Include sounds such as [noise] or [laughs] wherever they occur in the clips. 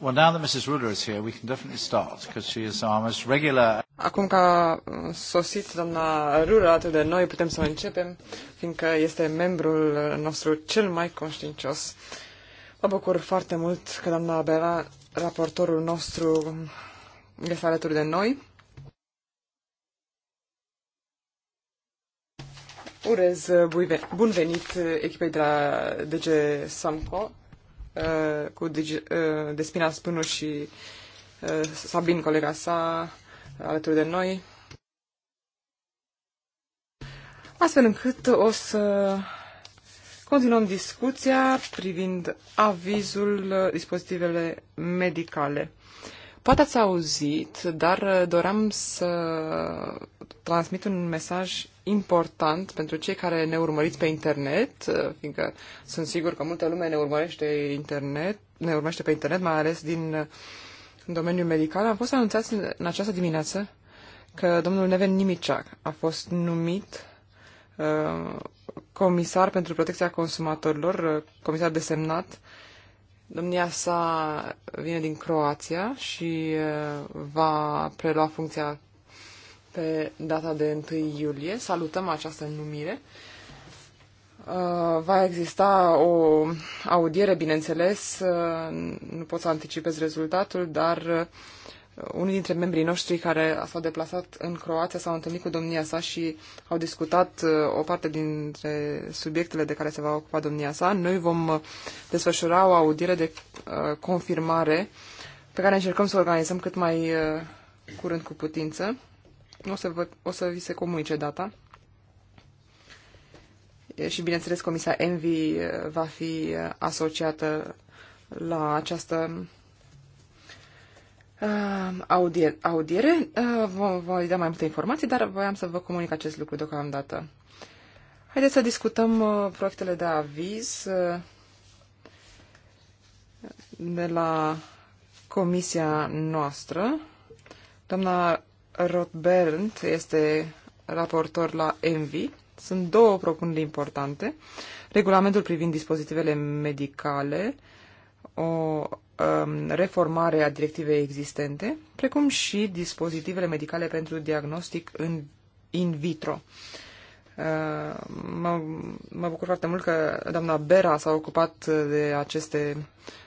Well, now that Mrs. Ruler is here, we can definitely start, because she is our most regular... Acum că a sosit doamna Ruler atât de noi, putem să începem, fiindcă este membrul nostru cel mai conștiincios. Mă bucur foarte mult că doamna Abela, raportorul nostru, este alături de noi. Urez bun venit echipei de la DG Samco Uh, cu Digi, uh, Despina Spânu și uh, Sabin, colega sa, alături de noi. Astfel încât o să continuăm discuția privind avizul uh, dispozitivele medicale. Poate ați auzit, dar uh, doream să transmit un mesaj important pentru cei care ne urmăriți pe internet, uh, fiindcă sunt sigur că multă lume ne urmărește internet, ne urmărește pe internet, mai ales din uh, domeniul medical. Am fost anunțați în această dimineață că domnul Neven Nimicac a fost numit comisar pentru protecția consumatorilor, comisar desemnat Domnia sa vine din Croația și va prelua funcția pe data de 1 iulie. Salutăm această numire. Va exista o audiere, bineînțeles, nu pot să anticipez rezultatul, dar unii dintre membrii noștri care s-au deplasat în Croația s-au întâlnit cu domnia sa și au discutat uh, o parte dintre subiectele de care se va ocupa domnia sa. Noi vom uh, desfășura o audiere de uh, confirmare pe care încercăm să o organizăm cât mai curând cu putință. O să, vă, o să vi se comunice data. Și, bineînțeles, Comisia Envi va fi asociată la această audier, audiere. Uh, voi da mai multe informații, dar voiam să vă comunic acest lucru deocamdată. Haideți să discutăm uh, proiectele de aviz uh, de la comisia noastră. Doamna Rothbernd este raportor la ENVI. Sunt două propuneri importante. Regulamentul privind dispozitivele medicale, o Um, reformare a directivei existente, precum și dispozitivele medicale pentru diagnostic în in vitro. Uh, mă, mă bucur foarte mult că doamna Bera s-a ocupat de aceste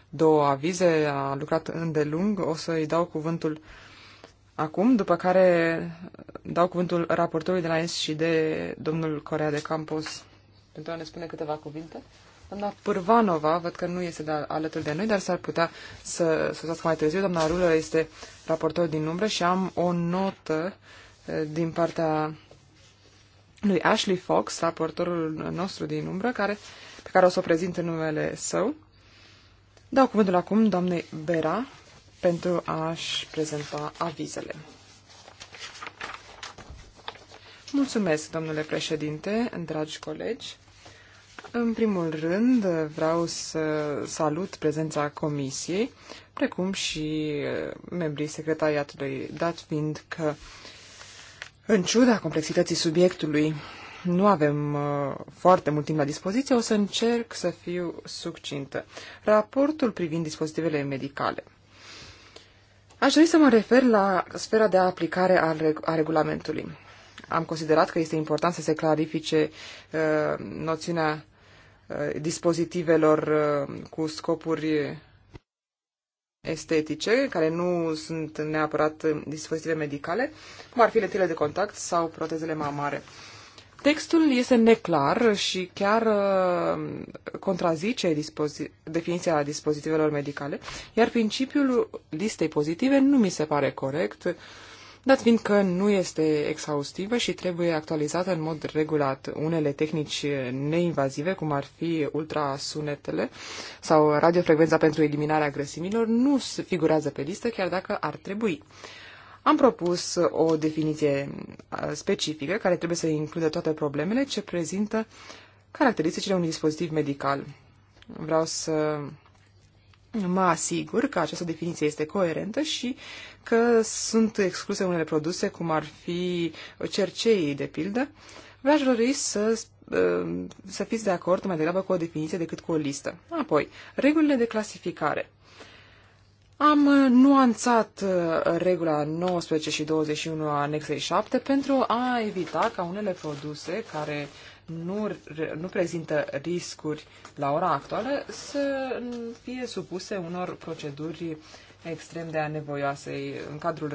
două avize, a lucrat îndelung. O să-i dau cuvântul acum, după care dau cuvântul raportorului de la S și de domnul Corea de Campos pentru a ne spune câteva cuvinte. Doamna Pârvanova, văd că nu este de alături de noi, dar s-ar putea să să mai târziu. Doamna Rulă este raportor din umbră și am o notă eh, din partea lui Ashley Fox, raportorul nostru din umbră, care, pe care o să o prezint în numele său. Dau cuvântul acum doamnei Bera pentru a-și prezenta avizele. Mulțumesc, domnule președinte, dragi colegi. În primul rând, vreau să salut prezența comisiei, precum și uh, membrii secretariatului, dat fiind că, în ciuda complexității subiectului, nu avem uh, foarte mult timp la dispoziție, o să încerc să fiu succintă. Raportul privind dispozitivele medicale. Aș dori să mă refer la sfera de aplicare a, reg- a regulamentului. Am considerat că este important să se clarifice uh, noțiunea Uh, dispozitivelor uh, cu scopuri estetice, care nu sunt neapărat dispozitive medicale, cum ar fi letile de contact sau protezele mamare. Textul este neclar și chiar uh, contrazice dispozi- definiția dispozitivelor medicale, iar principiul listei pozitive nu mi se pare corect, dat fiindcă nu este exhaustivă și trebuie actualizată în mod regulat. Unele tehnici neinvazive, cum ar fi ultrasunetele sau radiofrecvența pentru eliminarea grăsimilor, nu figurează pe listă, chiar dacă ar trebui. Am propus o definiție specifică care trebuie să includă toate problemele ce prezintă caracteristicile unui dispozitiv medical. Vreau să mă asigur că această definiție este coerentă și că sunt excluse unele produse, cum ar fi cerceii, de pildă, v-aș dori să, uh, să fiți de acord mai degrabă cu o definiție decât cu o listă. Apoi, regulile de clasificare. Am nuanțat uh, regula 19 și 21 a anexei 7 pentru a evita ca unele produse care uh, nu, nu prezintă riscuri la ora actuală să fie supuse unor proceduri extrem de anevoioase. În cadrul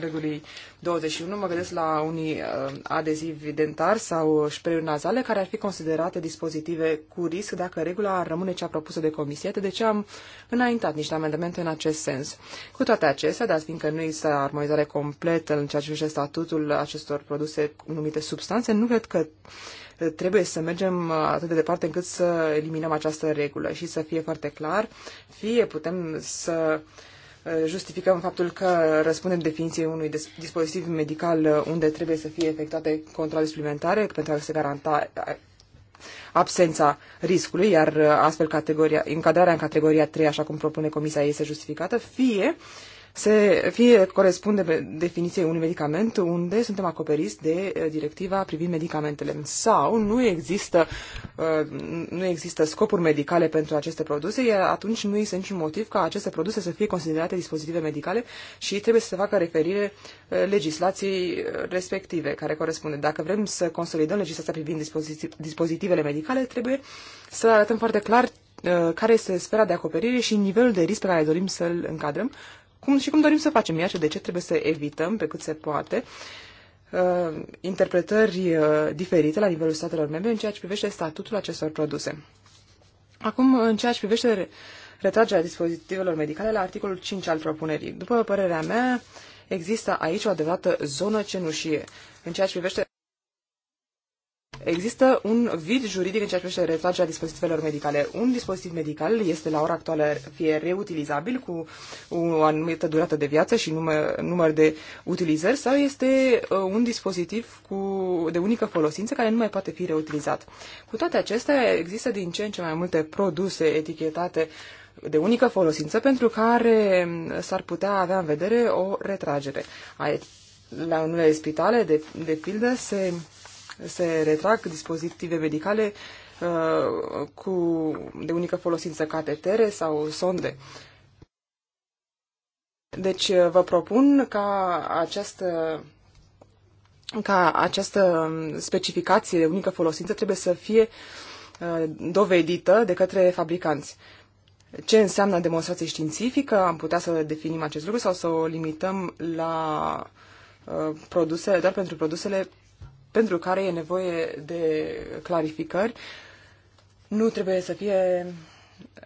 regulii 21 mă gândesc la unii uh, adezivi dentari sau spreiuri nazale care ar fi considerate dispozitive cu risc dacă regula ar rămâne cea propusă de comisie. de ce am înaintat niște amendamente în acest sens. Cu toate acestea, dar fiindcă nu există armonizare completă în ceea ce privește statutul acestor produse numite substanțe, nu cred că trebuie să mergem uh, atât de departe încât să eliminăm această regulă și să fie foarte clar, fie putem să uh, justificăm faptul că răspundem definiției unui dispozitiv medical uh, unde trebuie să fie efectuate controle suplimentare pentru a se garanta absența riscului, iar astfel categoria, încadrarea în categoria 3, așa cum propune Comisia, este justificată, fie uh, se fie corespunde definiției unui medicament unde suntem acoperiți de eh, directiva privind medicamentele sau nu există, eh, nu există scopuri medicale pentru aceste produse, iar atunci nu este niciun motiv ca aceste produse să fie considerate dispozitive medicale și trebuie să se facă referire eh, legislației respective care corespunde. Dacă vrem să consolidăm legislația privind dispozitivele medicale, trebuie să arătăm foarte clar care este sfera de acoperire și nivelul de risc pe care dorim să-l încadrăm, cum și cum dorim să facem. și de ce trebuie să evităm pe cât se poate uh, interpretări uh, diferite la nivelul statelor membre în ceea ce privește statutul acestor produse. Acum, în ceea ce privește retragerea dispozitivelor medicale la articolul 5 al propunerii. După părerea mea, există aici o adevărată zonă cenușie în ceea ce privește Există un vid juridic în ceea ce privește retragerea dispozitivelor medicale. Un dispozitiv medical este la ora actuală fie reutilizabil cu o anumită durată de viață și număr, număr de utilizări sau este uh, un dispozitiv cu, de unică folosință care nu mai poate fi reutilizat. Cu toate acestea, există din ce în ce mai multe produse etichetate de unică folosință pentru care um, s-ar putea avea în vedere o retragere. La unele spitale, de, de pildă, se se retrag dispozitive medicale uh, cu, de unică folosință catetere sau sonde. Deci uh, vă propun ca această ca această specificație de unică folosință trebuie să fie uh, dovedită de către fabricanți. Ce înseamnă demonstrație științifică? Am putea să definim acest lucru sau să o limităm la uh, produsele, doar pentru produsele pentru care e nevoie de clarificări nu trebuie să fie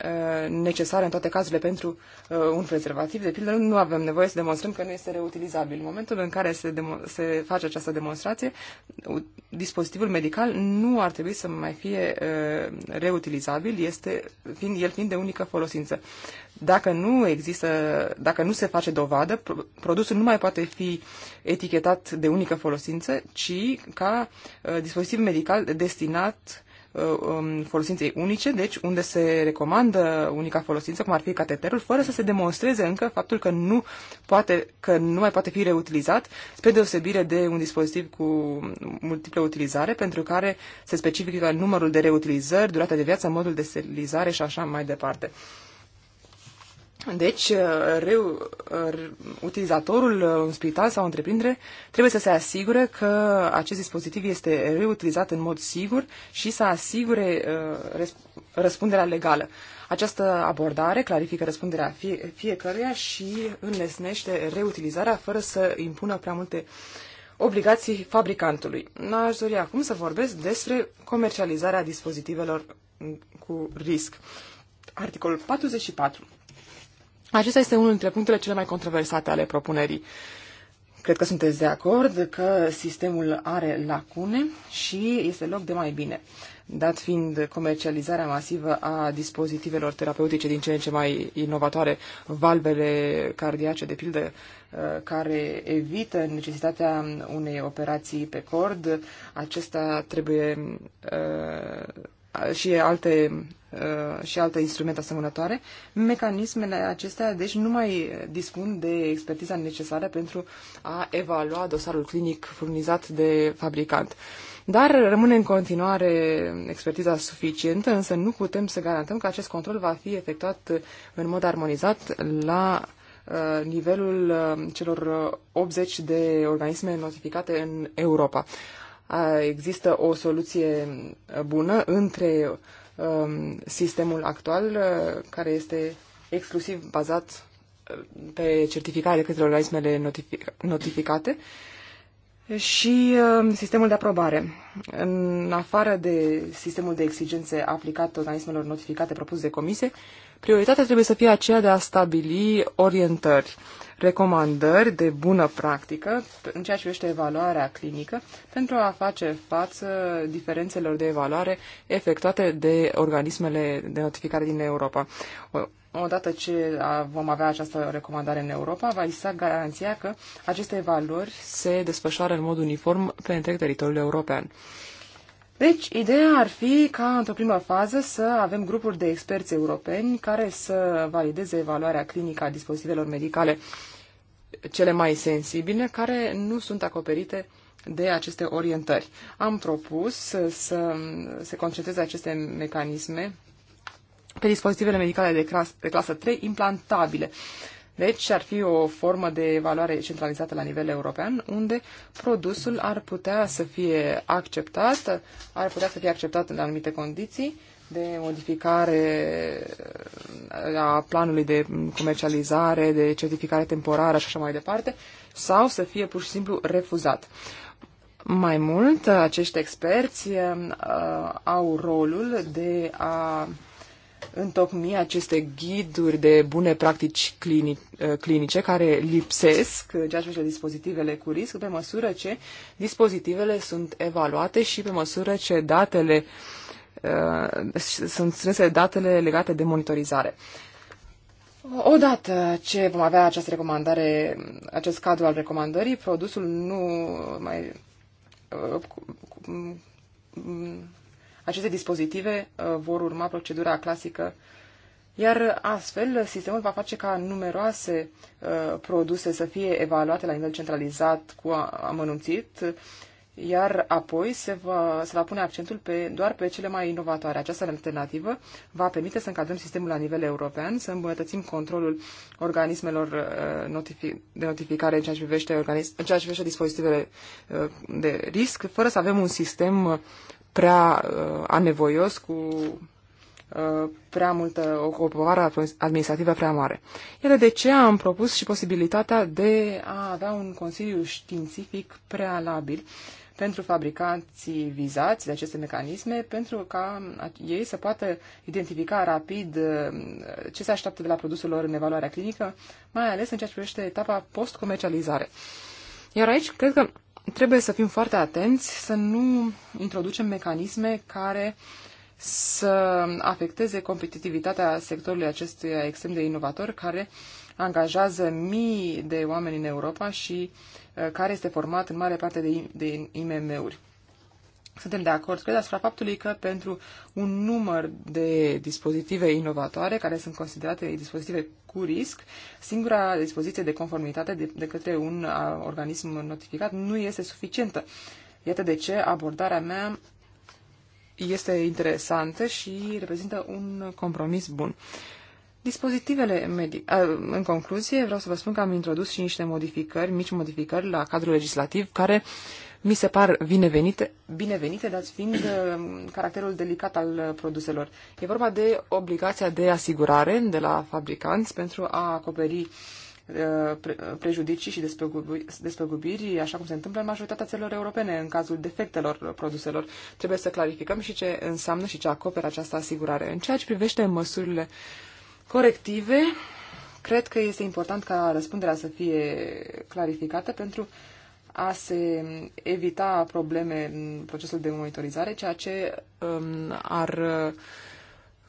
Uh, necesare în toate cazurile pentru uh, un prezervativ, de pildă, nu avem nevoie să demonstrăm că nu este reutilizabil. În momentul în care se, se face această demonstrație, dispozitivul medical nu ar trebui să mai fie uh, reutilizabil, este, fiind, el fiind de unică folosință. Dacă nu există, dacă nu se face dovadă, produsul nu mai poate fi etichetat de unică folosință, ci ca dispozitiv medical destinat Uh, um, folosinței unice, deci unde se recomandă unica folosință, cum ar fi cateterul, fără să se demonstreze încă faptul că nu, poate, că nu mai poate fi reutilizat, spre deosebire de un dispozitiv cu multiple utilizare, pentru care se specifică numărul de reutilizări, durata de viață, modul de sterilizare și așa mai departe. Deci, uh, reu, uh, utilizatorul în uh, spital sau întreprindere trebuie să se asigure că acest dispozitiv este reutilizat în mod sigur și să asigure răspunderea legală. Această abordare clarifică răspunderea fie, fiecăruia și înlesnește reutilizarea fără să impună prea multe obligații fabricantului. N-aș dori acum să vorbesc despre comercializarea dispozitivelor mm, cu risc. Articolul 44 acesta este unul dintre punctele cele mai controversate ale propunerii. Cred că sunteți de acord că sistemul are lacune și este loc de mai bine. Dat fiind comercializarea masivă a dispozitivelor terapeutice din ce în ce mai inovatoare, valvele cardiace, de pildă, uh, care evită necesitatea unei operații pe cord, acesta trebuie uh, și alte Uh, și alte instrumente asemănătoare, mecanismele acestea deci nu mai dispun de expertiza necesară pentru a evalua dosarul clinic furnizat de fabricant. Dar rămâne în continuare expertiza suficientă, însă nu putem să garantăm că acest control va fi efectuat în mod armonizat la uh, nivelul uh, celor 80 de organisme notificate în Europa. Există o soluție bună între Um, sistemul actual, uh, care este exclusiv bazat uh, pe certificarea de către organismele notific notificate și um, sistemul de aprobare. În afară de sistemul de exigențe aplicat organismelor notificate propus de comisie, prioritatea trebuie să fie aceea de a stabili orientări recomandări de bună practică în ceea ce privește evaluarea clinică pentru a face față diferențelor de evaluare efectuate de organismele de notificare din Europa. Odată ce vom avea această recomandare în Europa, va exista garanția că aceste evaluări se desfășoară în mod uniform pe întreg teritoriul european. Deci, ideea ar fi ca, într-o primă fază, să avem grupuri de experți europeni care să valideze evaluarea clinică a dispozitivelor medicale cele mai sensibile, care nu sunt acoperite de aceste orientări. Am propus să se concentreze aceste mecanisme pe dispozitivele medicale de, clasă 3 implantabile. Deci ar fi o formă de evaluare centralizată la nivel european, unde produsul ar putea să fie acceptat, ar putea să fie acceptat în anumite condiții de modificare uh, a planului de comercializare, de certificare temporară și așa mai departe, sau să fie pur și simplu refuzat. Mai mult, uh, acești experți uh, au rolul de a întocmi aceste ghiduri de bune practici uh, clinice care lipsesc, uh, ceea ce dispozitivele cu risc, pe măsură ce dispozitivele sunt evaluate și pe măsură ce datele uh, sunt strânse datele legate de monitorizare. Odată ce vom avea această recomandare, acest cadru al recomandării, produsul nu mai uh, cu, cu, aceste dispozitive uh, vor urma procedura clasică, iar astfel uh, sistemul va face ca numeroase uh, produse să fie evaluate la nivel centralizat cu amănunțit, iar apoi se va, se va pune accentul pe, doar pe cele mai inovatoare. Această alternativă va permite să încadrăm sistemul la nivel european, să îmbunătățim controlul organismelor notific, de notificare în ceea ce privește, organism, în ceea ce privește dispozitivele de risc, fără să avem un sistem prea uh, anevoios, cu uh, prea multă, o, o povară administrativă prea mare. Iată de ce am propus și posibilitatea de a avea un consiliu științific prealabil pentru fabricanții vizați de aceste mecanisme, pentru ca ei să poată identifica rapid uh, ce se așteaptă de la produsul lor în evaluarea clinică, mai ales în ceea ce privește etapa post-comercializare. Iar aici cred că trebuie să fim foarte atenți să nu introducem mecanisme care să afecteze competitivitatea sectorului acestuia extrem de inovator, care angajează mii de oameni în Europa și uh, care este format în mare parte de, de IMM-uri. Suntem de acord, cred, asupra faptului că pentru un număr de dispozitive inovatoare, care sunt considerate dispozitive cu risc, singura dispoziție de conformitate de, de către un organism notificat nu este suficientă. Iată de ce abordarea mea este interesantă și reprezintă un compromis bun. Dispozitivele În concluzie, vreau să vă spun că am introdus și niște modificări, mici modificări la cadrul legislativ, care uh, mi se par binevenite, binevenite dar fiind uh, caracterul delicat al uh, produselor. E vorba de obligația de asigurare de la fabricanți pentru a acoperi uh, prejudicii și despăgubiri, așa cum se întâmplă în majoritatea țărilor europene în cazul defectelor produselor. Trebuie să clarificăm și ce înseamnă și ce acoperă această asigurare. În ceea ce privește măsurile corective, cred că este important ca răspunderea să fie clarificată pentru a se evita probleme în procesul de monitorizare, ceea ce um, ar uh,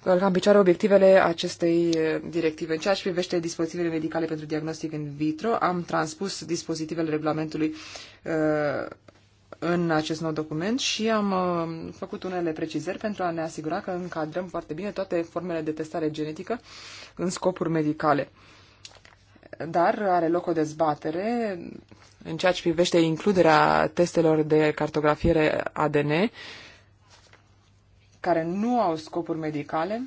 călca în picioare obiectivele acestei uh, directive. În ceea ce privește dispozitivele medicale pentru diagnostic în vitro, am transpus dispozitivele regulamentului uh, în acest nou document și am uh, făcut unele precizări pentru a ne asigura că încadrăm foarte bine toate formele de testare genetică în scopuri medicale. Dar are loc o dezbatere în ceea ce privește includerea testelor de cartografiere ADN, care nu au scopuri medicale,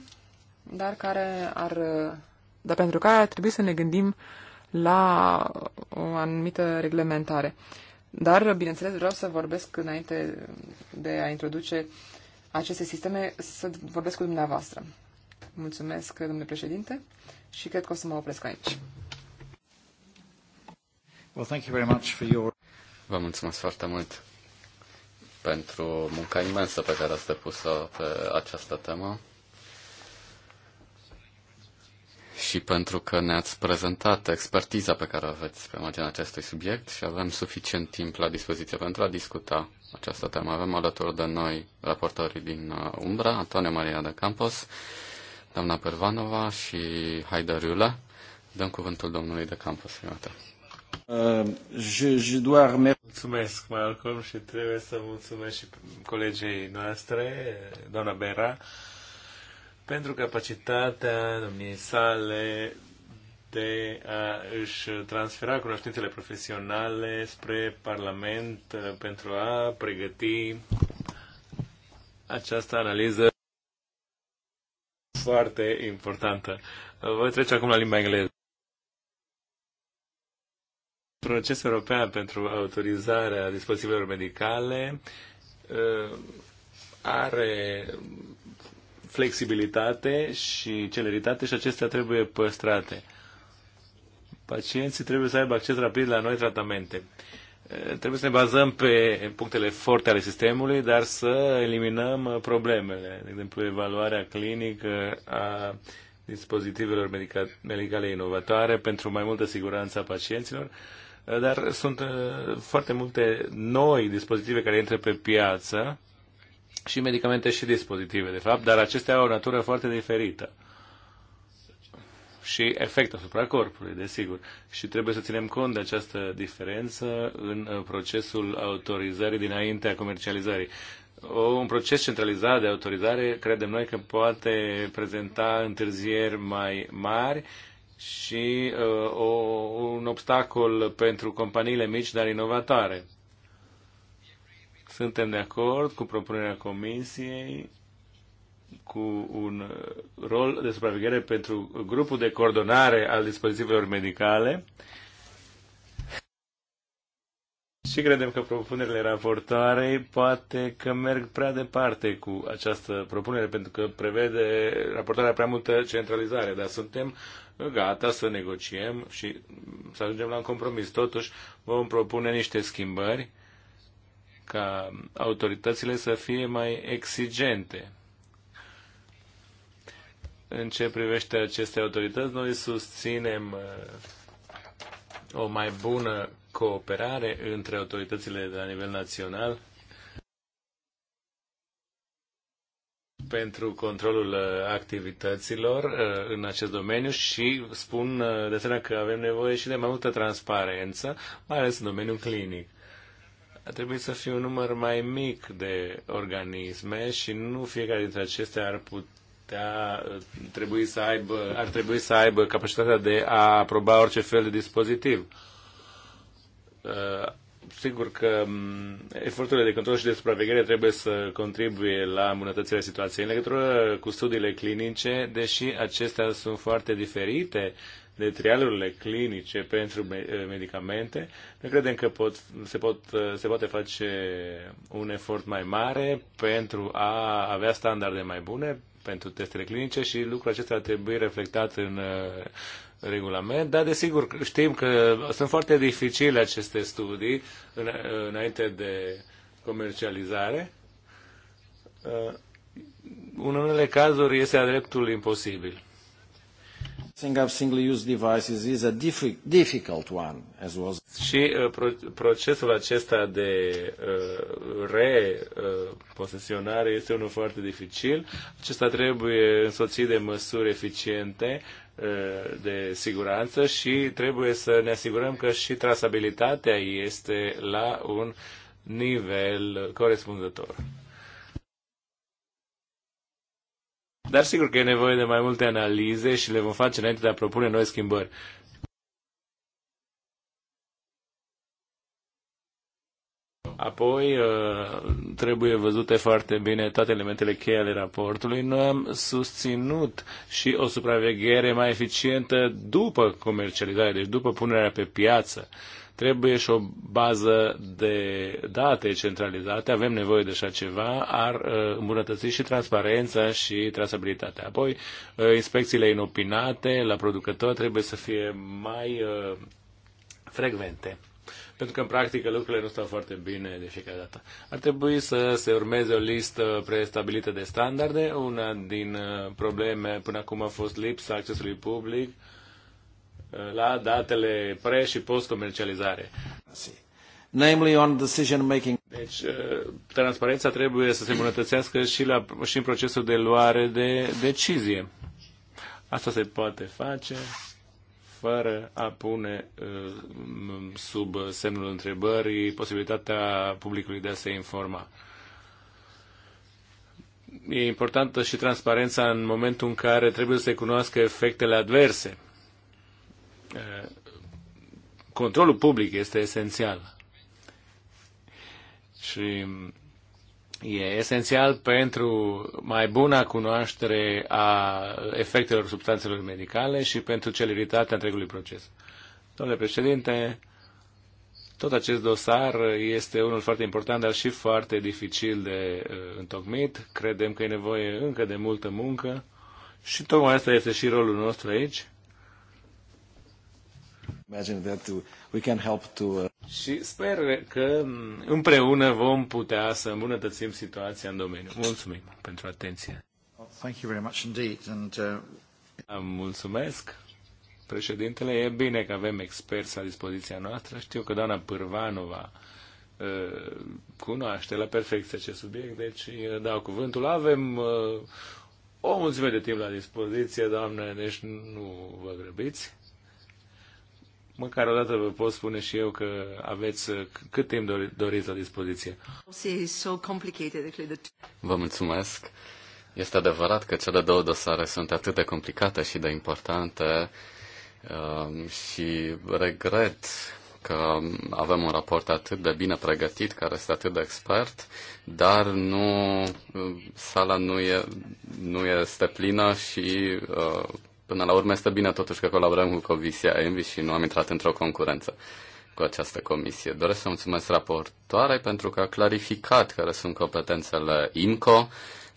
dar care ar. Dar pentru care ar trebui să ne gândim la o anumită reglementare. Dar, bineînțeles, vreau să vorbesc înainte de a introduce aceste sisteme, să vorbesc cu dumneavoastră. Mulțumesc, domnule președinte, și cred că o să mă opresc aici. Well, thank you very much for your... Vă mulțumesc foarte mult pentru munca imensă pe care ați depus-o pe această temă și pentru că ne-ați prezentat expertiza pe care o aveți pe marginea acestui subiect și avem suficient timp la dispoziție pentru a discuta această temă. Avem alături de noi raportorii din uh, Umbra, Antonio Maria de Campos, doamna Pervanova și Haida Rula. Dăm cuvântul domnului de Campos. Iată. Uh, je, je doar... Mulțumesc, Malcolm, și trebuie să mulțumesc și colegii noastre, doamna Bera, pentru capacitatea domniei sale de a își transfera cunoștințele profesionale spre Parlament uh, pentru a pregăti această analiză foarte importantă. Voi trece acum la limba engleză proces european pentru autorizarea dispozitivelor medicale ă, are flexibilitate și celeritate și acestea trebuie păstrate. Pacienții trebuie să aibă acces rapid la noi tratamente. Ă, trebuie să ne bazăm pe punctele forte ale sistemului, dar să eliminăm problemele. De exemplu, evaluarea clinică a dispozitivelor medicale inovatoare pentru mai multă siguranță a pacienților dar sunt uh, foarte multe noi dispozitive care intră pe piață și medicamente și dispozitive, de fapt, dar acestea au o natură foarte diferită și efect asupra corpului, desigur. Și trebuie să ținem cont de această diferență în uh, procesul autorizării dinaintea comercializării. O Un proces centralizat de autorizare, credem noi că poate prezenta întârzieri mai mari și uh, o, un obstacol pentru companiile mici, dar inovatoare. Suntem de acord cu propunerea Comisiei cu un uh, rol de supraveghere pentru grupul de coordonare al dispozitivelor medicale și credem că propunerile raportoarei poate că merg prea departe cu această propunere pentru că prevede raportarea prea multă centralizare, dar suntem gata să negociem și să ajungem la un compromis. Totuși, vom propune niște schimbări ca autoritățile să fie mai exigente. În ce privește aceste autorități, noi susținem uh, o mai bună cooperare între autoritățile de la nivel național pentru controlul uh, activităților uh, în acest domeniu și spun uh, de asemenea că avem nevoie și de mai multă transparență, mai ales în domeniul clinic. A trebuit să fie un număr mai mic de organisme și nu fiecare dintre acestea ar putea trebui să aibă, ar trebui să aibă capacitatea de a aproba orice fel de dispozitiv sigur că mm, eforturile de control și de supraveghere trebuie să contribuie la îmbunătățirea situației. În legătură cu studiile clinice, deși acestea sunt foarte diferite de trialurile clinice pentru eh, medicamente, noi credem că pot, se, pot, eh, se poate face un efort mai mare pentru a avea standarde mai bune pentru testele clinice și lucrul acesta ar trebui reflectat în uh, regulament, dar desigur știm că sunt foarte dificile aceste studii în, înainte de comercializare. Uh, în unele cazuri este a dreptul imposibil of single-use devices is a difficult one, as was. Și uh, procesul acesta de uh, reposesionare este unul foarte dificil. Acesta trebuie însoțit de măsuri eficiente uh, de siguranță și trebuie să ne asigurăm că și trasabilitatea este la un nivel corespunzător. Dar sigur că e nevoie de mai multe analize și le vom face înainte de a propune noi schimbări. Apoi uh, trebuie văzute foarte bine toate elementele cheie ale raportului. Noi am susținut și o supraveghere mai eficientă după comercializare, deci după punerea pe piață. Trebuie și o bază de date centralizate, avem nevoie de așa ceva, ar uh, îmbunătăți și transparența și trasabilitatea. Apoi, uh, inspecțiile inopinate la producător trebuie să fie mai uh, frecvente pentru că în practică lucrurile nu stau foarte bine de fiecare dată. Ar trebui să se urmeze o listă prestabilită de standarde. Una din probleme până acum a fost lipsa accesului public la datele pre- și post-comercializare. Namely on decision making. Deci, uh, transparența trebuie să se îmbunătățească și, la, și în procesul de luare de decizie. Asta se poate face fără a pune uh, sub semnul întrebării posibilitatea publicului de a se informa. E importantă și transparența în momentul în care trebuie să se cunoască efectele adverse Eh, controlul public este esențial. Și e esențial pentru mai buna cunoaștere a efectelor substanțelor medicale și pentru celeritatea întregului proces. Domnule președinte, tot acest dosar este unul foarte important, dar și foarte dificil de uh, întocmit. Credem că e nevoie încă de multă muncă și tocmai asta este și rolul nostru aici imagine that we can help to... Uh, Și sper că împreună vom putea să îmbunătățim situația în domeniu. Mulțumim pentru atenție. Thank you very much indeed. And, uh... Da, mulțumesc. Președintele, e bine că avem experți la dispoziția noastră. Știu că doamna Pârvanova uh, cunoaște la perfecție acest subiect, deci dau cuvântul. Avem uh, o mulțime de timp la dispoziție, doamne, deci nu vă grăbiți măcar o dată vă pot spune și eu că aveți uh, cât timp doriți la dispoziție. Vă mulțumesc. Este adevărat că cele două dosare sunt atât de complicate și de importante um, și regret că avem un raport atât de bine pregătit, care este atât de expert, dar nu, um, sala nu, e, nu este plină și uh, Până la urmă este bine totuși că colaborăm cu Comisia Envi și nu am intrat într-o concurență cu această comisie. Doresc să mulțumesc raportoare pentru că a clarificat care sunt competențele INCO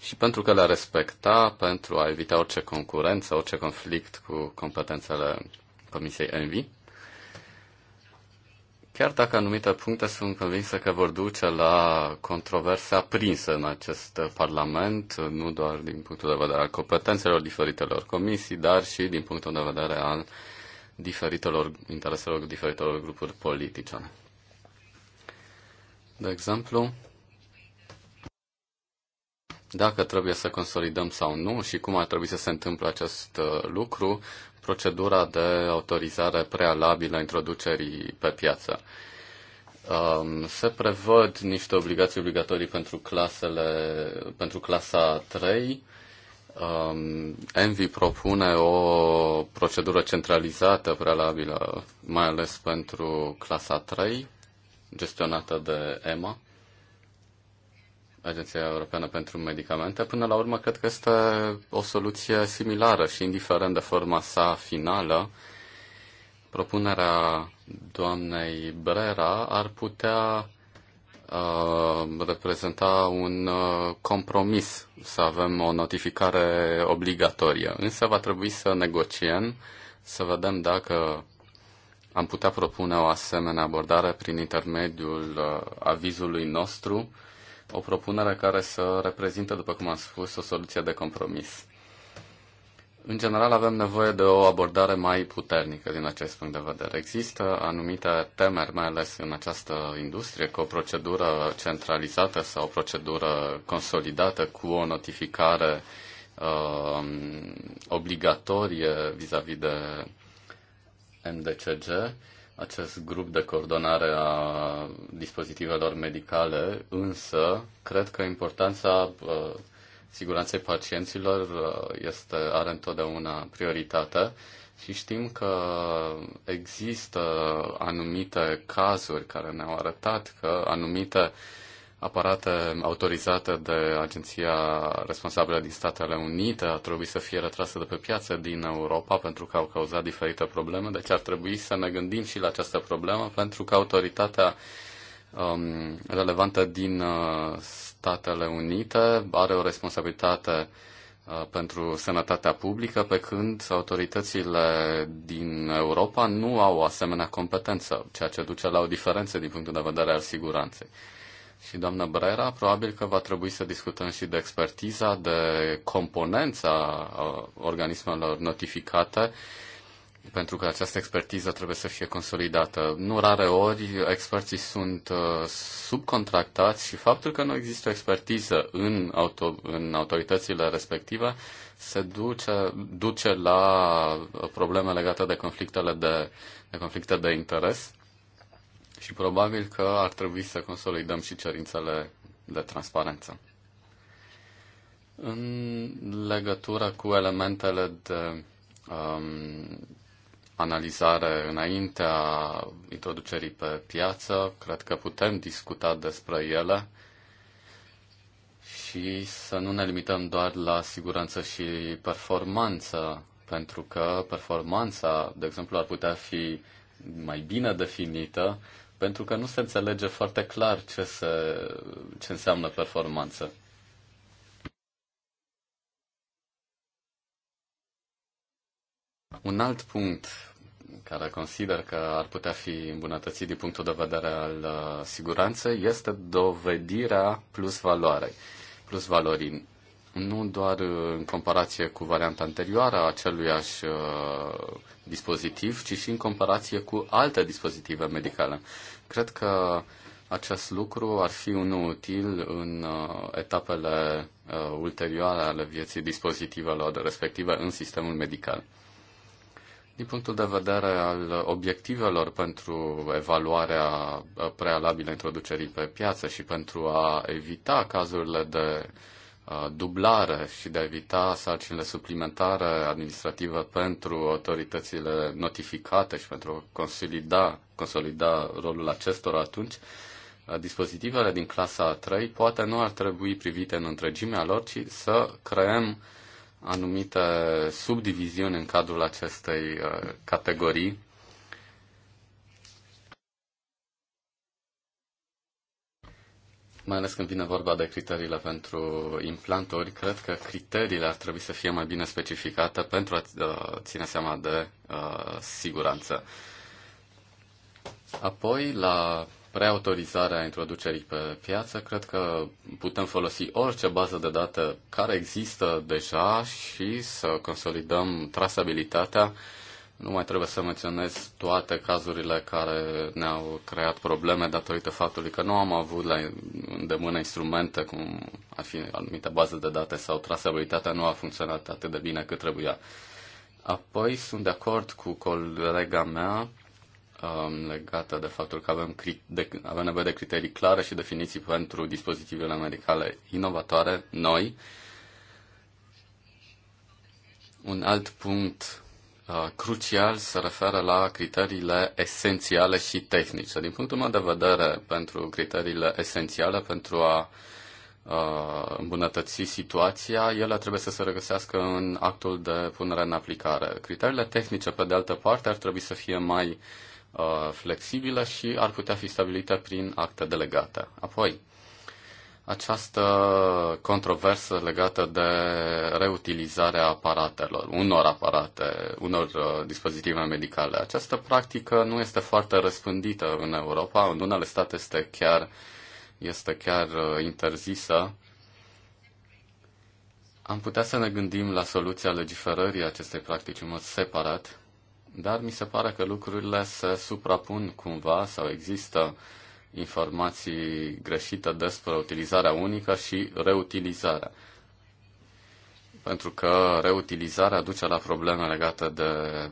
și pentru că le-a respecta, pentru a evita orice concurență, orice conflict cu competențele Comisiei Envi. Chiar dacă anumite puncte sunt convinsă că vor duce la controverse aprinse în acest Parlament, nu doar din punctul de vedere al competențelor diferitelor comisii, dar și din punctul de vedere al diferitelor intereselor diferitelor grupuri politice. De exemplu, dacă trebuie să consolidăm sau nu și cum ar trebui să se întâmple acest uh, lucru, procedura de autorizare prealabilă a introducerii pe piață. Um, se prevăd niște obligații obligatorii pentru, clasele, pentru clasa 3. Um, Envi propune o procedură centralizată prealabilă, mai ales pentru clasa 3, gestionată de EMA. Agenția Europeană pentru Medicamente, până la urmă cred că este o soluție similară și indiferent de forma sa finală, propunerea doamnei Brera ar putea uh, reprezenta un uh, compromis să avem o notificare obligatorie. Însă va trebui să negociem, să vedem dacă am putea propune o asemenea abordare prin intermediul uh, avizului nostru o propunere care să reprezinte, după cum am spus, o soluție de compromis. În general avem nevoie de o abordare mai puternică din acest punct de vedere. Există anumite temeri, mai ales în această industrie, că o procedură centralizată sau o procedură consolidată cu o notificare uh, obligatorie vis-a-vis -vis de MDCG acest grup de coordonare a dispozitivelor medicale, însă cred că importanța uh, siguranței pacienților uh, este, are întotdeauna prioritate și știm că există anumite cazuri care ne-au arătat că anumite uh, aparate autorizate de agenția responsabilă din Statele Unite a trebuit să fie retrase de pe piață din Europa pentru că au cauzat diferite probleme, deci ar trebui să ne gândim și la această problemă pentru că autoritatea um, relevantă din uh, Statele Unite are o responsabilitate uh, pentru sănătatea publică, pe când autoritățile din Europa nu au asemenea competență, ceea ce duce la o diferență din punctul de vedere al siguranței și doamna Brera, probabil că va trebui să discutăm și de expertiza, de componența organismelor notificate, pentru că această expertiză trebuie să fie consolidată. Nu rare ori experții sunt subcontractați și faptul că nu există expertiză în, auto, în autoritățile respective se duce, duce la probleme legate de conflictele de, de conflicte de interes și probabil că ar trebui să consolidăm și cerințele de transparență. În legătură cu elementele de um, analizare înaintea introducerii pe piață, cred că putem discuta despre ele și să nu ne limităm doar la siguranță și performanță, pentru că performanța, de exemplu, ar putea fi mai bine definită pentru că nu se înțelege foarte clar ce, se, ce înseamnă performanță. Un alt punct care consider că ar putea fi îmbunătățit din punctul de vedere al uh, siguranței este dovedirea plus valoarei. Plus valorii nu doar uh, în comparație cu varianta anterioară a aceluiași uh, dispozitiv, ci și în comparație cu alte dispozitive medicale. Cred că acest lucru ar fi unul util în uh, etapele uh, ulterioare ale vieții dispozitivelor respective în sistemul medical. Din punctul de vedere al obiectivelor pentru evaluarea uh, prealabilă introducerii pe piață și pentru a evita cazurile de Uh, dublare și de a evita sarcinile suplimentare administrative pentru autoritățile notificate și pentru a consolida, consolida rolul acestor atunci, uh, dispozitivele din clasa a 3 poate nu ar trebui privite în întregimea lor, ci să creăm anumite subdiviziuni în cadrul acestei uh, categorii mai ales când vine vorba de criteriile pentru implanturi, cred că criteriile ar trebui să fie mai bine specificate pentru a uh, ține seama de uh, siguranță. Apoi, la preautorizarea introducerii pe piață, cred că putem folosi orice bază de date care există deja și să consolidăm trasabilitatea nu mai trebuie să menționez toate cazurile care ne-au creat probleme datorită faptului că nu am avut la îndemână instrumente, cum ar fi anumite baze de date sau trasabilitatea nu a funcționat atât de bine cât trebuia. Apoi sunt de acord cu colega mea um, legată de faptul că avem, de, avem nevoie de criterii clare și definiții pentru dispozitivele medicale inovatoare, noi. Un alt punct Uh, crucial se referă la criteriile esențiale și tehnice. Din punctul meu de vedere, pentru criteriile esențiale, pentru a uh, îmbunătăți situația, ele trebuie să se regăsească în actul de punere în aplicare. Criteriile tehnice, pe de altă parte, ar trebui să fie mai uh, flexibile și ar putea fi stabilite prin acte delegate. Apoi, această controversă legată de reutilizarea aparatelor, unor aparate, unor uh, dispozitive medicale. Această practică nu este foarte răspândită în Europa, în unele state este chiar, este chiar uh, interzisă. Am putea să ne gândim la soluția legiferării acestei practici în mod separat, dar mi se pare că lucrurile se suprapun cumva sau există uh, informații greșite despre utilizarea unică și reutilizarea. Pentru că reutilizarea duce la probleme legate de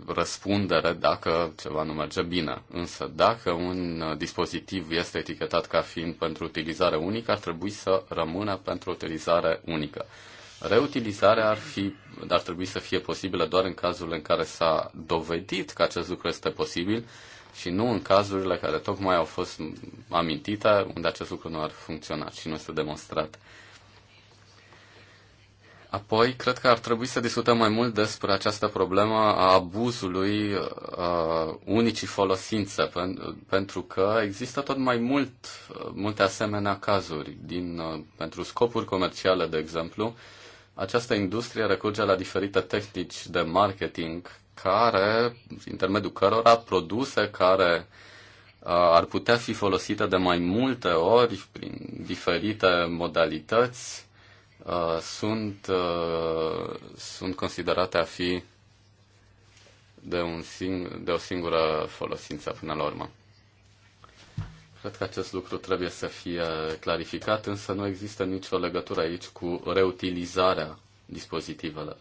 răspundere dacă ceva nu merge bine. Însă dacă un dispozitiv este etichetat ca fiind pentru utilizare unică, ar trebui să rămână pentru utilizare unică. Reutilizarea ar, fi, ar trebui să fie posibilă doar în cazul în care s-a dovedit că acest lucru este posibil și nu în cazurile care tocmai au fost amintite, unde acest lucru nu ar funcționa și nu este demonstrat. Apoi, cred că ar trebui să discutăm mai mult despre această problemă a abuzului uh, unicii folosințe, pen- pentru că există tot mai mult, uh, multe asemenea cazuri. Din, uh, pentru scopuri comerciale, de exemplu, această industrie recurge la diferite tehnici de marketing care, intermediul cărora produse care uh, ar putea fi folosite de mai multe ori prin diferite modalități uh, sunt, uh, sunt considerate a fi de, un sing- de o singură folosință până la urmă. Cred că acest lucru trebuie să fie clarificat, însă nu există nicio legătură aici cu reutilizarea dispozitivelor.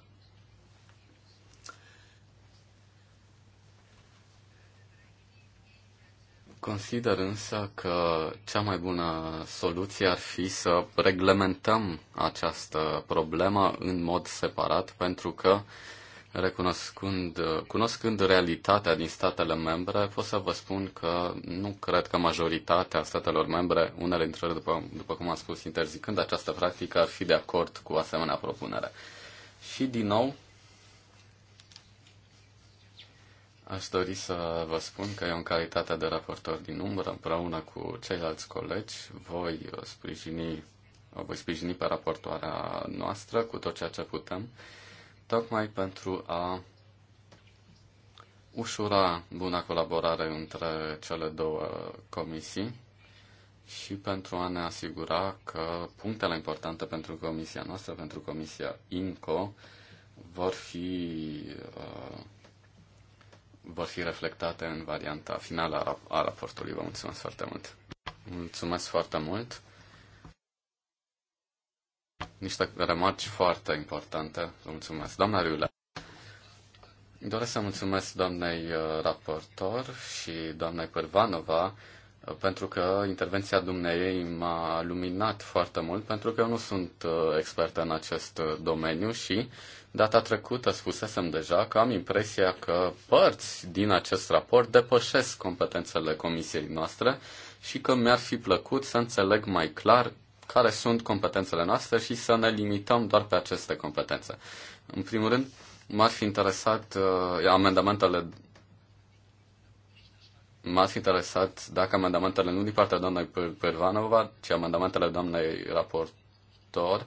Consider însă că cea mai bună soluție ar fi să reglementăm această problemă în mod separat, pentru că recunoscând, cunoscând realitatea din statele membre, pot să vă spun că nu cred că majoritatea statelor membre, unele dintre ele, după, după cum am spus, interzicând această practică, ar fi de acord cu asemenea propunere. Și, din nou, Aș dori să vă spun că eu, în calitatea de raportor din umbră, împreună cu ceilalți colegi, voi sprijini, voi sprijini pe raportoarea noastră cu tot ceea ce putem, tocmai pentru a ușura buna colaborare între cele două comisii și pentru a ne asigura că punctele importante pentru comisia noastră, pentru comisia INCO, vor fi uh, vor fi reflectate în varianta finală a raportului. Vă mulțumesc foarte mult! Mulțumesc foarte mult! Niște remarci foarte importante. Vă mulțumesc. Doamna Riulea. Doresc să mulțumesc doamnei uh, raportor și doamnei Pervanova uh, pentru că intervenția dumneiei m-a luminat foarte mult, pentru că eu nu sunt uh, expert în acest domeniu și uh, Data trecută spusesem deja că am impresia că părți din acest raport depășesc competențele comisiei noastre și că mi-ar fi plăcut să înțeleg mai clar care sunt competențele noastre și să ne limităm doar pe aceste competențe. În primul rând, m-ar fi interesat uh, amendamentele m-ar fi interesat dacă amendamentele nu din partea doamnei Pervanova, ci amendamentele doamnei raportor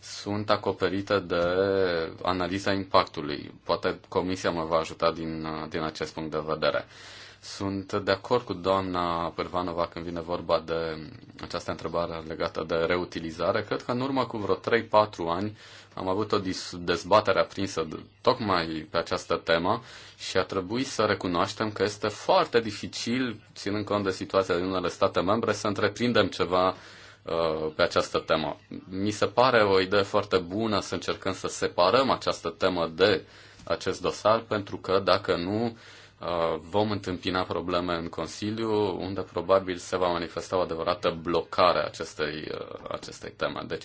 sunt acoperite de analiza impactului. Poate Comisia mă va ajuta din, din acest punct de vedere. Sunt de acord cu doamna Pervanova când vine vorba de această întrebare legată de reutilizare. Cred că în urmă cu vreo 3-4 ani am avut o dezbatere aprinsă tocmai pe această temă și a trebuit să recunoaștem că este foarte dificil, ținând cont de situația din unele state membre, să întreprindem ceva Uh, pe această temă. Mi se pare o idee foarte bună să încercăm să separăm această temă de acest dosar, pentru că dacă nu, uh, vom întâmpina probleme în Consiliu, unde probabil se va manifesta o adevărată blocare a acestei, uh, acestei teme. Deci,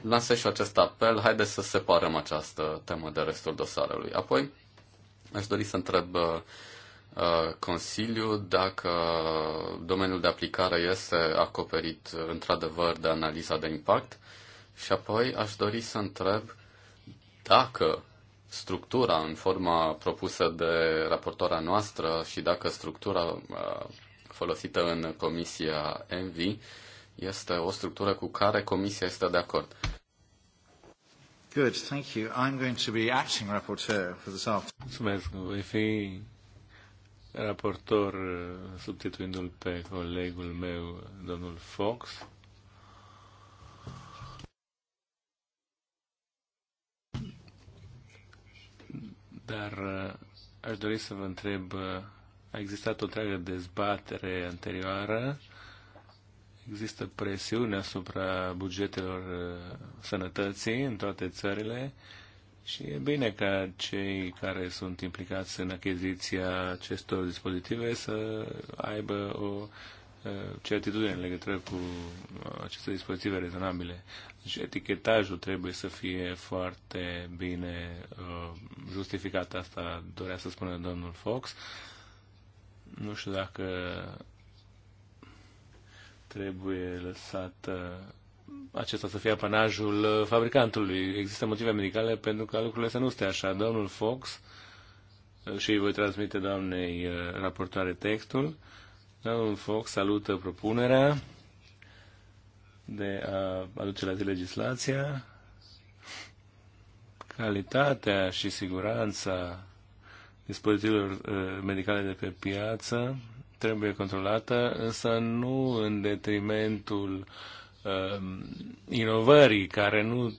lansez și acest apel, haideți să separăm această temă de restul dosarului. Apoi, aș dori să întreb Uh, Consiliu dacă domeniul de aplicare este acoperit uh, într-adevăr de analiza de impact și apoi aș dori să întreb dacă structura în forma propusă de raportoarea noastră și dacă structura uh, folosită în Comisia ENVI este o structură cu care Comisia este de acord. Good, thank you. I'm going to be acting rapporteur for this afternoon. Mulțumesc. Voi fi raportor substituindu-l pe colegul meu, domnul Fox. Dar uh, aș dori să vă întreb, uh, a existat o întreagă dezbatere anterioară există presiune asupra bugetelor uh, sănătății în toate țările și e bine ca cei care sunt implicați în achiziția acestor dispozitive să aibă o certitudine în legătură cu uh, aceste dispozitive rezonabile. Deci etichetajul trebuie să fie foarte bine uh, justificat. Asta dorea să spună domnul Fox. Nu știu dacă trebuie lăsată acesta să fie apanajul uh, fabricantului. Există motive medicale pentru ca lucrurile să nu stea așa. Domnul Fox, uh, și voi transmite doamnei uh, raportoare textul, domnul Fox salută propunerea de a aduce la zi legislația. Calitatea și siguranța dispozitivelor medicale de pe piață trebuie controlată, însă nu în detrimentul uh, Um, inovării care nu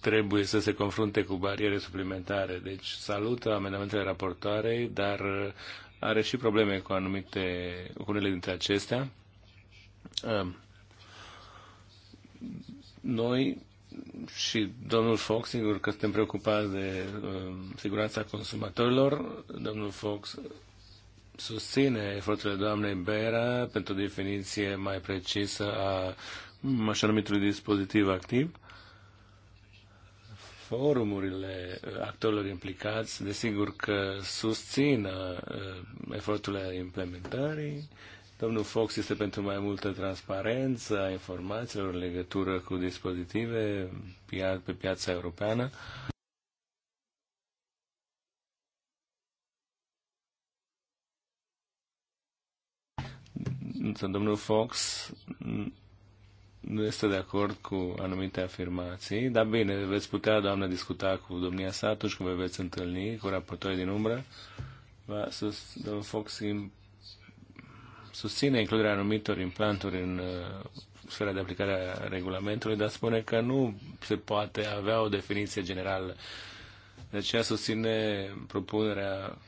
trebuie să se confrunte cu bariere suplimentare. Deci salută amendamentele raportoarei, dar uh, are și probleme cu anumite, cu unele dintre acestea. Um, noi și domnul Fox, sigur că suntem preocupați de um, siguranța consumatorilor. Domnul Fox susține eforturile doamnei Bera pentru o definiție mai precisă a așa numitului dispozitiv activ. Forumurile uh, actorilor implicați, desigur că susțin uh, eforturile implementării. Domnul Fox este pentru mai multă transparență a informațiilor în legătură cu dispozitive pe piața europeană. Însă domnul Fox nu este de acord cu anumite afirmații, dar bine, veți putea, doamnă, discuta cu domnia sa atunci când vă veți întâlni cu raportorii din umbră. Va sus, domnul Fox susține includerea anumitor implanturi în uh, sfera de aplicare a regulamentului, dar spune că nu se poate avea o definiție generală. De aceea susține propunerea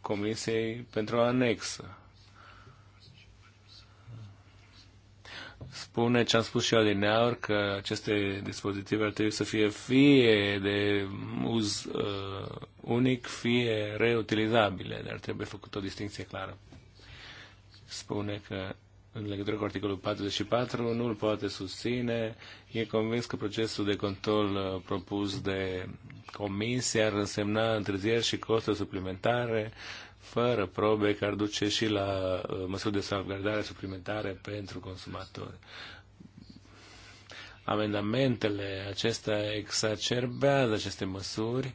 Comisiei pentru o anexă spune ce am spus și alineaur, că aceste dispozitive ar trebui să fie fie de uz uh, unic, fie reutilizabile, dar trebuie făcut o distinție clară. Spune că în legătură cu articolul 44, nu îl poate susține. E convins că procesul de control uh, propus de comisie ar însemna întârzieri și costuri suplimentare fără probe care duce și la uh, măsuri de salvgardare suplimentare pentru consumatori. Amendamentele acestea exacerbează aceste măsuri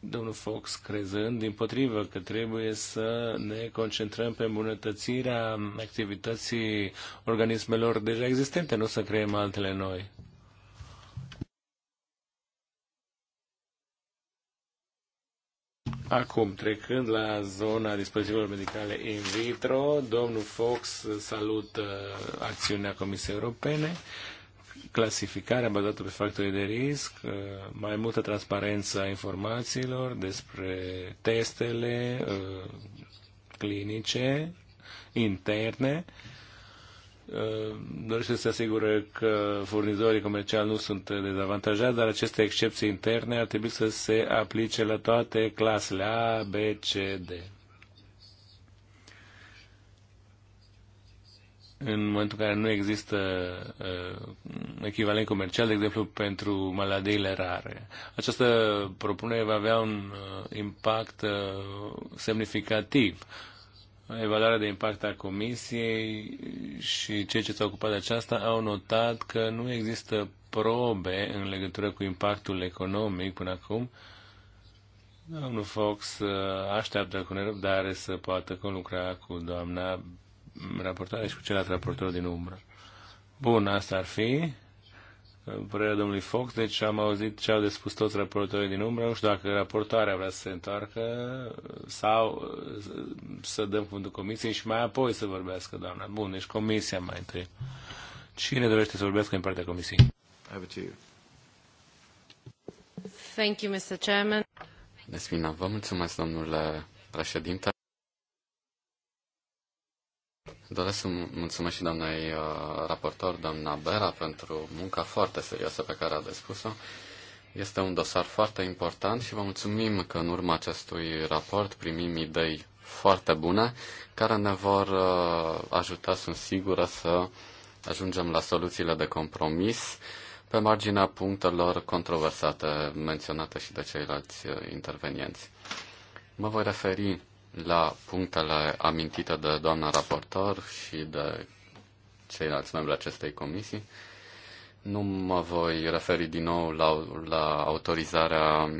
domnul Fox crezând, din potrivă, că trebuie să ne concentrăm pe îmbunătățirea activității organismelor deja existente, nu să creăm altele noi. Acum, trecând la zona dispozitivelor medicale in vitro, domnul Fox salută acțiunea Comisiei Europene, clasificarea bazată pe factorii de risc, uh, mai multă transparență a informațiilor despre testele uh, clinice interne Uh, dorește să se asigură că furnizorii comerciali nu sunt dezavantajați, dar aceste excepții interne ar trebui să se aplice la toate clasele A, B, C, D. În momentul în care nu există uh, echivalent comercial, de exemplu, pentru maladeile rare. Această propunere va avea un uh, impact uh, semnificativ uh, evaluarea de impact a comisiei și cei ce s-au ocupat de aceasta au notat că nu există probe în legătură cu impactul economic până acum. Domnul Fox uh, așteaptă cu nerăbdare să poată conlucra cu doamna raportoare și cu celălalt raportor din umbră. Bun, asta ar fi părerea domnului Fox, deci am auzit ce au de spus toți raportorii din umbră, nu știu dacă raportoarea vrea să se întoarcă sau să dăm cuvântul comisiei și mai apoi să vorbească doamna. Bun, deci comisia mai întâi. Cine dorește să vorbească în partea comisiei? Thank you, Mr. Chairman. Desmina, vă mulțumesc, domnule președinte. Doresc să mulțumesc și doamnei uh, raportor, doamna Bera, pentru munca foarte serioasă pe care a despus-o. Este un dosar foarte important și vă mulțumim că în urma acestui raport primim idei foarte bune care ne vor uh, ajuta, sunt sigură, să ajungem la soluțiile de compromis pe marginea punctelor controversate menționate și de ceilalți uh, intervenienți. Mă voi referi la punctele amintite de doamna raportor și de ceilalți membri acestei comisii. Nu mă voi referi din nou la, la autorizarea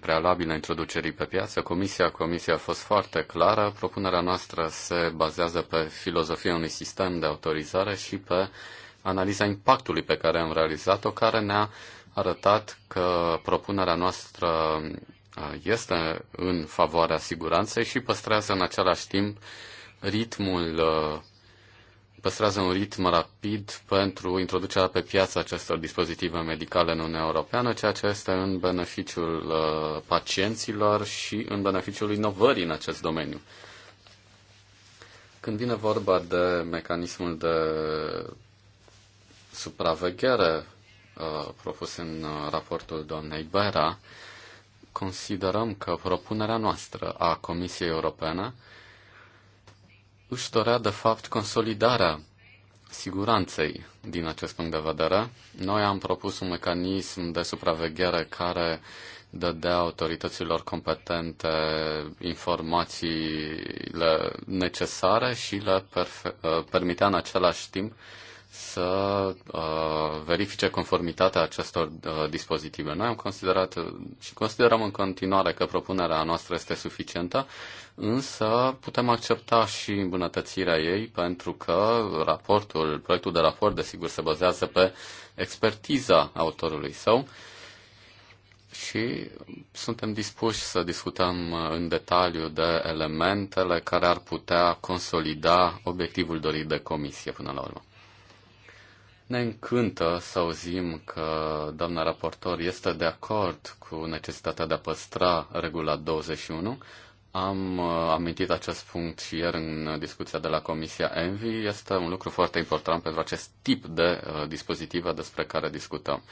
prealabilă a introducerii pe piață. Comisia, comisia a fost foarte clară. Propunerea noastră se bazează pe filozofia unui sistem de autorizare și pe analiza impactului pe care am realizat-o, care ne-a arătat că propunerea noastră este în favoarea siguranței și păstrează în același timp ritmul uh, păstrează un ritm rapid pentru introducerea pe piață acestor dispozitive medicale în Uniunea Europeană, ceea ce este în beneficiul uh, pacienților și în beneficiul inovării în acest domeniu. Când vine vorba de mecanismul de supraveghere uh, propus în raportul doamnei Bera, considerăm că propunerea noastră a Comisiei Europene își dorea, de fapt, consolidarea siguranței din acest punct de vedere. Noi am propus un mecanism de supraveghere care dădea autorităților competente informațiile necesare și le permitea în același timp să uh, verifice conformitatea acestor uh, dispozitive. Noi am considerat uh, și considerăm în continuare că propunerea noastră este suficientă, însă putem accepta și îmbunătățirea ei pentru că raportul, proiectul de raport, desigur, se bazează pe expertiza autorului său și suntem dispuși să discutăm uh, în detaliu de elementele care ar putea consolida obiectivul dorit de comisie până la urmă. Ne încântă să auzim că doamna raportor este de acord cu necesitatea de a păstra regula 21. Am uh, amintit acest punct și ieri în discuția de la Comisia Envi. Este un lucru foarte important pentru acest tip de uh, dispozitive despre care discutăm.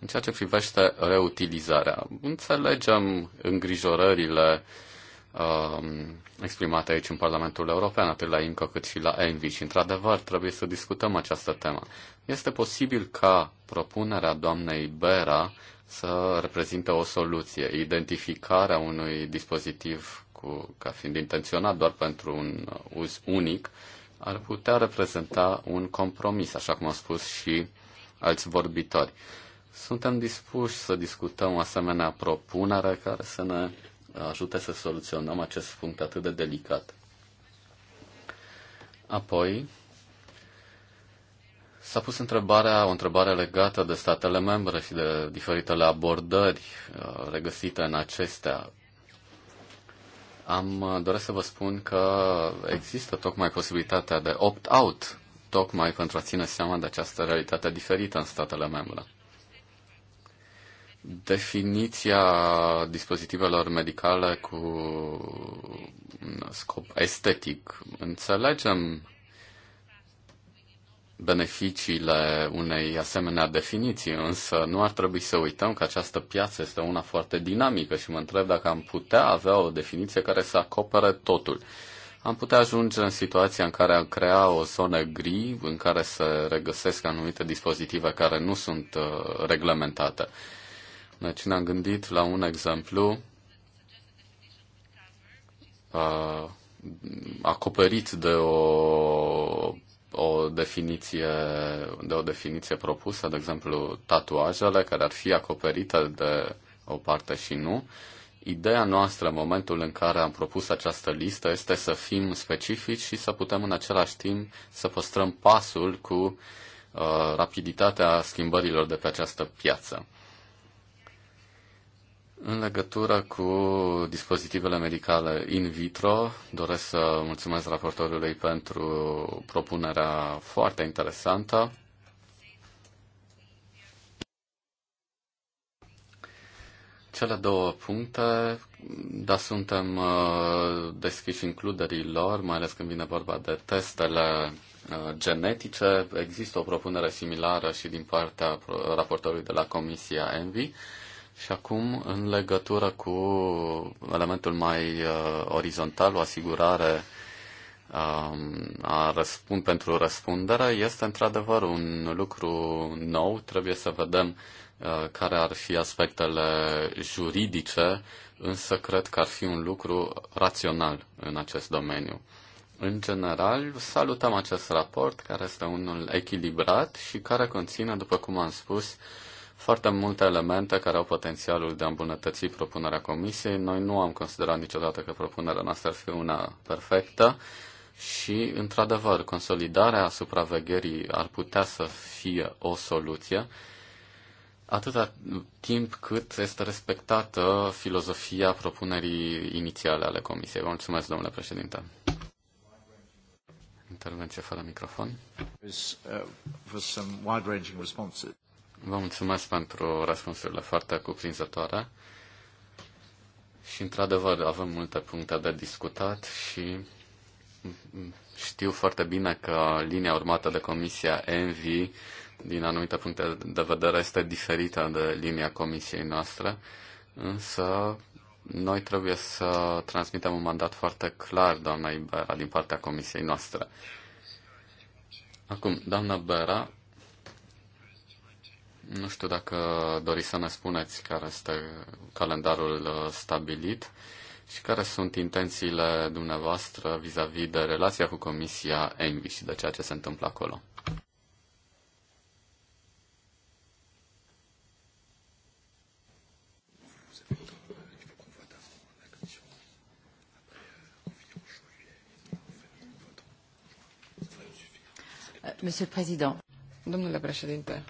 În ceea ce privește reutilizarea, înțelegem îngrijorările um, exprimate aici în Parlamentul European, atât la IMCO cât și la ENVI și, într-adevăr, trebuie să discutăm această temă. Este posibil ca propunerea doamnei Bera să reprezinte o soluție, identificarea unui dispozitiv cu, ca fiind intenționat doar pentru un uz unic, ar putea reprezenta un compromis, așa cum au spus și alți vorbitori. Suntem dispuși să discutăm o asemenea propunere care să ne ajute să soluționăm acest punct atât de delicat. Apoi, S-a pus întrebarea, o întrebare legată de statele membre și de diferitele abordări uh, regăsite în acestea. Am uh, doresc să vă spun că există tocmai posibilitatea de opt-out, tocmai pentru a ține seama de această realitate diferită în statele membre. Definiția dispozitivelor medicale cu scop estetic. Înțelegem beneficiile unei asemenea definiții, însă nu ar trebui să uităm că această piață este una foarte dinamică și mă întreb dacă am putea avea o definiție care să acopere totul. Am putea ajunge în situația în care am crea o zonă gri în care se regăsesc anumite dispozitive care nu sunt uh, reglementate. Deci ne-am gândit la un exemplu uh, acoperit de o o definiție, de o definiție propusă, de exemplu tatuajele care ar fi acoperite de o parte și nu. Ideea noastră în momentul în care am propus această listă este să fim specifici și să putem în același timp să păstrăm pasul cu uh, rapiditatea schimbărilor de pe această piață. În legătură cu dispozitivele medicale in vitro, doresc să mulțumesc raportorului pentru propunerea foarte interesantă. Cele două puncte, dar suntem uh, deschiși includerii lor, mai ales când vine vorba de testele uh, genetice. Există o propunere similară și din partea raportorului de la Comisia Envi. Și acum, în legătură cu elementul mai uh, orizontal, o asigurare um, a răspund, pentru răspundere este într-adevăr un lucru nou. Trebuie să vedem uh, care ar fi aspectele juridice, însă cred că ar fi un lucru rațional în acest domeniu. În general, salutăm acest raport, care este unul echilibrat și care conține, după cum am spus, uh, foarte multe elemente care au potențialul de a îmbunătăți propunerea comisiei. Noi nu am considerat niciodată că propunerea noastră ar fi una perfectă și, într-adevăr, consolidarea supravegherii ar putea să fie o soluție atâta timp cât este respectată filozofia propunerii inițiale ale comisiei. Vă mulțumesc, domnule președinte. Intervenție fără microfon. Uh, Vă mulțumesc pentru răspunsurile foarte cuprinzătoare. Și, într-adevăr, avem multe puncte de discutat și știu foarte bine că linia urmată de Comisia ENVI, din anumite puncte de vedere, este diferită de linia Comisiei noastre, însă noi trebuie să transmitem un mandat foarte clar, doamna Ibera, din partea Comisiei noastre. Acum, doamna Bera, nu știu dacă doriți să ne spuneți care este calendarul uh, stabilit și care sunt intențiile dumneavoastră vis-a-vis -vis de relația cu Comisia ENVI și de ceea ce se întâmplă acolo. Domnule președinte,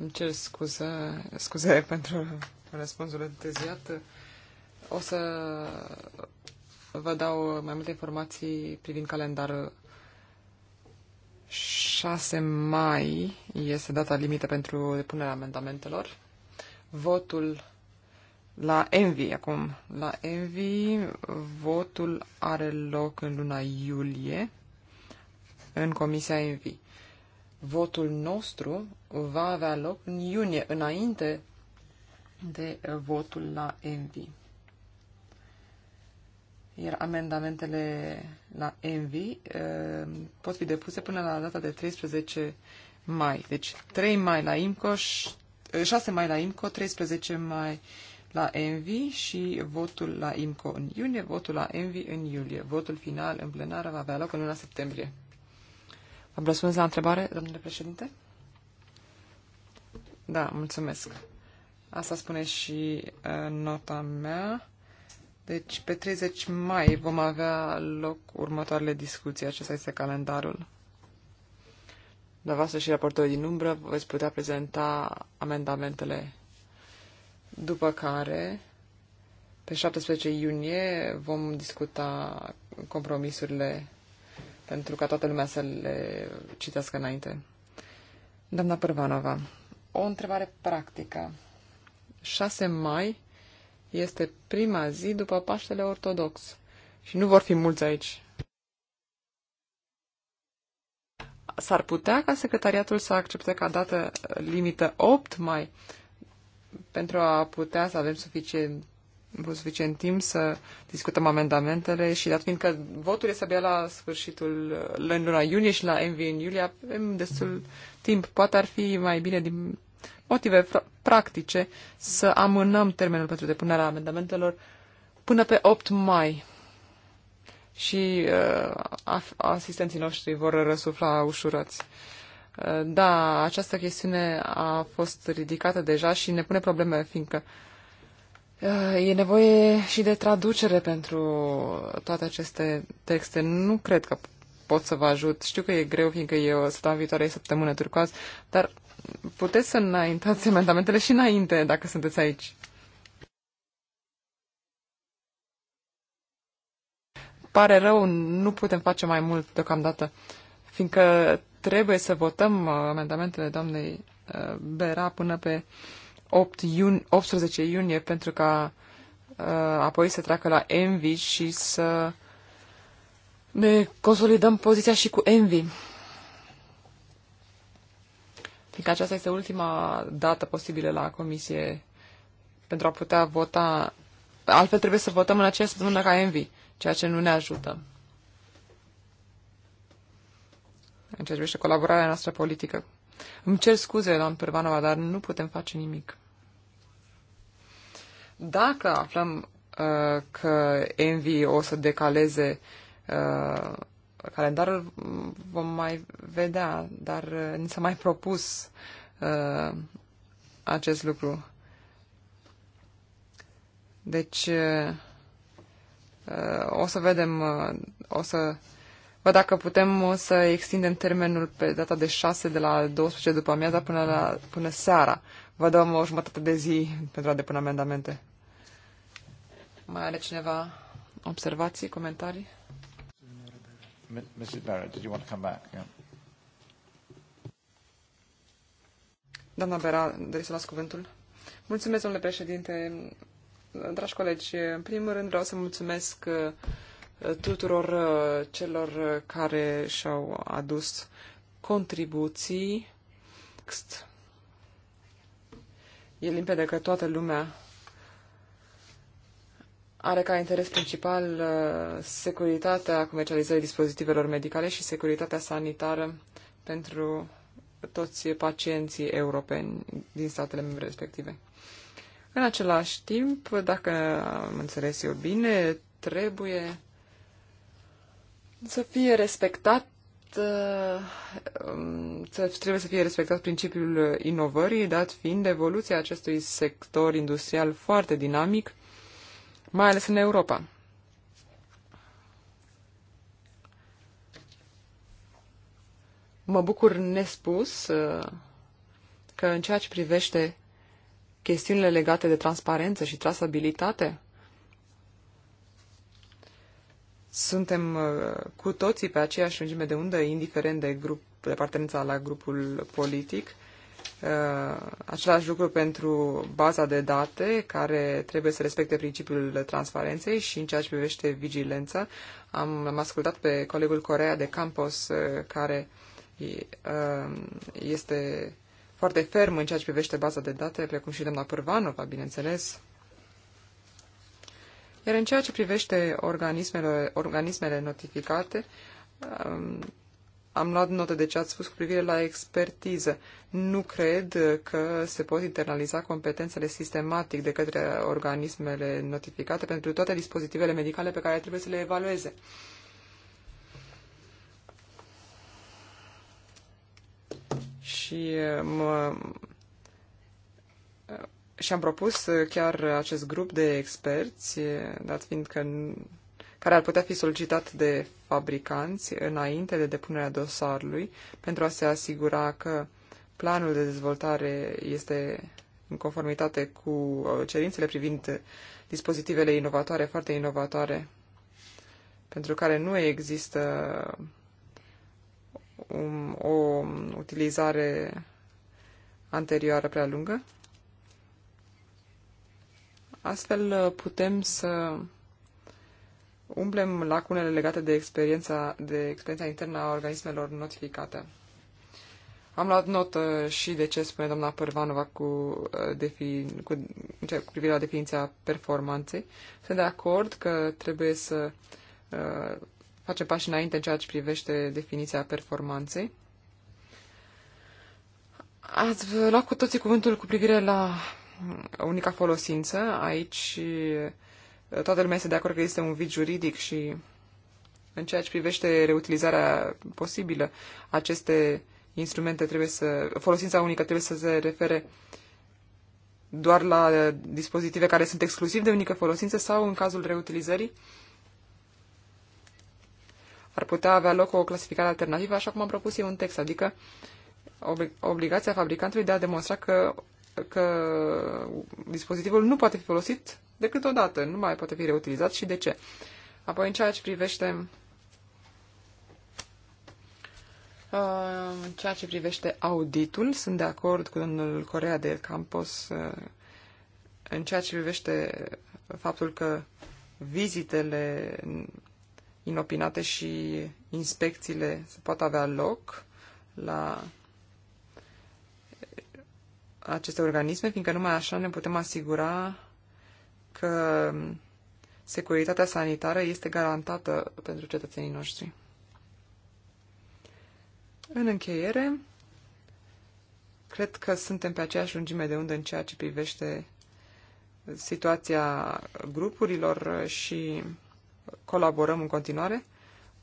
îmi cer scuze, scuze [laughs] pentru răspunsul întârziat. O să vă dau mai multe informații privind calendarul. 6 mai este data limită pentru depunerea amendamentelor. Votul la Envi, acum. La Envi, votul are loc în luna iulie în Comisia Envi. Votul nostru va avea loc în iunie, înainte de uh, votul la Envi. Iar amendamentele la Envi uh, pot fi depuse până la data de 13 mai. Deci 3 mai la IMCO, 6 uh, mai la IMCO, 13 mai la Envi și votul la IMCO în iunie, votul la Envi în iulie. Votul final în plenară va avea loc în luna septembrie. Am răspuns la întrebare, domnule președinte? Da, mulțumesc. Asta spune și uh, nota mea. Deci, pe 30 mai vom avea loc următoarele discuții. Acesta este calendarul. voastră și raportorii din umbră veți putea prezenta amendamentele. După care, pe 17 iunie, vom discuta compromisurile pentru ca toată lumea să le citească înainte. Doamna Părvanova, o întrebare practică. 6 mai este prima zi după Paștele Ortodox și nu vor fi mulți aici. S-ar putea ca secretariatul să accepte ca dată limită 8 mai pentru a putea să avem suficient avut suficient timp să discutăm amendamentele și dat fiindcă votul este abia la sfârșitul, la luna iunie și la MV în iulie, avem destul timp. Poate ar fi mai bine din motive practice să amânăm termenul pentru depunerea amendamentelor până pe 8 mai. Și uh, asistenții noștri vor răsufla ușurați. Uh, da, această chestiune a fost ridicată deja și ne pune probleme, fiindcă uh, Eh, e nevoie și de traducere pentru toate aceste texte. Nu cred că pot să vă ajut. Știu că e greu, fiindcă e o săptămână viitoare, e săptămână turcoaz, dar puteți să înaintați amendamentele și înainte, dacă sunteți aici. Pare rău, nu putem face mai mult deocamdată, fiindcă trebuie să votăm uh, amendamentele doamnei uh, Bera până pe 8 iun, 18 iunie pentru ca uh, apoi să treacă la Envy și să ne consolidăm poziția și cu Envy. Fiindcă aceasta este ultima dată posibilă la comisie pentru a putea vota. Altfel trebuie să votăm în această săptămână ca Envy, ceea ce nu ne ajută. În ceea ce privește colaborarea noastră politică. Îmi cer scuze, doamnă Pervanova, dar nu putem face nimic. Dacă aflăm uh, că Envy o să decaleze uh, calendarul, vom mai vedea, dar uh, ni s-a mai propus uh, acest lucru. Deci, uh, o să vedem, uh, o să Văd dacă putem uh, să extindem termenul pe data de 6 de la 12 după amiaza până, la, până seara. Vă dăm o jumătate de zi pentru a depune amendamente. Mai are cineva observații, comentarii? Mrs. Barrett, did you want to come back? Yeah. Doamna Bera, doriți să las cuvântul? Mulțumesc, domnule președinte. Dragi colegi, în primul rând vreau să mulțumesc uh, tuturor uh, celor uh, care și-au adus contribuții. E limpede că toată lumea are ca interes principal uh, securitatea comercializării dispozitivelor medicale și securitatea sanitară pentru toți pacienții europeni din statele membre respective. În același timp, dacă am înțeles eu bine, trebuie să fie respectat uh, um, să trebuie să fie respectat principiul inovării, dat fiind evoluția acestui sector industrial foarte dinamic, mai ales în Europa. Mă bucur nespus uh, că în ceea ce privește chestiunile legate de transparență și trasabilitate, suntem uh, cu toții pe aceeași lungime de undă, indiferent de grup, de apartenența la grupul politic. Uh, același lucru pentru baza de date, care trebuie să respecte principiul transparenței și în ceea ce privește vigilența. Am, am ascultat pe colegul Corea de Campos, uh, care este foarte ferm în ceea ce privește baza de date, precum și doamna Pârvanova, bineînțeles. Iar în ceea ce privește organismele, organismele notificate, am luat notă de ce ați spus cu privire la expertiză. Nu cred că se pot internaliza competențele sistematic de către organismele notificate pentru toate dispozitivele medicale pe care trebuie să le evalueze. Și mă, și am propus uh, chiar acest grup de experți, uh, dat fiind că care ar putea fi solicitat de fabricanți înainte de depunerea dosarului pentru a se asigura că planul de dezvoltare este în conformitate cu uh, cerințele privind dispozitivele inovatoare, foarte inovatoare, pentru care nu există um, o utilizare anterioară prea lungă. Astfel uh, putem să umplem lacunele legate de experiența, de experiența internă a organismelor notificate. Am luat notă și de ce spune doamna Părvanova cu, uh, defin, cu, cu privire la definiția performanței. Sunt de acord că trebuie să uh, facem pași înainte în ceea ce privește definiția performanței. Ați luat cu toții cuvântul cu privire la unica folosință. Aici uh, toată lumea este de acord că este un vid juridic și în ceea ce privește reutilizarea posibilă, aceste instrumente trebuie să... folosința unică trebuie să se refere doar la dispozitive care sunt exclusiv de unică folosință sau, în cazul reutilizării, ar putea avea loc o clasificare alternativă, așa cum am propus eu un text, adică obligația fabricantului de a demonstra că că dispozitivul nu poate fi folosit decât o dată, nu mai poate fi reutilizat și de ce. Apoi, în ceea ce privește uh, în ceea ce privește auditul, sunt de acord cu domnul Corea de Campos uh, în ceea ce privește faptul că vizitele inopinate și inspecțiile se pot avea loc la aceste organisme, fiindcă numai așa ne putem asigura că securitatea sanitară este garantată pentru cetățenii noștri. În încheiere, cred că suntem pe aceeași lungime de undă în ceea ce privește situația grupurilor și colaborăm în continuare.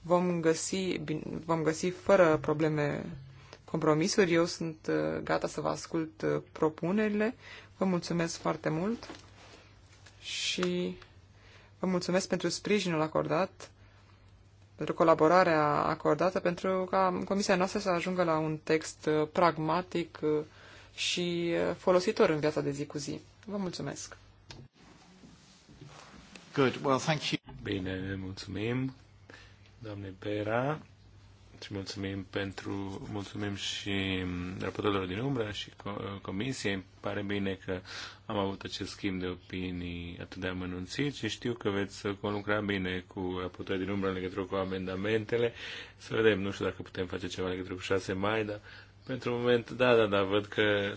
Vom găsi, vom găsi fără probleme compromisuri. Eu sunt uh, gata să vă ascult uh, propunerile. Vă mulțumesc foarte mult și vă mulțumesc pentru sprijinul acordat, pentru colaborarea acordată, pentru ca comisia noastră să ajungă la un text uh, pragmatic și folositor în viața de zi cu zi. Vă mulțumesc! Good. Well, thank you. Bine, ne mulțumim, doamne Pera și mulțumim pentru, mulțumim și raportorilor din umbra și comisiei. Îmi pare bine că am avut acest schimb de opinii atât de amănunțit și știu că veți conlucra bine cu raportorii din umbra în legătură cu amendamentele. Să vedem, nu știu dacă putem face ceva în legătură cu 6 mai, dar pentru moment, da, da, da, văd că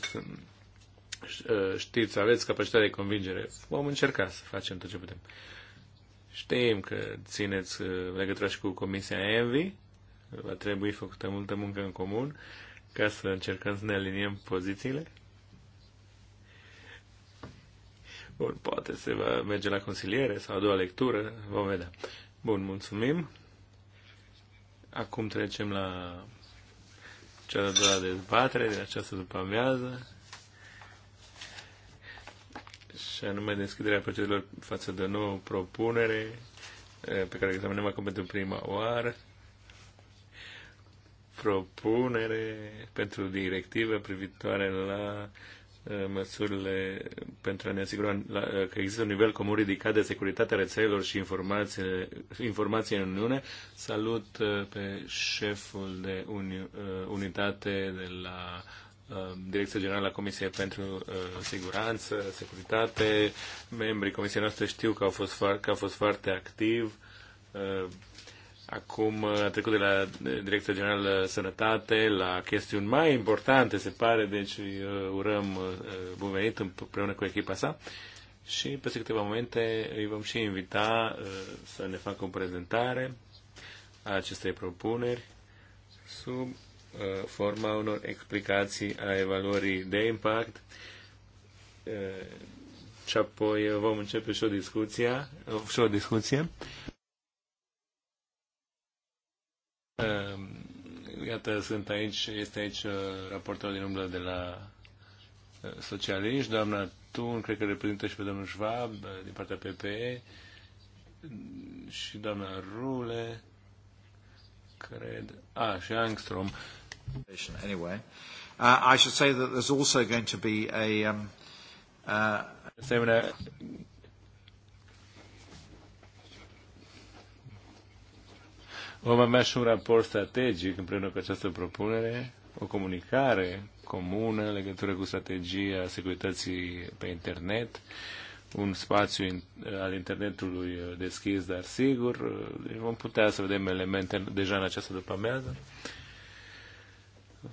știți, aveți capacitatea de convingere. Vom încerca să facem tot ce putem. Știm că țineți uh, legătura și cu Comisia Envi, va trebui făcută multă muncă în comun ca să încercăm să ne aliniem pozițiile. Bun, poate se va merge la consiliere sau a doua lectură, vom vedea. Bun, mulțumim. Acum trecem la cea de-a doua dezbatere din această după-amiază și anume deschiderea procedurilor față de o nouă propunere eh, pe care examinăm acum pentru prima oară propunere pentru directivă privitoare la uh, măsurile pentru a ne asigura uh, că există un nivel comun ridicat de securitate a rețelelor și informații informații în Uniune. Salut uh, pe șeful de uni, unitate de la Direcția Generală a Comisiei pentru Siguranță, Securitate. Membrii Comisiei noastre știu că au fost, că au fost foarte activ Acum uh, a trecut de la Direcția Generală Sănătate la chestiuni mai importante, se pare, deci uh, urăm uh, bun venit împreună cu echipa sa și peste câteva momente îi vom și invita să ne facă o prezentare a acestei propuneri sub forma unor explicații a evaluării de impact și apoi vom începe și o discuție, și o discuție Iată, sunt aici, este aici uh, raportorul din umbră de la uh, socialiști, doamna Tun, cred că reprezintă și pe domnul Schwab uh, din partea PPE și doamna Rule, cred, a, și Angstrom. Anyway, uh, I should say that there's also going to be a um, uh, Vom avea și un raport strategic împreună cu această propunere, o comunicare comună în legătură cu strategia securității pe internet, un spațiu al internetului deschis, dar sigur. Deci vom putea să vedem elemente deja în această după-amiază.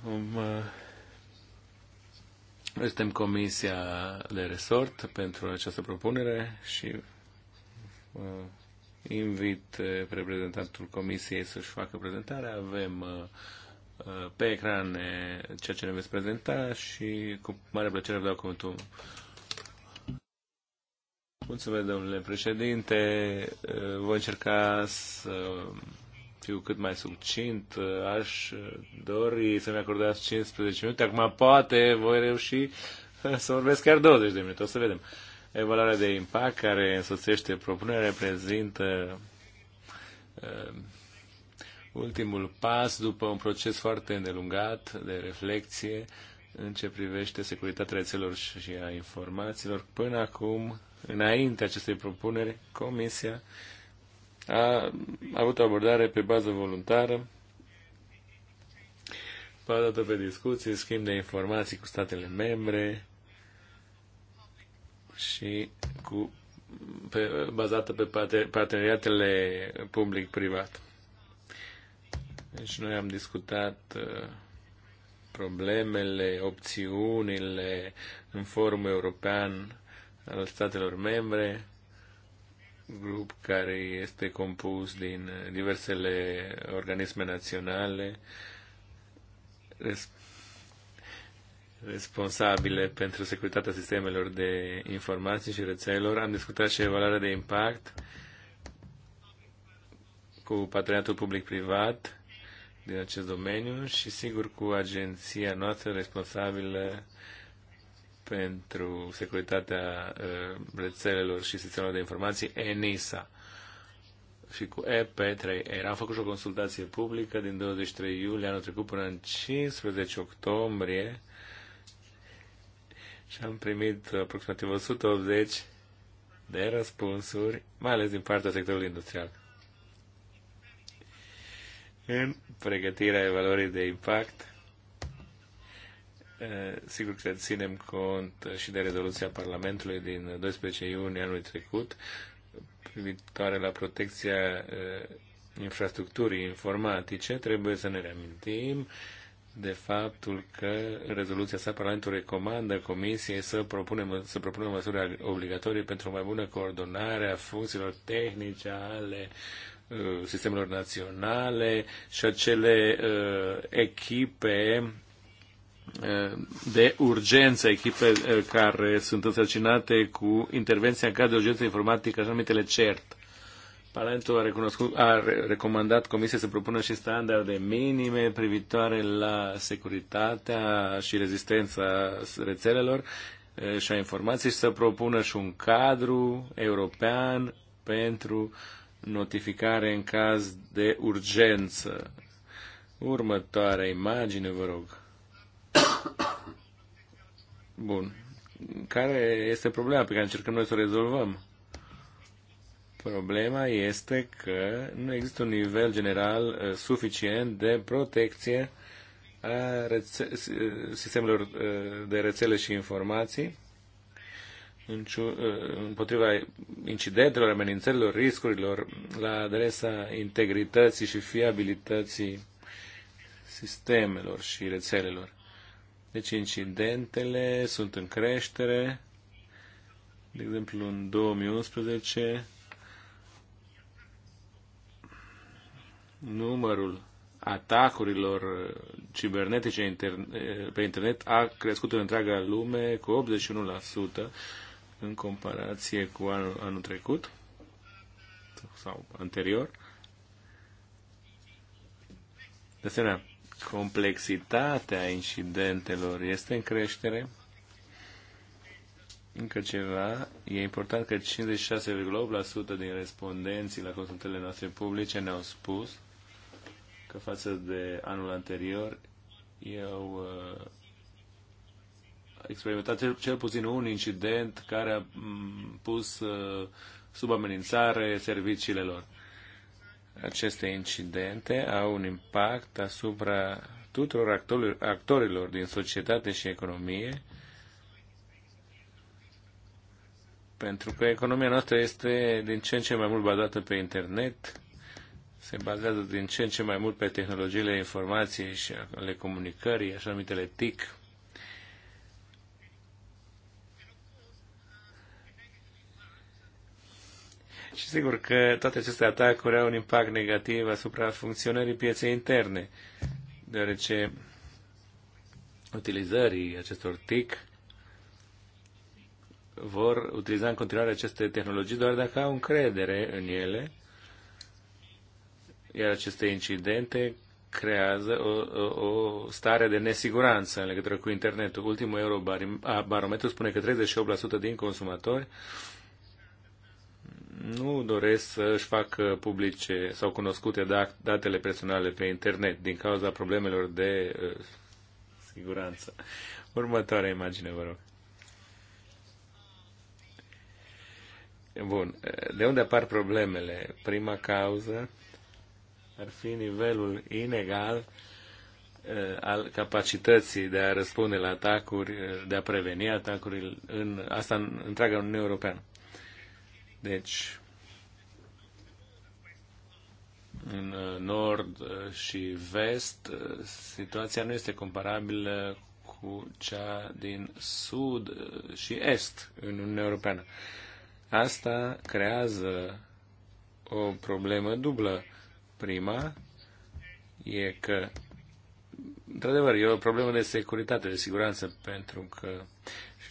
Vom uh, noi suntem comisia de resort pentru această propunere și uh, Invit eh, reprezentantul Comisiei să-și facă prezentarea. Avem eh, eh, pe ecran ceea ce ne veți prezenta și cu mare plăcere vă dau cuvântul. Mulțumesc, domnule președinte. Voi încerca să fiu cât mai succint. Aș dori să-mi acordați 15 minute. Acum poate voi reuși să vorbesc chiar 20 de minute. O să vedem. Uh, Evaluarea de impact care însoțește propunerea reprezintă uh, ultimul pas după un proces foarte îndelungat de reflexie în ce privește securitatea rețelor și a informațiilor. Până acum, înainte acestei propuneri, Comisia a avut o abordare pe bază voluntară, bazată pe discuții, schimb de informații cu statele membre, și cu, pe, bazată pe parteneriatele public-privat. Deci noi am discutat uh, problemele, opțiunile în forumul european al statelor membre, grup care este compus din diversele organisme naționale, responsabile pentru securitatea sistemelor de informații și rețelelor. Am discutat și evaluarea de impact cu parteneriatul public-privat din acest domeniu și sigur cu agenția noastră responsabilă pentru securitatea uh, rețelelor și sistemelor de informații, ENISA. Și cu EP3R. Am făcut și o consultație publică din 23 iulie anul trecut până în 15 octombrie și am primit aproximativ 180 de răspunsuri, mai ales din partea sectorului industrial. În pregătirea evaluării de impact, eh, sigur că ținem cont și de rezoluția Parlamentului din 12 iunie anului trecut, privitoare la protecția eh, infrastructurii informatice, trebuie să ne reamintim de faptul că în rezoluția sa Parlamentul recomandă Comisiei să propună, să propună măsuri obligatorii pentru o mai bună coordonare a funcțiilor tehnice ale uh, sistemelor naționale și acele uh, echipe uh, de urgență, echipe uh, care sunt însărcinate cu intervenția în caz de urgență informatică, așa numitele CERT. Parlamentul a, recunoscut, a recomandat Comisiei să propună și standarde minime privitoare la securitatea și rezistența rețelelor și a informației și să propună și un cadru european pentru notificare în caz de urgență. Următoarea imagine, vă rog. Bun. Care este problema pe care încercăm noi să o rezolvăm? Problema este că nu există un nivel general uh, suficient de protecție a rețe- uh, sistemelor uh, de rețele și informații împotriva incidentelor, amenințărilor, riscurilor la adresa integrității și fiabilității sistemelor și rețelelor. Deci incidentele sunt în creștere. De exemplu, în 2011 numărul atacurilor cibernetice pe internet a crescut în întreaga lume cu 81% în comparație cu anul, anul trecut sau anterior. De asemenea, complexitatea incidentelor este în creștere. Încă ceva, e important că 56,8% din respondenții la consultările noastre publice ne-au spus că față de anul anterior eu uh, experimentat cel, cel puțin un incident care a mm, pus uh, sub amenințare serviciile lor. Aceste incidente au un impact asupra tuturor actorilor, actorilor din societate și economie, pentru că economia noastră este din ce în ce mai mult bazată pe internet, se bazează din ce în ce mai mult pe tehnologiile informației și ale comunicării, așa numitele TIC. Și sigur că toate aceste atacuri au un impact negativ asupra funcționării pieței interne, deoarece utilizării acestor TIC vor utiliza în continuare aceste tehnologii doar dacă au încredere în ele iar aceste incidente creează o, o, o stare de nesiguranță în legătură cu internetul. Ultimul eurobarometru spune că 38% din consumatori nu doresc să-și facă publice sau cunoscute datele personale pe internet din cauza problemelor de uh, siguranță. Următoarea imagine, vă rog. Bun. De unde apar problemele? Prima cauză ar fi nivelul inegal eh, al capacității de a răspunde la atacuri, eh, de a preveni atacuri în asta în întreaga Uniune Europeană. Deci, în eh, nord și vest, situația nu este comparabilă cu cea din sud și est în Uniunea Europeană. Asta creează o problemă dublă Prima e că, într-adevăr, e o problemă de securitate, de siguranță, pentru că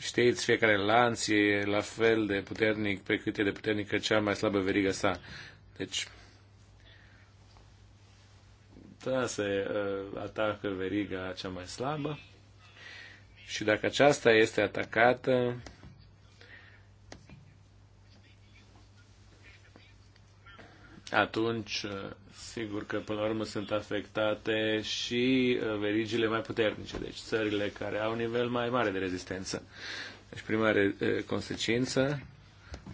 știți, fiecare lanț e la fel de puternic pe cât e de puternică cea mai slabă verigă sa. Deci, da, se uh, atacă veriga cea mai slabă și dacă aceasta este atacată, atunci uh, Sigur că până la urmă sunt afectate și uh, verigile mai puternice, deci țările care au nivel mai mare de rezistență. Deci prima re- uh, consecință,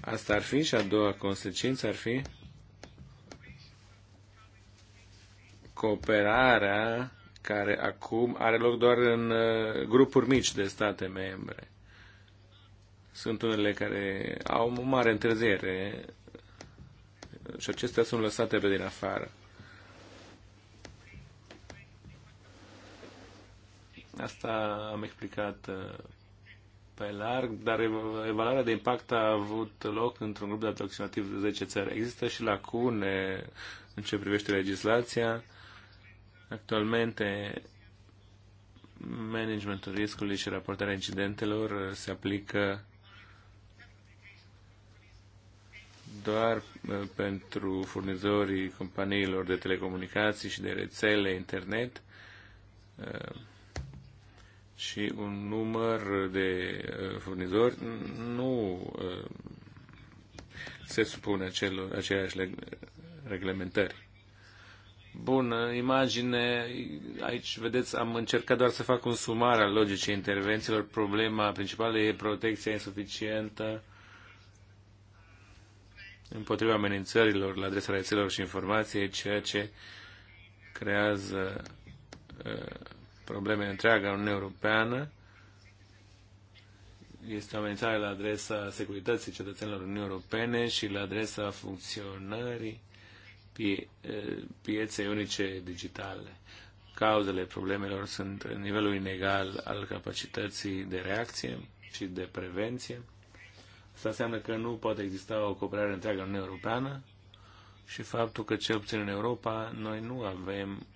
asta ar fi, și a doua consecință ar fi cooperarea care acum are loc doar în uh, grupuri mici de state membre. Sunt unele care au o mare întârziere și acestea sunt lăsate pe din afară. Asta am explicat uh, pe larg, dar evaluarea de impact a avut loc într-un grup de aproximativ 10 țări. Există și lacune în ce privește legislația. Actualmente, managementul riscului și raportarea incidentelor uh, se aplică doar uh, pentru furnizorii companiilor de telecomunicații și de rețele internet și un număr de uh, furnizori nu uh, se supune acelor, aceleași reglementări. Bună imagine. Aici, vedeți, am încercat doar să fac un sumar al logicii intervențiilor. Problema principală e protecția insuficientă împotriva amenințărilor la adresa rețelelor și informației, ceea ce creează uh, probleme în întreaga Europeană. Este o amenințare la adresa securității cetățenilor Uniunii Europene și la adresa funcționării pie, pieței unice digitale. Cauzele problemelor sunt în nivelul inegal al capacității de reacție și de prevenție. Asta înseamnă că nu poate exista o cooperare întreagă în Uniunea Europeană și faptul că, cel puțin în Europa, noi nu avem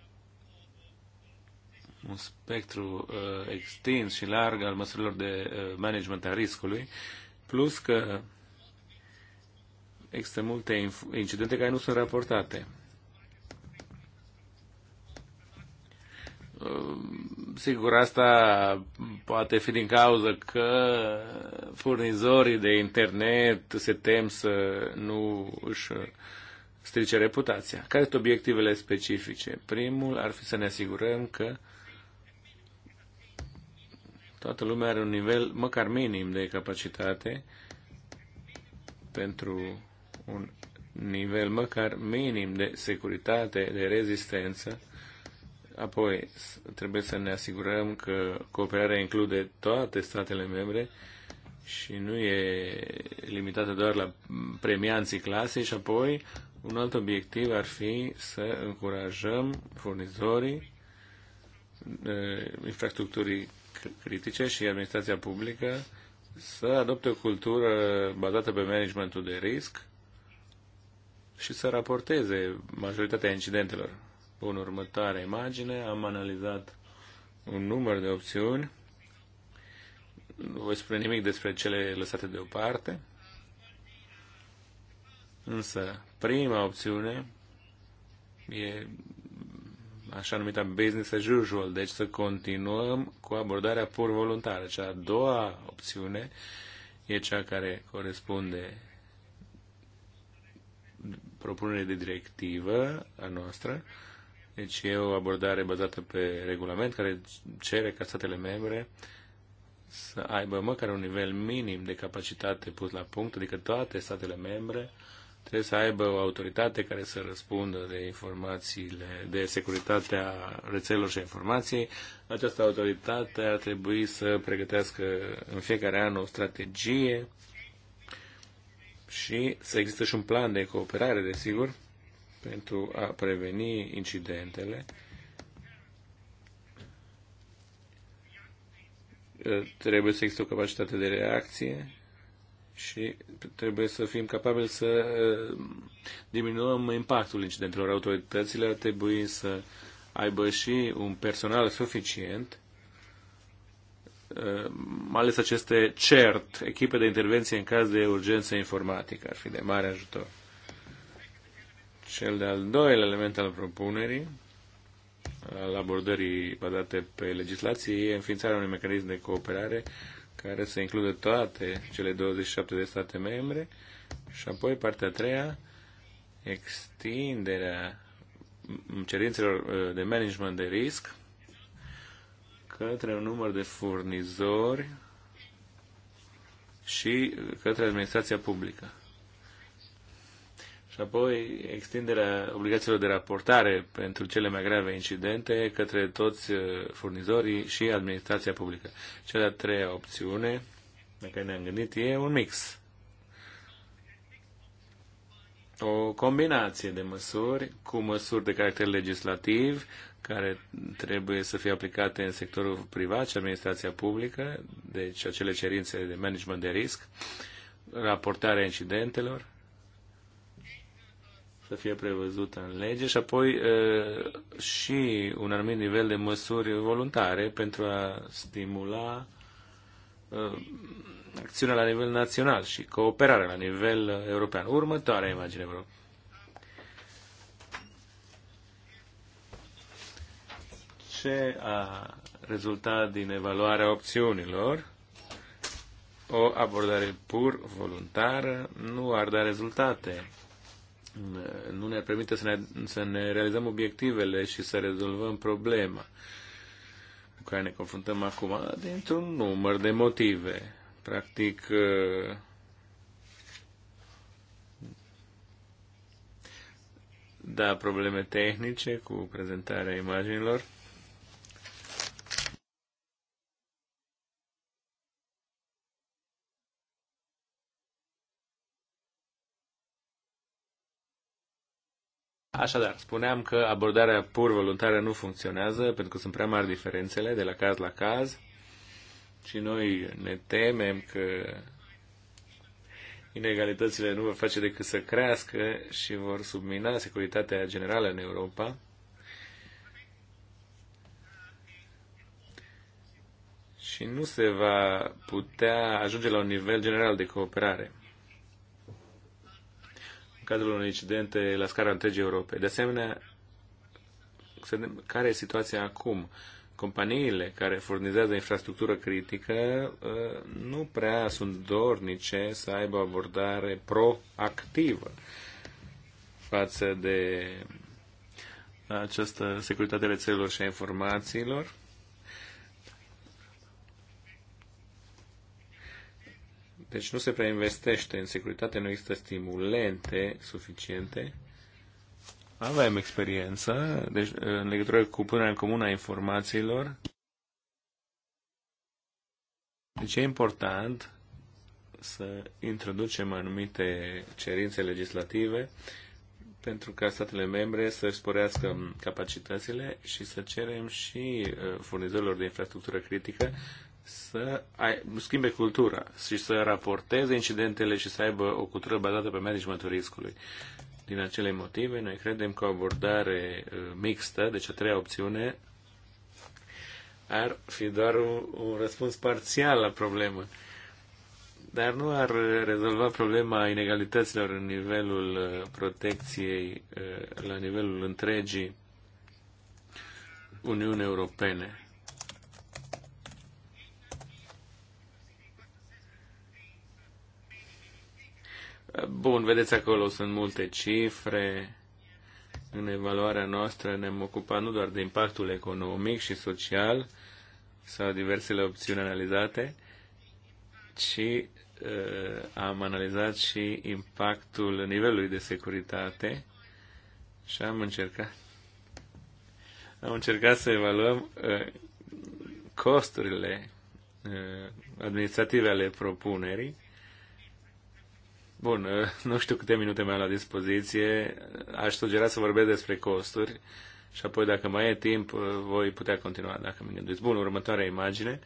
un spectru uh, extins și larg al măsurilor de uh, management a riscului, plus că există multe incidente care nu sunt raportate. Uh, sigur, asta poate fi din cauza că furnizorii de internet se tem să nu își uh, strice reputația. Care sunt obiectivele specifice? Primul ar fi să ne asigurăm că uh, toată lumea are un nivel măcar minim de capacitate pentru un nivel măcar minim de securitate, de rezistență. Apoi trebuie să ne asigurăm că cooperarea include toate statele membre și nu e limitată doar la premianții clasei și apoi un alt obiectiv ar fi să încurajăm furnizorii eh, infrastructurii critice și administrația publică să adopte o cultură bazată pe managementul de risc și să raporteze majoritatea incidentelor. În următoarea imagine am analizat un număr de opțiuni. Nu voi spune nimic despre cele lăsate deoparte. Însă, prima opțiune e așa numita business as usual, deci să continuăm cu abordarea pur voluntară. Cea a doua opțiune e cea care corespunde propunerii de directivă a noastră, deci e o abordare bazată pe regulament care cere ca statele membre să aibă măcar un nivel minim de capacitate pus la punct, adică toate statele membre trebuie să aibă o autoritate care să răspundă de informațiile, de securitatea rețelelor și informației. Această autoritate ar trebui să pregătească în fiecare an o strategie și să există și un plan de cooperare, desigur, pentru a preveni incidentele. Trebuie să există o capacitate de reacție și trebuie să fim capabili să eh, diminuăm impactul incidentelor. Autoritățile ar trebui să aibă și un personal suficient, eh, mai ales aceste CERT, echipe de intervenție în caz de urgență informatică, ar fi de mare ajutor. Cel de-al doilea element al propunerii, al abordării bazate pe legislație, e înființarea unui mecanism de cooperare uh, care să includă toate cele 27 de state membre și apoi partea a treia, extinderea cerințelor uh, de management de risc către un număr de furnizori și către administrația publică. Și apoi extinderea obligațiilor de raportare pentru cele mai grave incidente către toți uh, furnizorii și administrația publică. Cea de-a treia opțiune, care ne-am gândit, e un mix. O combinație de măsuri cu măsuri de caracter legislativ care trebuie să fie aplicate în sectorul privat și administrația publică, deci acele cerințe de management de risc, raportarea incidentelor, să fie prevăzută în lege și apoi și un anumit nivel de măsuri voluntare pentru a stimula acțiunea la nivel național și cooperarea la nivel european. Următoarea imagine, vă rog. Ce a rezultat din evaluarea opțiunilor? O abordare pur voluntară nu ar da rezultate nu ne permite să ne, să ne realizăm obiectivele și să rezolvăm problema cu care ne confruntăm acum dintr-un număr de motive. Practic, da, probleme tehnice cu prezentarea imaginilor, Așadar, spuneam că abordarea pur voluntară nu funcționează pentru că sunt prea mari diferențele de la caz la caz și noi ne temem că inegalitățile nu vor face decât să crească și vor submina securitatea generală în Europa. Și nu se va putea ajunge la un nivel general de cooperare în cadrul unor incidente la scara întregii Europei. De asemenea, care e situația acum. Companiile care furnizează infrastructură critică uh, nu prea sunt dornice să aibă abordare proactivă față de această securitate rețelelor și a informațiilor Deci nu se prea investește în securitate, nu există stimulente suficiente. Avem experiență deci, în legătură cu punerea în comun a informațiilor. Deci e important să introducem anumite cerințe legislative pentru ca statele membre să sporească capacitățile și să cerem și uh, furnizorilor de infrastructură critică să schimbe cultura și să raporteze incidentele și să aibă o cultură bazată pe managementul riscului. Din acele motive, noi credem că o abordare uh, mixtă, deci a treia opțiune, ar fi doar un, un răspuns parțial la problemă, dar nu ar rezolva problema inegalităților în nivelul uh, protecției, uh, la nivelul întregii Uniunii Europene. Bun, vedeți acolo, sunt multe cifre. În evaluarea noastră ne-am ocupat nu doar de impactul economic și social sau diversele opțiuni analizate, ci uh, am analizat și impactul nivelului de securitate și am încercat am încercat să evaluăm uh, costurile uh, administrative ale propunerii Bun, [laughs] nu știu câte minute mai am la dispoziție. Aș sugera să vorbesc despre costuri și apoi, dacă mai e timp, voi putea continua, dacă mi gândesc. Bun, următoarea imagine.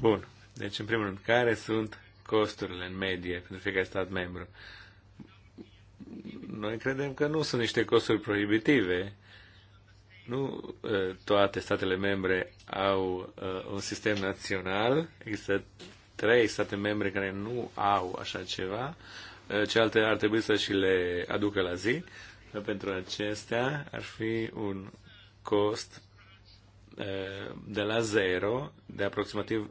Bun. Deci, în primul rând, care sunt costurile în medie pentru fiecare stat membru? Noi credem că nu sunt niște costuri prohibitive. Nu toate statele membre au un sistem național. Există trei state membre care nu au așa ceva. Cealaltă ar trebui să și le aducă la zi. Pentru acestea ar fi un cost de la zero de aproximativ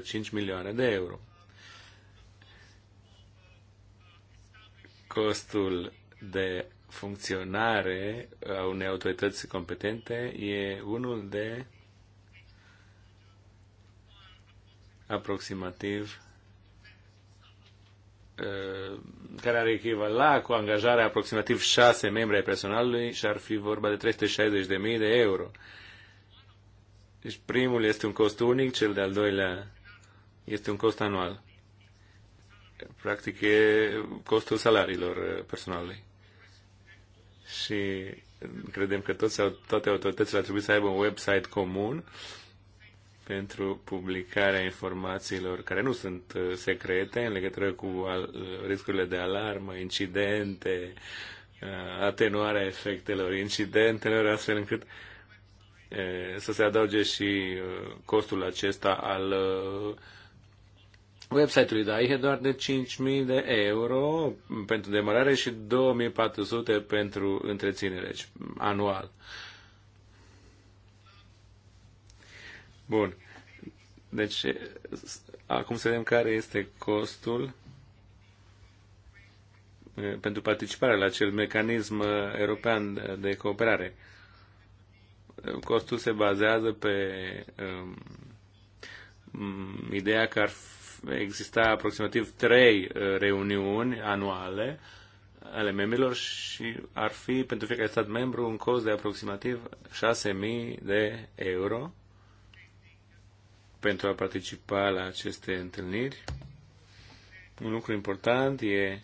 2,5 milioane de euro. costul de funcționare a unei autorități competente e unul de aproximativ uh, care ar echivala cu angajarea aproximativ șase membri ai personalului și ar fi vorba de 360.000 de euro. Deci primul este un cost unic, cel de-al doilea este un cost anual practic e costul salariilor personalului. Și credem că toți, toate autoritățile ar trebui să aibă un website comun pentru publicarea informațiilor care nu sunt secrete în legătură cu riscurile de alarmă, incidente, atenuarea efectelor incidentelor, astfel încât să se adauge și costul acesta al uh, website-ului, da, e doar de 5.000 de euro pentru demarare și 2.400 pentru întreținere deci anual. Bun. Deci, acum să vedem care este costul pentru participarea la acel mecanism european de cooperare. Costul se bazează pe um, ideea că ar exista aproximativ trei uh, reuniuni anuale ale membrilor și ar fi pentru fiecare stat membru un cost de aproximativ 6.000 de euro pentru a participa la aceste întâlniri. Un lucru important e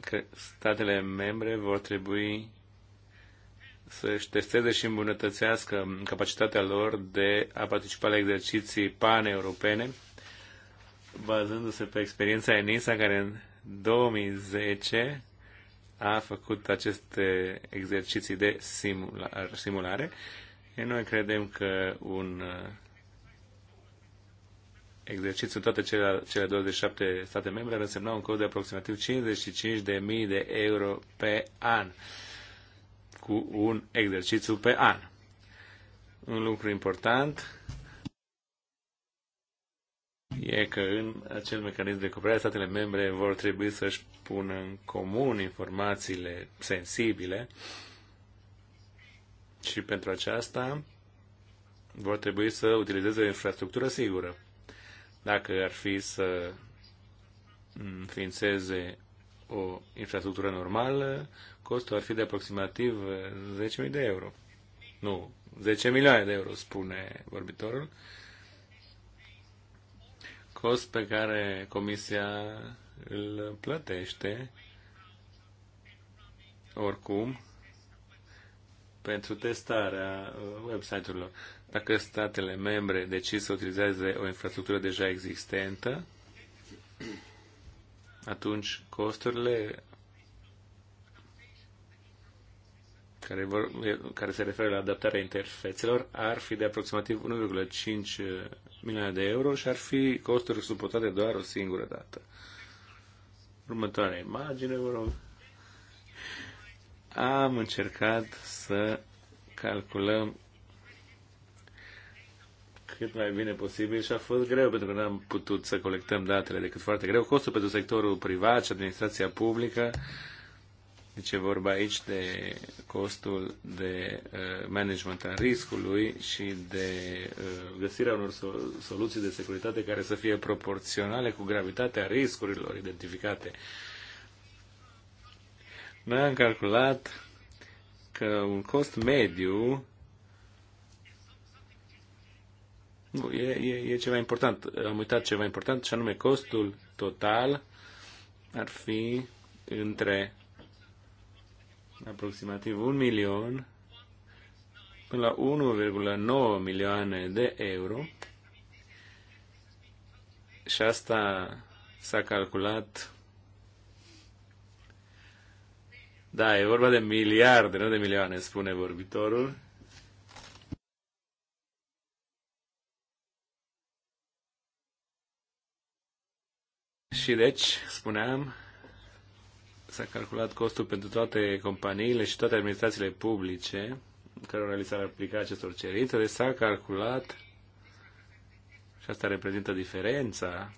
că statele membre vor trebui să-și testeze și îmbunătățească capacitatea lor de a participa la exerciții paneuropene, bazându-se pe experiența ENISA, care în 2010 a făcut aceste exerciții de simula simulare. Și noi credem că un exercițiu în toate cele, cele 27 state membre ar însemna un cost de aproximativ 55.000 de euro pe an cu un exercițiu pe an. Un lucru important e că în acel mecanism de cooperare statele membre vor trebui să-și pună în comun informațiile sensibile și pentru aceasta vor trebui să utilizeze o infrastructură sigură. Dacă ar fi să înființeze o infrastructură normală, Costul ar fi de aproximativ 10.000 de euro. Nu, 10 milioane de euro, spune vorbitorul. Cost pe care Comisia îl plătește oricum pentru testarea website-urilor. Dacă statele membre decid să utilizeze o infrastructură deja existentă, atunci costurile care, vor, care se referă la adaptarea interfețelor ar fi de aproximativ 1,5 milioane de euro și ar fi costuri suportate doar o singură dată. Următoarea imagine, vă rog. Am încercat să calculăm cât mai bine posibil și a fost greu pentru că n-am putut să colectăm datele decât foarte greu. Costul pentru sectorul privat și administrația publică uh, deci e vorba aici de costul de uh, management al riscului și de uh, găsirea unor soluții de securitate care să fie proporționale cu gravitatea riscurilor identificate. Noi am calculat că un cost mediu nu, e, e, e ceva important. Am uitat ceva important și anume costul total ar fi între aproximativ un milion până la 1,9 milioane de euro și asta s-a calculat da, e vorba de miliarde, nu de milioane, spune vorbitorul. Și deci, spuneam, s-a calculat costul pentru toate companiile și toate administrațiile publice care li s-ar aplica acestor cerințe, deci s-a calculat și asta reprezintă diferența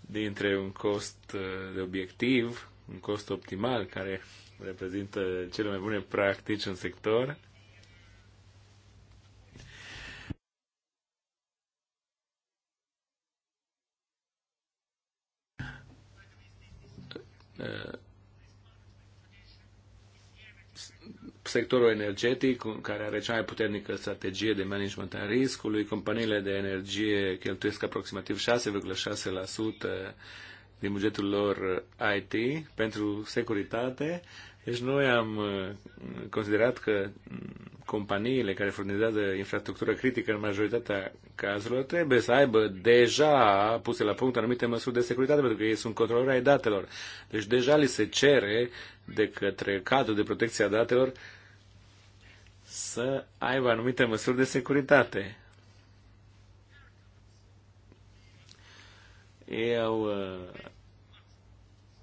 dintre un cost uh, de obiectiv, un cost optimal care reprezintă cele mai bune practici în sector sectorul energetic, care are cea mai puternică strategie de management a riscului. Companiile de energie cheltuiesc aproximativ 6,6% din bugetul lor uh, IT pentru securitate. Deci noi am uh, considerat că mm, companiile care furnizează infrastructură critică în majoritatea cazurilor trebuie să aibă deja puse la punct anumite măsuri de securitate, pentru că ei sunt controlori ai datelor. Deci deja li se cere de către cadrul de protecție a datelor să aibă anumite măsuri de securitate. Eu, uh,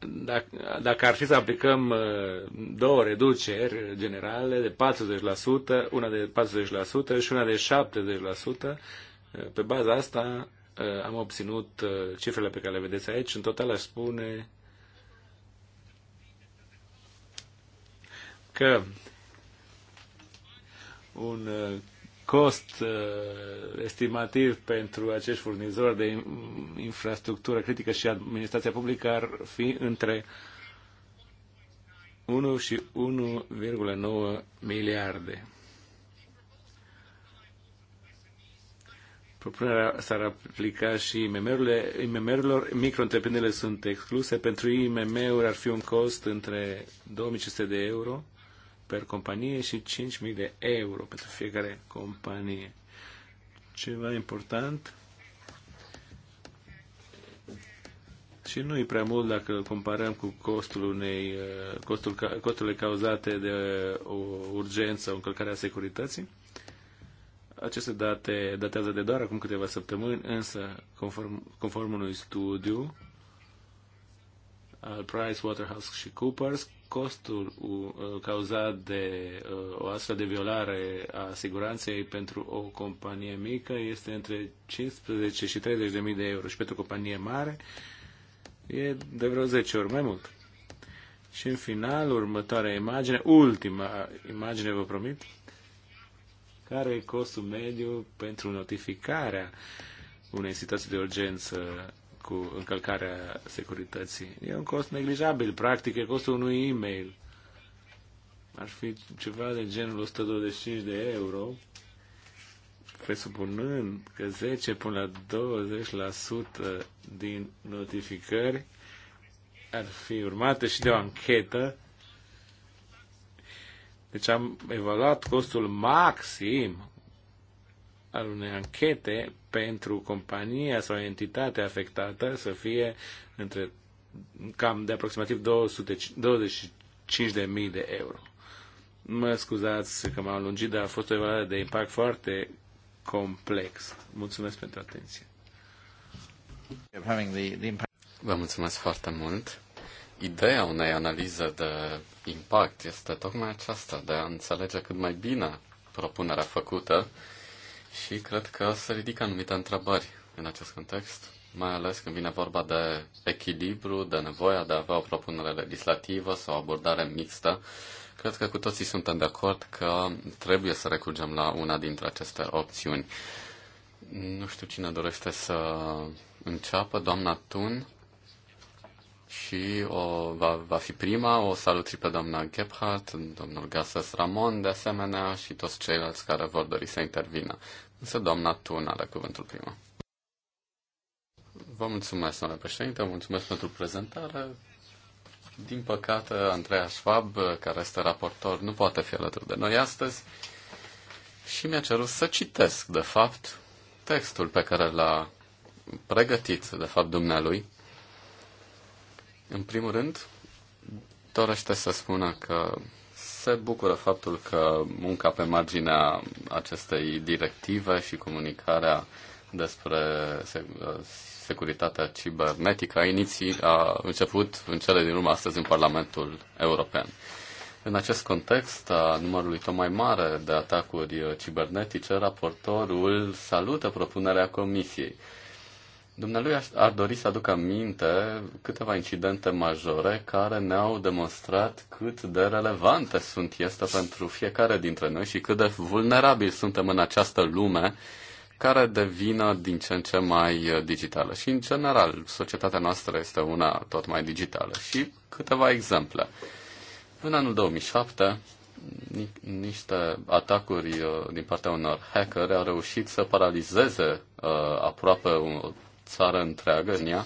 dacă, dacă ar fi să aplicăm uh, două reduceri generale de 40%, una de 40% și una de 70%, uh, pe baza asta am obținut cifrele pe care le vedeți aici. În total aș spune că un uh, cost uh, estimativ pentru acești furnizori de infrastructură critică și administrația publică ar fi între 1 și 1,9 miliarde. Propunerea s-ar aplica și IMM-urile. IMM-urilor, micro sunt excluse. Pentru IMM-uri ar fi un cost între 2500 de euro per companie și 5.000 de euro pentru fiecare companie. Ceva important. Și nu e prea mult dacă comparăm cu costul unei, uh, costul, costurile cauzate de uh, o urgență, o încălcare a securității. Aceste date datează de doar acum câteva săptămâni, însă, conform, conform unui studiu, al PricewaterhouseCoopers, costul uh, cauzat de uh, o astfel de violare a siguranței pentru o companie mică este între 15 și 30 de mii de euro și pentru o companie mare e de vreo 10 ori mai mult. Și în final, următoarea imagine, ultima imagine, vă promit, care e costul mediu pentru notificarea unei situații de urgență cu încălcarea securității. E un cost neglijabil, practic, e costul unui e-mail. Ar fi ceva de genul 125 de euro, presupunând că 10 până la 20% din notificări ar fi urmate și de o anchetă. Deci am evaluat costul maxim al unei anchete pentru compania sau entitatea afectată să fie între cam de aproximativ 225.000 de euro. Mă scuzați că m-am lungit, dar a fost o evaluare de impact foarte complex. Mulțumesc pentru atenție. Vă mulțumesc foarte mult. Ideea unei analize de impact este tocmai aceasta, de a înțelege cât mai bine propunerea făcută și cred că se ridică anumite întrebări în acest context, mai ales când vine vorba de echilibru, de nevoia de a avea o propunere legislativă sau o abordare mixtă. Cred că cu toții suntem de acord că trebuie să recurgem la una dintre aceste opțiuni. Nu știu cine dorește să înceapă, doamna Tun și o, va, va fi prima, o salut și pe doamna Gebhardt, domnul Gasses Ramon de asemenea și toți ceilalți care vor dori să intervină. Însă doamna Tuna are cuvântul prima. Vă mulțumesc, domnule președinte, vă mulțumesc pentru prezentare. Din păcate, Andreea Schwab, care este raportor, nu poate fi alături de noi astăzi și mi-a cerut să citesc, de fapt, textul pe care l-a pregătit, de fapt, dumnealui. În primul rând, dorește să spună că se bucură faptul că munca pe marginea acestei directive și comunicarea despre securitatea cibernetică a, iniții, a început în cele din urmă astăzi în Parlamentul European. În acest context a numărului tot mai mare de atacuri cibernetice, raportorul salută propunerea Comisiei Dumnealui ar dori să aducă minte câteva incidente majore care ne-au demonstrat cât de relevante sunt este pentru fiecare dintre noi și cât de vulnerabili suntem în această lume care devină din ce în ce mai digitală. Și, în general, societatea noastră este una tot mai digitală. Și câteva exemple. În anul 2007, ni- niște atacuri uh, din partea unor hackeri au reușit să paralizeze uh, aproape un, țară întreagă în ea,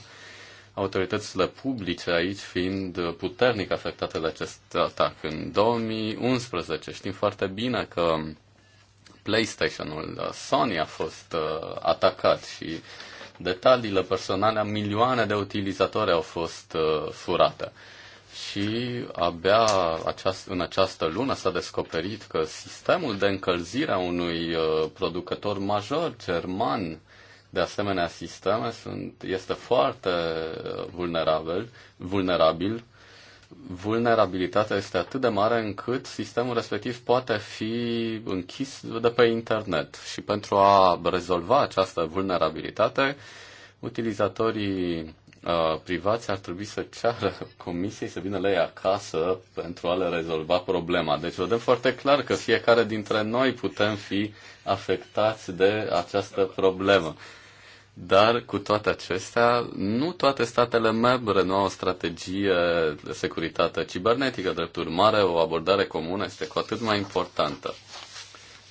autoritățile publice aici fiind puternic afectate de acest atac. În 2011 știm foarte bine că PlayStation-ul Sony a fost uh, atacat și detaliile personale a milioane de utilizatori au fost uh, furate. Și abia aceast, în această lună s-a descoperit că sistemul de încălzire a unui uh, producător major german de asemenea sisteme sunt, este foarte vulnerabil, vulnerabil. Vulnerabilitatea este atât de mare încât sistemul respectiv poate fi închis de pe internet. Și pentru a rezolva această vulnerabilitate, utilizatorii uh, privați ar trebui să ceară comisiei să vină la ei acasă pentru a le rezolva problema. Deci vedem foarte clar că fiecare dintre noi putem fi afectați de această problemă. Dar cu toate acestea, nu toate statele membre nu au o strategie de securitate cibernetică. Drept urmare, o abordare comună este cu atât mai importantă.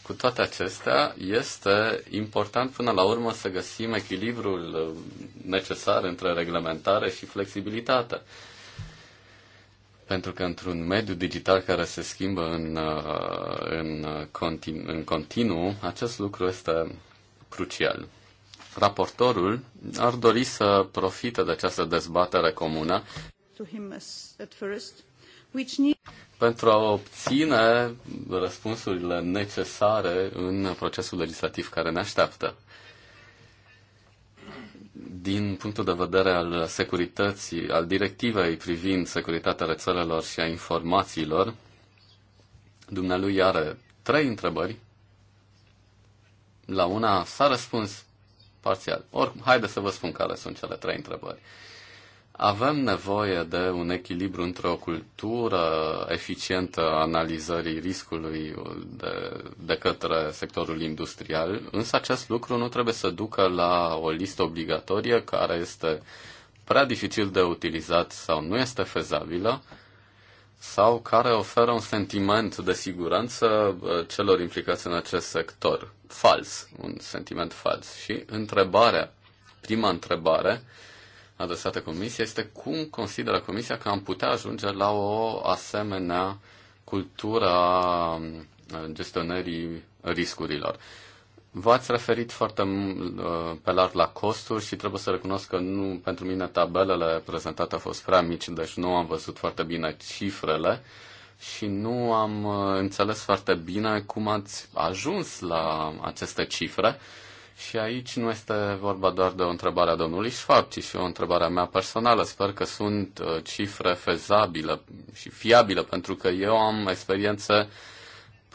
Cu toate acestea, este important până la urmă să găsim echilibrul necesar între reglementare și flexibilitate. Pentru că într-un mediu digital care se schimbă în, uh, în, continu, în continuu, acest lucru este crucial. Raportorul ar dori să profite de această dezbatere comună pentru a obține răspunsurile necesare în procesul legislativ care ne așteaptă. Din punctul de vedere al securității, al directivei privind securitatea rețelelor și a informațiilor, dumnealui are trei întrebări. La una s-a răspuns parțial. Oricum, haide să vă spun care sunt cele trei întrebări. Avem nevoie de un echilibru între o cultură eficientă a analizării riscului de, de către sectorul industrial, însă acest lucru nu trebuie să ducă la o listă obligatorie care este prea dificil de utilizat sau nu este fezabilă sau care oferă un sentiment de siguranță uh, celor implicați în acest sector. Fals, un sentiment fals. Și întrebarea, prima întrebare adresată Comisiei este cum consideră Comisia că am putea ajunge la o asemenea cultură a uh, gestionării riscurilor. V-ați referit foarte pe larg la costuri și trebuie să recunosc că nu, pentru mine tabelele prezentate au fost prea mici, deci nu am văzut foarte bine cifrele și nu am uh, înțeles foarte bine cum ați ajuns la aceste cifre. Și aici nu este vorba doar de o întrebare a domnului Schwab, ci și o întrebare a mea personală. Sper că sunt uh, cifre fezabile și fiabile, pentru că eu am experiențe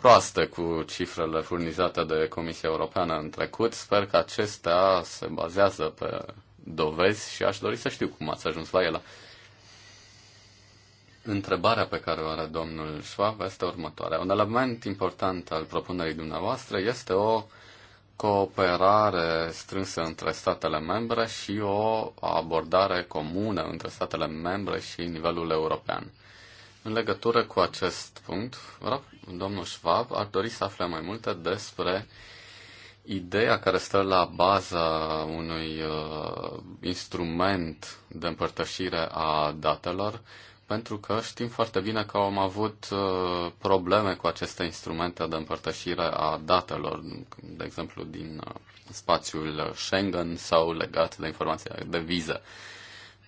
proastă cu cifrele furnizate de Comisia Europeană în trecut. Sper că acestea se bazează pe dovezi și aș dori să știu cum ați ajuns la ele. Întrebarea pe care o are domnul Schwab este următoarea. Un element important al propunerii dumneavoastră este o cooperare strânsă între statele membre și o abordare comună între statele membre și nivelul european. În legătură cu acest punct, domnul Schwab ar dori să afle mai multe despre ideea care stă la baza unui uh, instrument de împărtășire a datelor, pentru că știm foarte bine că am avut uh, probleme cu aceste instrumente de împărtășire a datelor, de exemplu din uh, spațiul Schengen sau legat de informația de viză. Uh,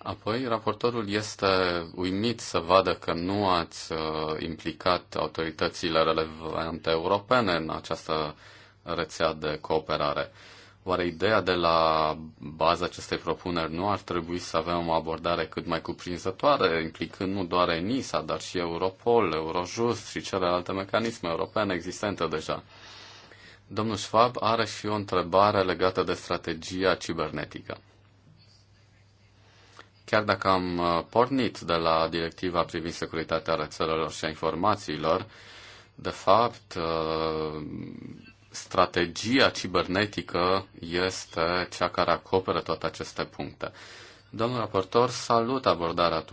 Apoi, raportorul este uimit să vadă că nu ați uh, implicat autoritățile relevante europene în această rețea de cooperare. Oare ideea de la baza acestei propuneri nu ar trebui să avem o abordare cât mai cuprinzătoare, implicând nu doar ENISA, dar și Europol, Eurojust și celelalte mecanisme europene existente deja? Domnul Schwab are și o întrebare legată de strategia cibernetică. Chiar dacă am uh, pornit de la directiva privind securitatea rețelelor și a informațiilor, de fapt, uh, strategia cibernetică este cea care acoperă toate aceste puncte. Domnul raportor, salut abordarea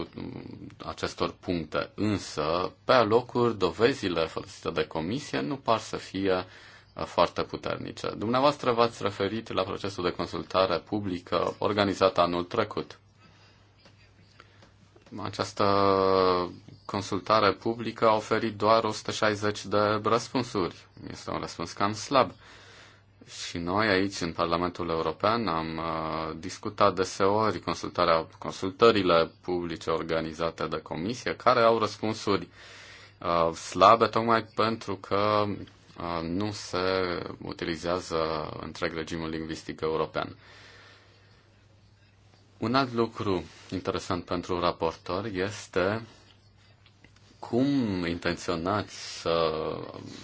acestor puncte, însă, pe locuri, dovezile folosite de comisie nu par să fie uh, foarte puternice. Dumneavoastră v-ați referit la procesul de consultare publică organizat anul trecut această consultare publică a oferit doar 160 de răspunsuri. Este un răspuns cam slab. Și noi aici, în Parlamentul European, am uh, discutat deseori consultarea, consultările publice organizate de comisie, care au răspunsuri uh, slabe, tocmai pentru că uh, nu se utilizează întreg regimul lingvistic european. Uh, un alt lucru interesant pentru raportor este cum intenționați să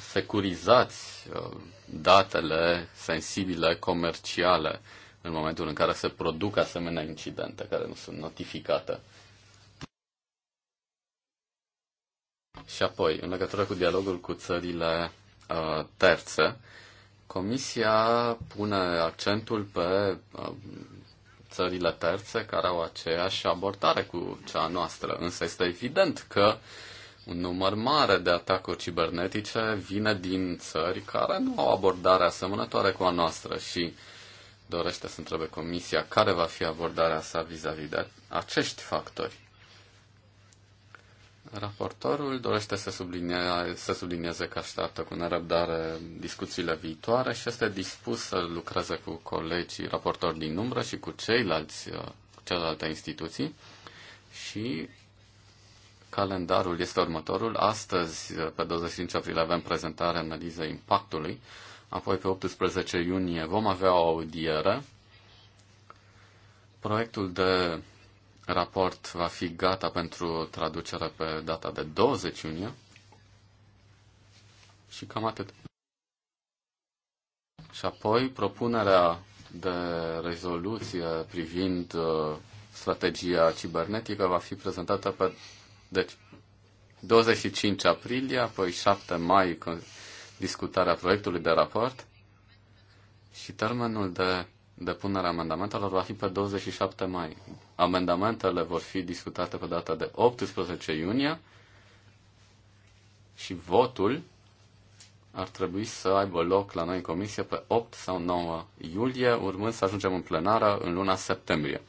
securizați uh, datele sensibile comerciale în momentul în care se produc asemenea incidente care nu sunt notificate. Și apoi, în legătură cu dialogul cu țările uh, terțe, Comisia pune accentul pe uh, țările terțe care au aceeași abordare cu cea noastră, însă este evident că un număr mare de atacuri cibernetice vine din țări care nu au abordare asemănătoare cu a noastră și dorește să întrebe Comisia care va fi abordarea sa vis-a-vis -vis de acești factori. Raportorul dorește să, sublinie, să sublinieze că așteaptă cu nerăbdare discuțiile viitoare și este dispus să lucreze cu colegii raportori din umbră și cu ceilalți, uh, cu celelalte instituții și calendarul este următorul. Astăzi, uh, pe 25 aprilie, avem prezentarea analizei impactului, apoi pe 18 iunie vom avea o audiere. Proiectul de raport va fi gata pentru traducere pe data de 20 iunie. Și cam atât. Și apoi propunerea de rezoluție privind uh, strategia cibernetică va fi prezentată pe deci, 25 aprilie, apoi 7 mai discutarea proiectului de raport și termenul de depunere a amendamentelor va fi pe 27 mai. Amendamentele vor fi discutate pe data de 18 iunie și votul ar trebui să aibă loc la noi în comisie pe 8 sau 9 iulie, urmând să ajungem în plenară în luna septembrie.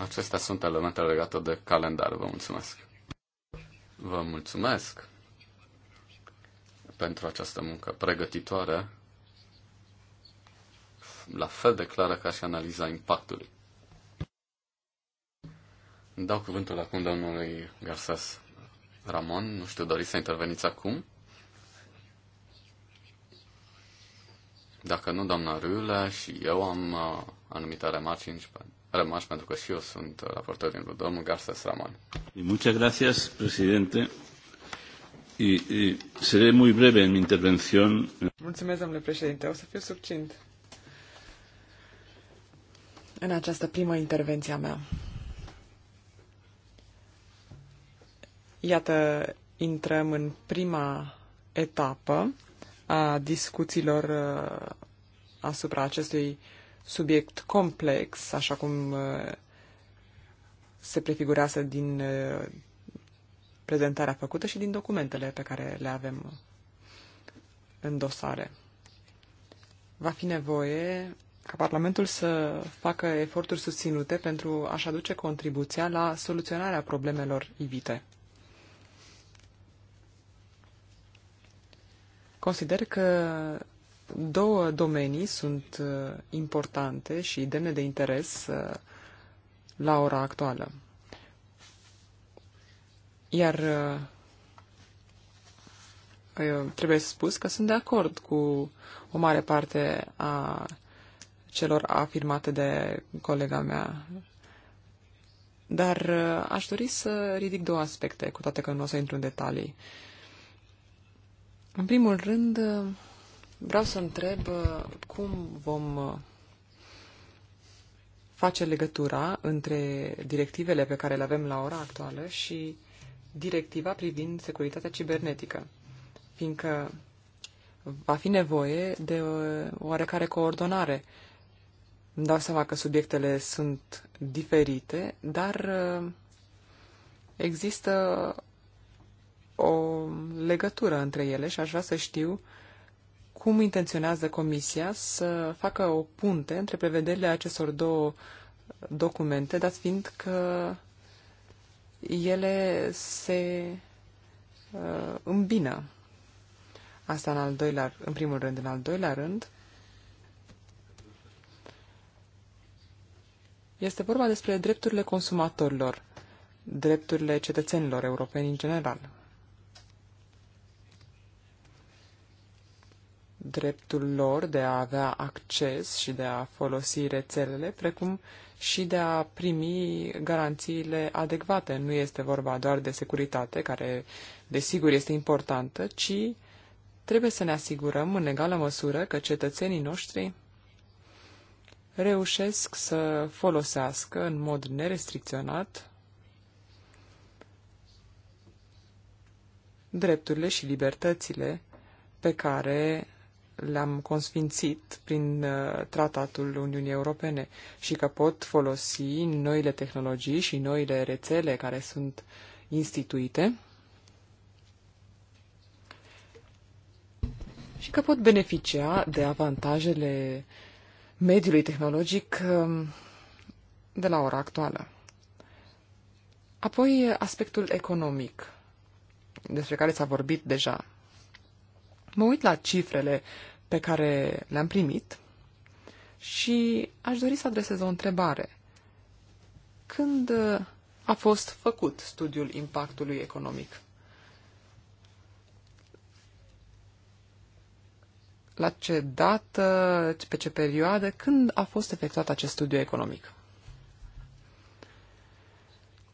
Acestea sunt elementele legate de calendar. Vă mulțumesc. Vă mulțumesc pentru această muncă pregătitoare la fel de clară ca și analiza impactului. Dau cuvântul acum domnului Garsas Ramon. Nu știu, doriți să interveniți acum? Dacă nu, doamna Râle și eu am uh, anumite remarci, remarci pentru că și eu sunt uh, raportor din domnul Garces Ramon. Muchas gracias, presidente. Y, y seré muy breve en mi intervención. Mulțumesc, domnule președinte. O să fiu subțint în această primă intervenție a mea. Iată, intrăm în prima etapă a discuțiilor uh, asupra acestui subiect complex, așa cum uh, se prefigurează din uh, prezentarea făcută și din documentele pe care le avem în dosare. Va fi nevoie ca Parlamentul să facă eforturi susținute pentru a-și aduce contribuția la soluționarea problemelor ivite. Consider că două domenii sunt uh, importante și demne de interes uh, la ora actuală. Iar uh, trebuie spus că sunt de acord cu o mare parte a celor afirmate de colega mea. Dar uh, aș dori să ridic două aspecte, cu toate că nu o să intru în detalii. În primul rând, uh, vreau să întreb uh, cum vom face legătura între directivele pe care le avem la ora actuală și directiva privind securitatea cibernetică, fiindcă va fi nevoie de oarecare coordonare îmi dau seama că subiectele sunt diferite, dar uh, există o legătură între ele și aș vrea să știu cum intenționează Comisia să facă o punte între prevederile acestor două documente, dat fiind că ele se uh, îmbină. Asta în al doilea, în primul rând, în al doilea rând, Este vorba despre drepturile consumatorilor, drepturile cetățenilor europeni în general. Dreptul lor de a avea acces și de a folosi rețelele, precum și de a primi garanțiile adecvate. Nu este vorba doar de securitate, care desigur este importantă, ci trebuie să ne asigurăm în egală măsură că cetățenii noștri reușesc să folosească în mod nerestricționat drepturile și libertățile pe care le-am consfințit prin uh, tratatul Uniunii Europene și că pot folosi noile tehnologii și noile rețele care sunt instituite și că pot beneficia de avantajele uh, mediului tehnologic um, de la ora actuală. Apoi, aspectul economic, despre care s-a vorbit deja. Mă uit la cifrele pe care le-am primit și aș dori să adresez o întrebare. Când uh, a fost făcut studiul impactului economic? la ce dată, pe ce perioadă, când a fost efectuat acest studiu economic.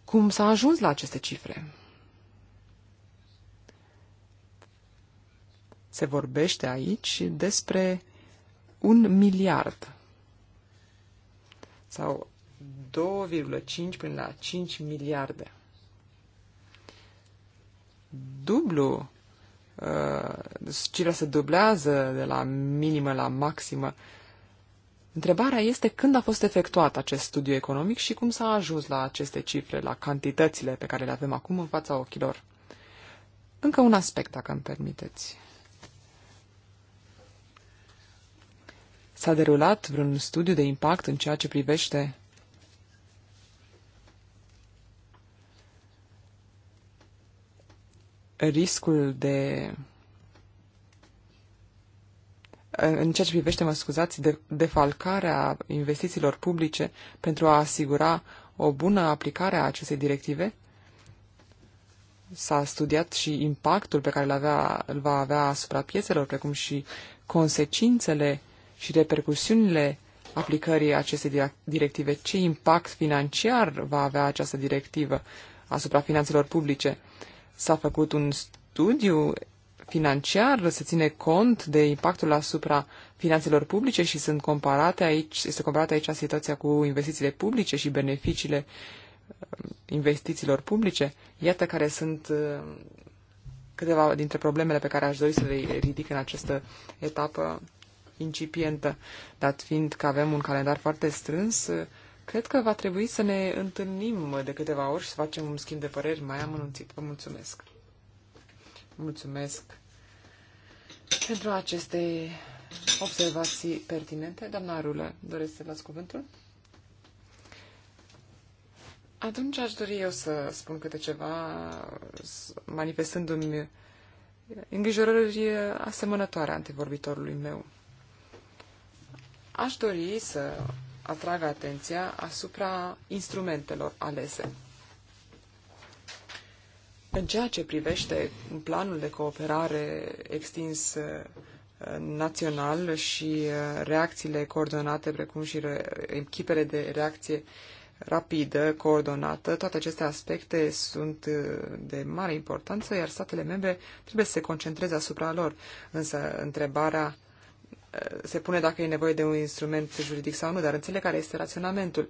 Cum s-a ajuns la aceste cifre? Se vorbește aici despre un miliard sau 2,5 până la 5 miliarde. Dublu uh, sucirea se dublează de la minimă la maximă. Întrebarea este când a fost efectuat acest studiu economic și cum s-a ajuns la aceste cifre, la cantitățile pe care le avem acum în fața ochilor. Încă un aspect, dacă îmi permiteți. S-a derulat vreun studiu de impact în ceea ce privește riscul de în ceea ce privește, mă scuzați, de, defalcarea investițiilor publice pentru a asigura o bună aplicare a acestei directive? S-a studiat și impactul pe care îl, avea, îl va avea asupra piețelor, precum și consecințele și repercusiunile aplicării acestei directive. Ce impact financiar va avea această directivă asupra finanțelor publice? S-a făcut un studiu financiar, se ține cont de impactul asupra finanțelor publice și sunt comparate aici, este comparată aici situația cu investițiile publice și beneficiile um, investițiilor publice. Iată care sunt um, câteva dintre problemele pe care aș dori să le ridic în această etapă incipientă, dat fiind că avem un calendar foarte strâns, Cred că va trebui să ne întâlnim de câteva ori și să facem un schimb de păreri mai amănunțit. Vă mulțumesc! Mulțumesc pentru aceste observații pertinente. Doamna Rulă, doresc să las cuvântul? Atunci aș dori eu să spun câte ceva, manifestându-mi îngrijorări asemănătoare antevorbitorului meu. Aș dori să atrag atenția asupra instrumentelor alese. În ceea ce privește planul de cooperare extins uh, național și uh, reacțiile coordonate, precum și echipele de reacție rapidă, coordonată, toate aceste aspecte sunt uh, de mare importanță, iar statele membre trebuie să se concentreze asupra lor. Însă întrebarea se pune dacă e nevoie de un instrument juridic sau nu, dar înțeleg care este raționamentul.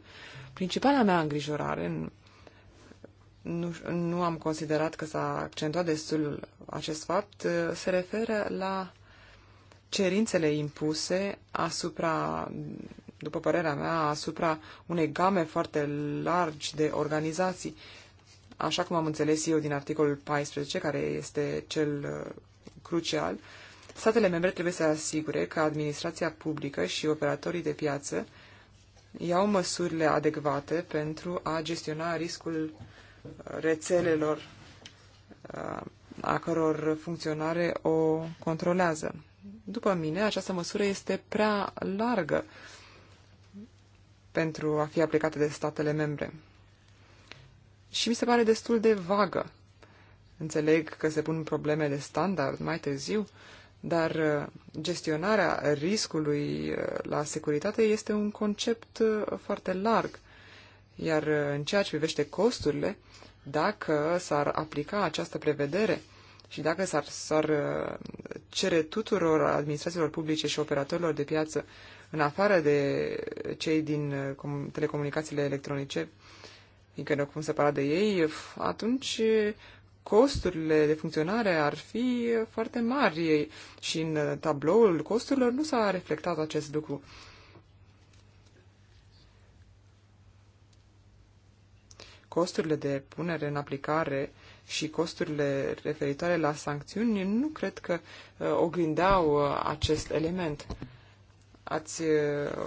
Principala mea îngrijorare, nu, nu am considerat că s-a accentuat destul acest fapt, se referă la cerințele impuse asupra, după părerea mea, asupra unei game foarte largi de organizații. Așa cum am înțeles eu din articolul 14, care este cel uh, crucial, uh, Statele membre trebuie să asigure că administrația publică și operatorii de piață iau măsurile adecvate pentru a gestiona riscul rețelelor uh, a căror funcționare o controlează. După mine, această măsură este prea largă pentru a fi aplicată de statele membre. Și mi se pare destul de vagă. Înțeleg că se pun probleme de standard mai târziu, dar uh, gestionarea riscului uh, la securitate este un concept uh, foarte larg. Iar în ceea ce privește costurile, dacă s-ar aplica această prevedere și dacă s-ar, s-ar cere tuturor administrațiilor publice și operatorilor de piață, în afară de cei din telecomunicațiile electronice, fiindcă ne ocupăm separat de ei, atunci costurile de funcționare ar fi foarte mari și în tabloul costurilor nu s-a reflectat acest lucru. Costurile de punere în aplicare și costurile referitoare la sancțiuni nu cred că uh, oglindeau uh, acest element. Ați uh,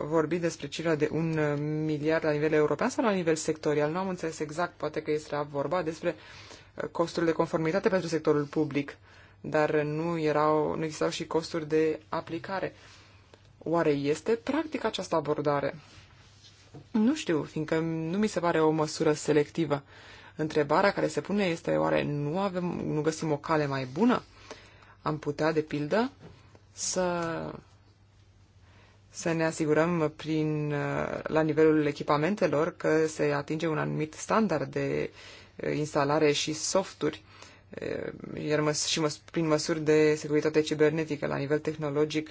vorbit despre cifra de un miliard la nivel european sau la nivel sectorial? Nu am înțeles exact, poate că este vorba despre uh, costurile de conformitate pentru sectorul public, dar nu, erau, nu existau și costuri de aplicare. Oare este practic această abordare? Nu știu, fiindcă nu mi se pare o măsură selectivă. Întrebarea care se pune este oare nu, avem, nu găsim o cale mai bună? Am putea, de pildă, să, să ne asigurăm prin, la nivelul echipamentelor că se atinge un anumit standard de instalare și softuri, iar mă, și mă, prin măsuri de securitate cibernetică la nivel tehnologic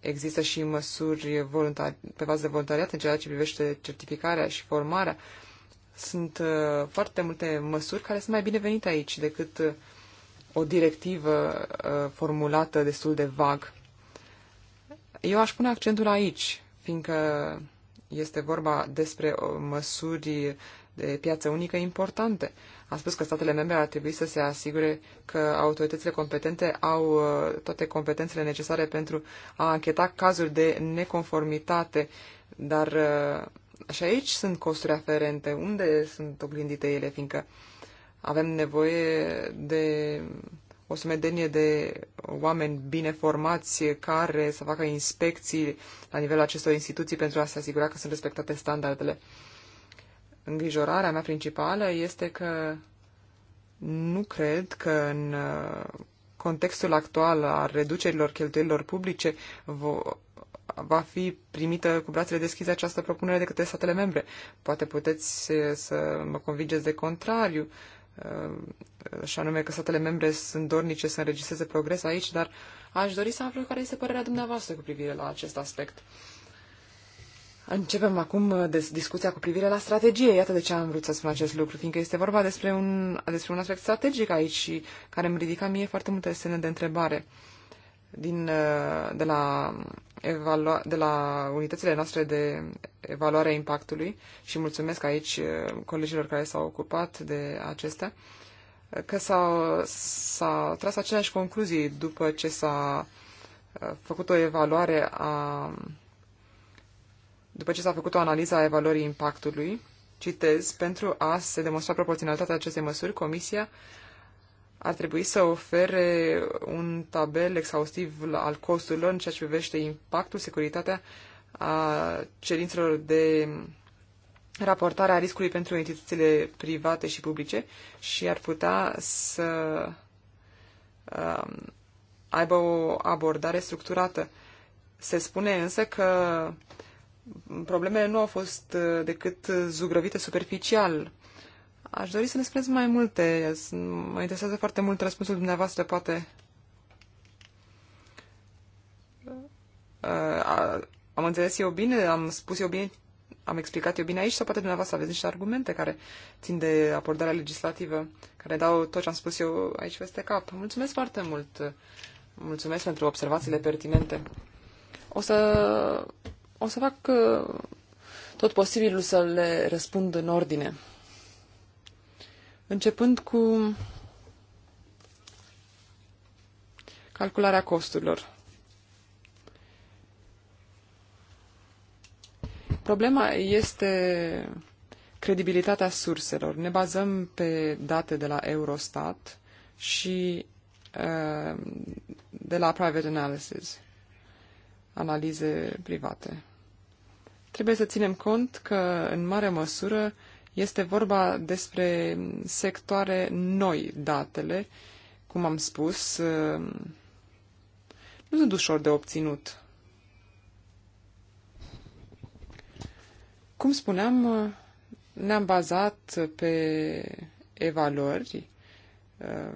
există și măsuri pe bază de voluntariat în ceea ce privește certificarea și formarea. Sunt uh, foarte multe măsuri care sunt mai bine venite aici decât uh, o directivă uh, formulată destul de vag. Eu aș pune accentul aici, fiindcă este vorba despre măsuri de piață unică importante. A spus că statele membre ar trebui să se asigure că autoritățile competente au uh, toate competențele necesare pentru a încheta cazuri de neconformitate, dar uh, și aici sunt costuri aferente. Unde sunt oglindite ele, fiindcă avem nevoie de o sumedenie de oameni bine formați care să facă inspecții la nivelul acestor instituții pentru a se asigura că sunt respectate standardele îngrijorarea mea principală este că nu cred că în uh, contextul actual al reducerilor cheltuielilor publice va fi primită cu brațele deschise această propunere de către statele membre. Poate puteți uh, să mă convingeți de contrariu, uh, și anume că statele membre sunt dornice să înregistreze progres aici, dar aș dori să aflu care este părerea dumneavoastră cu privire la acest aspect. Începem acum uh, discuția cu privire la strategie. Iată de ce am vrut să spun acest lucru, fiindcă este vorba despre un, despre un aspect strategic aici care îmi ridica mie foarte multe semne de întrebare. Din, uh, de, la evalua, de la unitățile noastre de evaluare a impactului și mulțumesc aici uh, colegilor care s-au ocupat de acestea, că s-au, s-a tras aceleași concluzii după ce s-a făcut o evaluare a după ce s-a făcut o analiză a evaluării impactului, citez, pentru a se demonstra proporționalitatea acestei măsuri, Comisia ar trebui să ofere un tabel exhaustiv al costurilor în ceea ce privește impactul, securitatea a cerințelor de raportare a riscului pentru entitățile private și publice și ar putea să um, aibă o abordare structurată. Se spune însă că problemele nu au fost uh, decât zugrăvite superficial. Aș dori să ne spuneți mai multe. Mă interesează foarte mult răspunsul dumneavoastră, poate. Uh, am înțeles eu bine, am spus eu bine, am explicat eu bine aici sau poate dumneavoastră aveți niște argumente care țin de abordarea legislativă, care dau tot ce am spus eu aici peste cap. Mulțumesc foarte mult. Mulțumesc pentru observațiile pertinente. O să o să fac uh, tot posibilul să le răspund în ordine. Începând cu calcularea costurilor. Problema este credibilitatea surselor. Ne bazăm pe date de la Eurostat și uh, de la private analysis, analize private. Trebuie să ținem cont că, în mare măsură, este vorba despre sectoare noi datele, cum am spus, uh, nu sunt ușor de obținut. Cum spuneam, uh, ne-am bazat pe evaluări. Uh,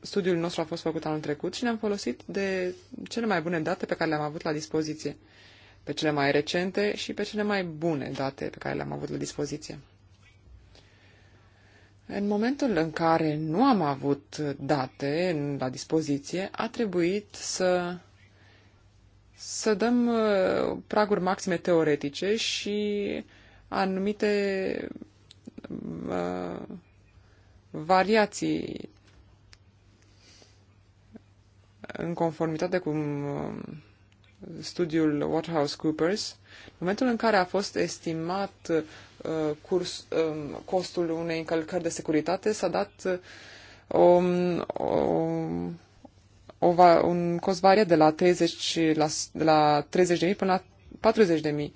studiul nostru a fost făcut anul trecut și ne-am folosit de cele mai bune date pe care le-am avut la dispoziție pe cele mai recente și pe cele mai bune date pe care le-am avut la dispoziție. În momentul în care nu am avut date la dispoziție, a trebuit să, să dăm uh, praguri maxime teoretice și anumite uh, variații în conformitate cu uh, studiul WaterhouseCoopers, în momentul în care a fost estimat uh, curs, uh, costul unei încălcări de securitate, s-a dat um, o, o, o, un cost variat de la 30 la, de la 30 până la 40.000.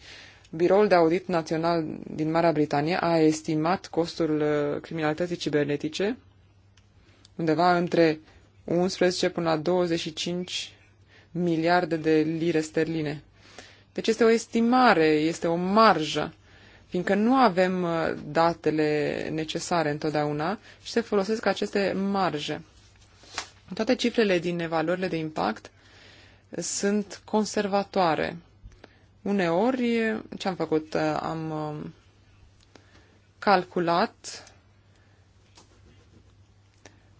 Biroul de Audit Național din Marea Britanie a estimat costul uh, criminalității cibernetice undeva între 11 până la 25 miliarde de lire sterline. Deci este o estimare, este o marjă, fiindcă nu avem uh, datele necesare întotdeauna și se folosesc aceste marje. Toate cifrele din evaluările de impact sunt conservatoare. Uneori, ce am făcut? Uh, am um, calculat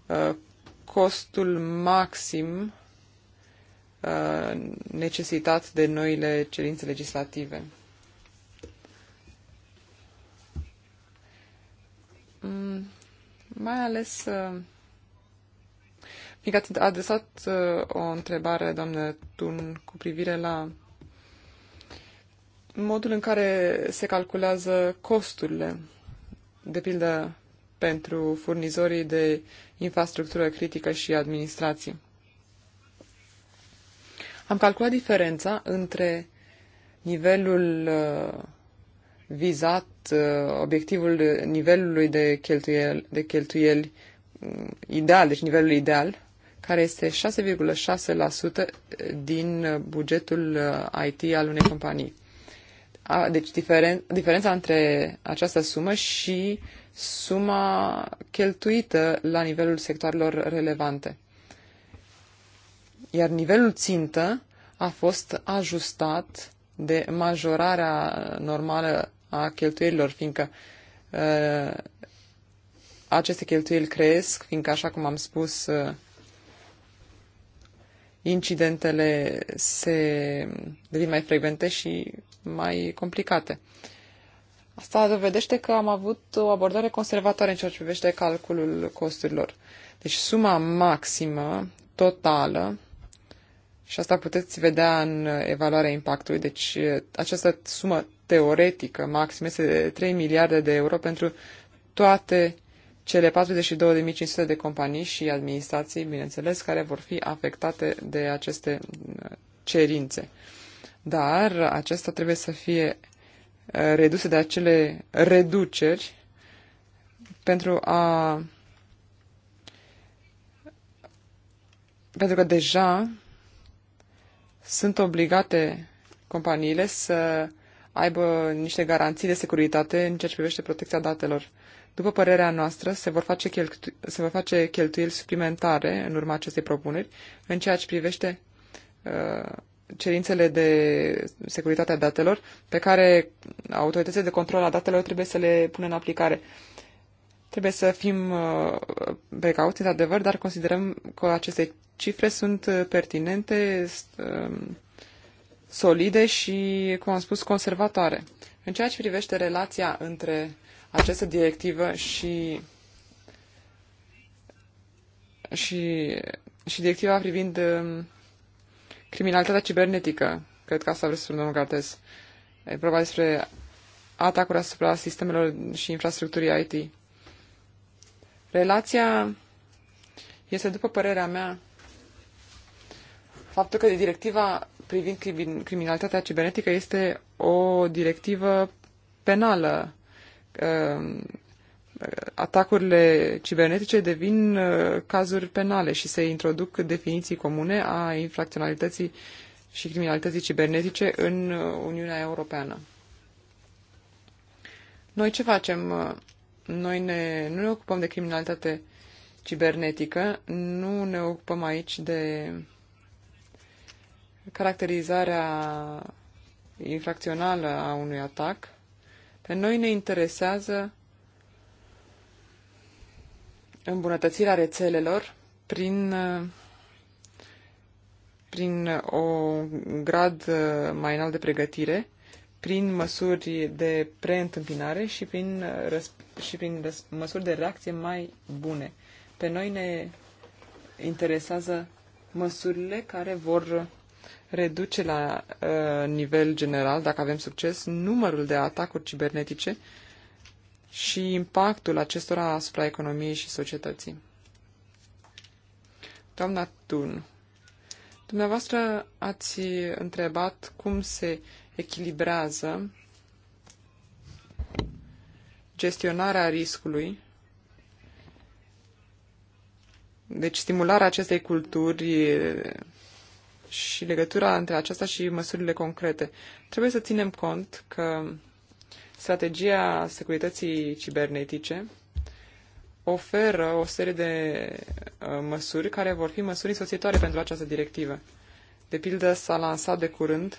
uh, costul maxim necesitat de noile cerințe legislative. Mm, mai ales, fiindcă s-a adresat o întrebare, doamnă Tun, cu privire la modul în care se calculează costurile, de pildă pentru furnizorii de infrastructură critică și administrații. Am calculat diferența între nivelul uh, vizat, uh, obiectivul nivelului de cheltuieli, de cheltuieli mm, ideal, deci nivelul ideal, care este 6,6% din uh, bugetul IT al unei companii. deci diferen, diferența între această sumă și suma cheltuită la nivelul sectoarelor relevante. Iar nivelul țintă a fost ajustat de majorarea normală a cheltuielilor, fiindcă uh, aceste cheltuieli cresc, fiindcă, așa cum am spus, uh, incidentele se devin mai frecvente și mai complicate. Asta dovedește că am avut o abordare conservatoare în ceea ce privește calculul costurilor. Deci suma maximă totală și asta puteți vedea în evaluarea impactului. Deci această sumă teoretică maximă este de 3 miliarde de euro pentru toate cele 42.500 de companii și administrații, bineînțeles, care vor fi afectate de aceste cerințe. Dar acesta trebuie să fie reduse de acele reduceri pentru a pentru că deja sunt obligate companiile să aibă niște garanții de securitate în ceea ce privește protecția datelor. După părerea noastră, se vor face, cheltu- se vor face cheltuieli suplimentare în urma acestei propuneri în ceea ce privește uh, cerințele de securitate a datelor pe care autoritățile de control a datelor trebuie să le pună în aplicare. Trebuie să fim uh, precauți, într-adevăr, dar considerăm că aceste cifre sunt uh, pertinente, um, solide și, cum am spus, conservatoare. În ceea ce privește relația între această directivă și, și, și directiva privind um, criminalitatea cibernetică, cred că asta vreți să spun, domnul Gartes, e vorba despre atacuri asupra sistemelor și infrastructurii IT. Relația este, după părerea mea, faptul că directiva privind criminalitatea cibernetică este o directivă penală. Ehm, atacurile cibernetice devin uh, cazuri penale și se introduc definiții comune a infracționalității și criminalității cibernetice în uh, Uniunea Europeană. Noi ce facem? Uh, noi ne, nu ne ocupăm de criminalitate cibernetică, nu ne ocupăm aici de caracterizarea infracțională a unui atac, pe noi ne interesează îmbunătățirea rețelelor prin, prin o grad mai înalt de pregătire, prin măsuri de preîntâmpinare și prin, și prin măsuri de reacție mai bune. Pe noi ne interesează măsurile care vor reduce la uh, nivel general, dacă avem succes, numărul de atacuri cibernetice și impactul acestora asupra economiei și societății. Doamna Tun, dumneavoastră ați întrebat cum se echilibrează gestionarea riscului deci stimularea acestei culturi și legătura între aceasta și măsurile concrete. Trebuie să ținem cont că strategia securității cibernetice oferă o serie de uh, măsuri care vor fi măsuri însoțitoare pentru această directivă. De pildă, s-a lansat de curând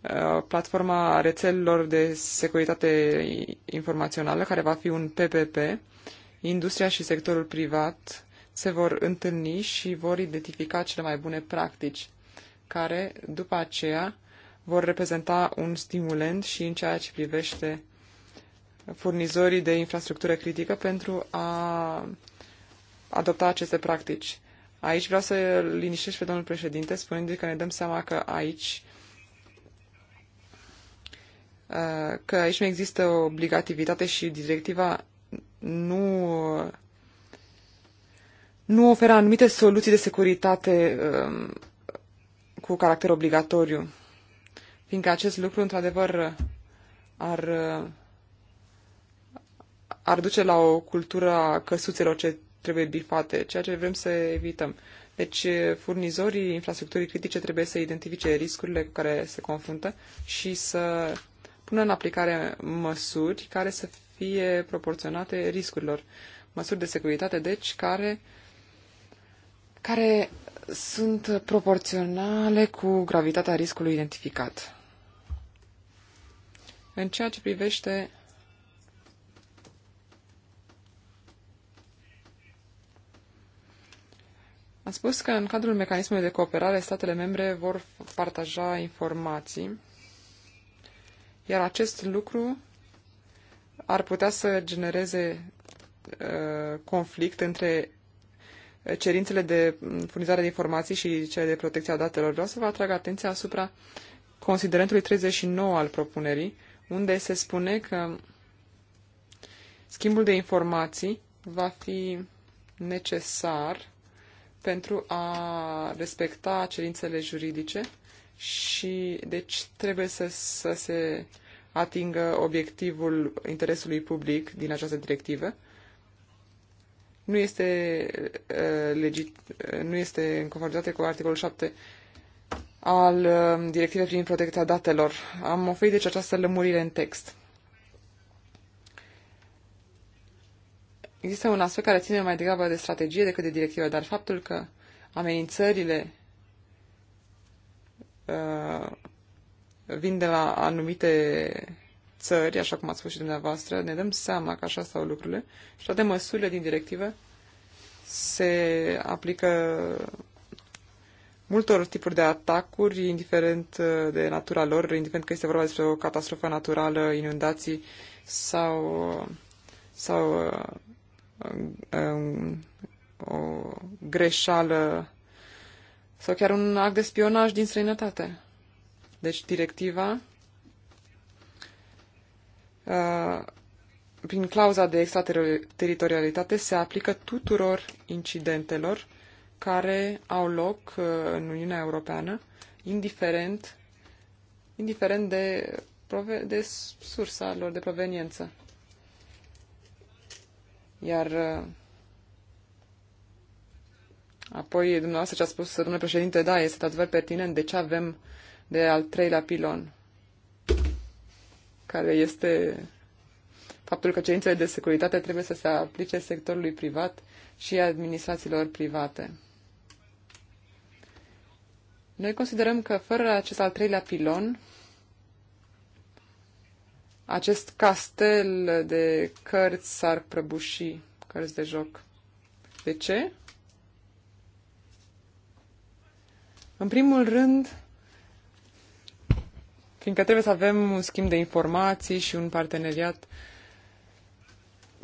uh, platforma rețelelor de securitate informațională, care va fi un PPP, industria și sectorul privat se vor întâlni și vor identifica cele mai bune practici, care, după aceea, vor reprezenta un stimulent și în ceea ce privește furnizorii de infrastructură critică pentru a adopta aceste practici. Aici vreau să liniștești pe domnul președinte, spunându-i că ne dăm seama că aici uh, că aici nu există obligativitate și directiva nu nu oferă anumite soluții de securitate um, cu caracter obligatoriu, fiindcă acest lucru, într-adevăr, ar, uh, ar duce la o cultură a căsuțelor ce trebuie bifate, ceea ce vrem să evităm. Deci, furnizorii infrastructurii critice trebuie să identifice riscurile cu care se confruntă și să pună în aplicare măsuri care să fie proporționate riscurilor. Măsuri de securitate, deci, care care sunt proporționale cu gravitatea riscului identificat. În ceea ce privește Am spus că în cadrul mecanismului de cooperare, statele membre vor partaja informații, iar acest lucru ar putea să genereze uh, conflict între cerințele de furnizare de informații și cele de protecție a datelor. Vreau să vă atrag atenția asupra considerentului 39 al propunerii, unde se spune că schimbul de informații va fi necesar pentru a respecta cerințele juridice și deci trebuie să, să se atingă obiectivul interesului public din această directivă nu este, uh, legit, uh, nu este în conformitate cu articolul 7 al uh, directivei privind protecția datelor. Am oferit deci această lămurire în text. Există un aspect care ține mai degrabă de strategie decât de directivă, dar faptul că amenințările uh, vin de la anumite țări, așa cum ați spus și dumneavoastră, ne dăm seama că așa stau lucrurile și toate măsurile din directivă se aplică multor tipuri de atacuri, indiferent uh, de natura lor, indiferent că este vorba despre o catastrofă naturală, inundații sau, sau um, o greșeală sau chiar un act de spionaj din străinătate. Deci directiva Uh, prin clauza de extrateritorialitate se aplică tuturor incidentelor care au loc uh, în Uniunea Europeană, indiferent, indiferent de, de sursa lor de proveniență. Iar uh, apoi dumneavoastră ce a spus, domnule președinte, da, este adevăr pertinent de ce avem de al treilea pilon care este faptul că cerințele de securitate trebuie să se aplice sectorului privat și administrațiilor private. Noi considerăm că fără acest al treilea pilon, acest castel de cărți s-ar prăbuși, cărți de joc. De ce? În primul rând, fiindcă trebuie să avem un schimb de informații și un parteneriat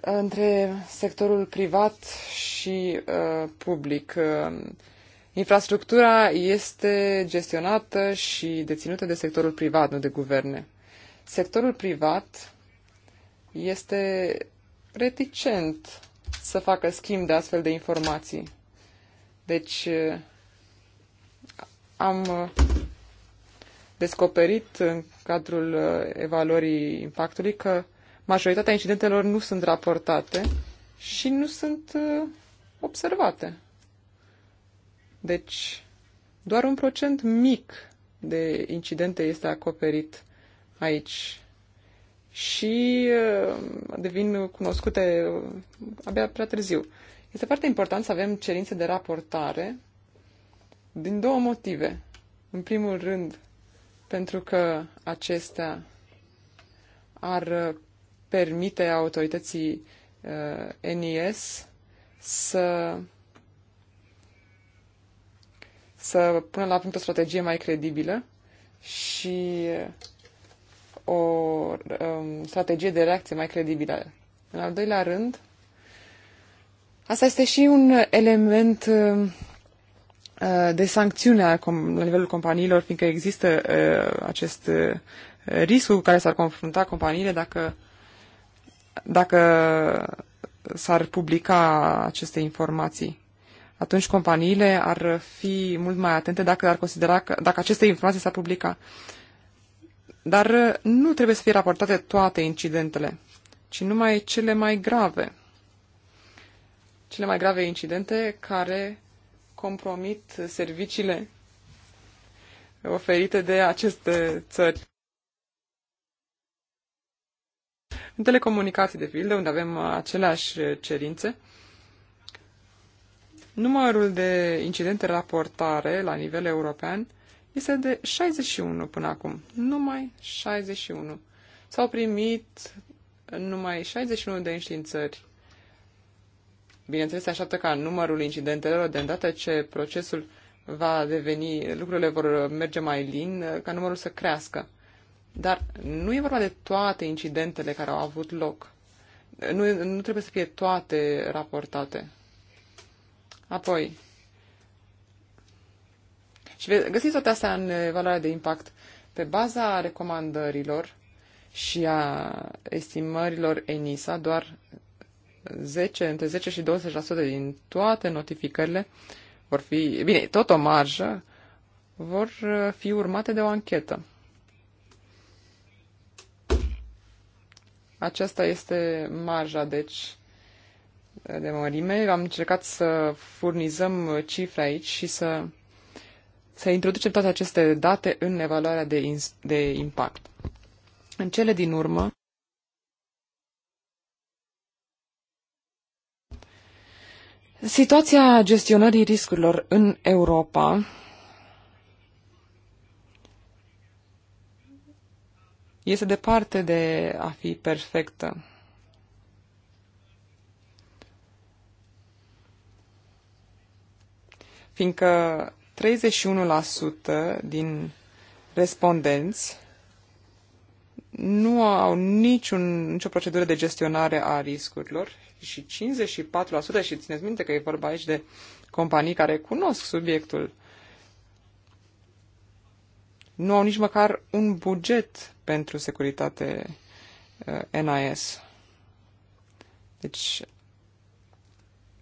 între sectorul privat și uh, public. Uh, infrastructura este gestionată și deținută de sectorul privat, nu de guverne. Sectorul privat este reticent să facă schimb de astfel de informații. Deci, uh, am descoperit în cadrul uh, evaluării impactului că majoritatea incidentelor nu sunt raportate și nu sunt uh, observate. Deci, doar un procent mic de incidente este acoperit aici și uh, devin cunoscute abia prea târziu. Este foarte important să avem cerințe de raportare din două motive. În primul rând, pentru că acestea ar permite autorității uh, NIS să, să pună la punct o strategie mai credibilă și o um, strategie de reacție mai credibilă. În al doilea rând, asta este și un element um, Uh, de sancțiune la nivelul companiilor, fiindcă există uh, acest uh, risc cu care s-ar confrunta companiile dacă, dacă s-ar publica aceste informații. Atunci companiile ar fi mult mai atente dacă ar considera că, dacă aceste informații s-ar publica. Dar nu trebuie să fie raportate toate incidentele, ci numai cele mai grave. Cele mai grave incidente care compromit serviciile oferite de aceste țări. În telecomunicații, de pildă, unde avem aceleași cerințe, numărul de incidente raportare la nivel european este de 61 până acum. Numai 61. S-au primit numai 61 de înștiințări Bineînțeles, se așteaptă ca numărul incidentelor, de îndată ce procesul va deveni, lucrurile vor merge mai lin, ca numărul să crească. Dar nu e vorba de toate incidentele care au avut loc. Nu, nu trebuie să fie toate raportate. Apoi, și găsiți toate astea în evaluarea de impact pe baza recomandărilor și a estimărilor ENISA, doar 10, între 10 și 20% din toate notificările vor fi, bine, tot o marjă, vor uh, fi urmate de o anchetă. Aceasta este marja, deci, de mărime. Am încercat să furnizăm cifre aici și să, să introducem toate aceste date în evaluarea de, de impact. În cele din urmă, Situația gestionării riscurilor în Europa este departe de a fi perfectă. Fiindcă 31% din respondenți nu au niciun, nicio procedură de gestionare a riscurilor și 54% și țineți minte că e vorba aici de companii care cunosc subiectul. Nu au nici măcar un buget pentru securitate uh, NIS. Deci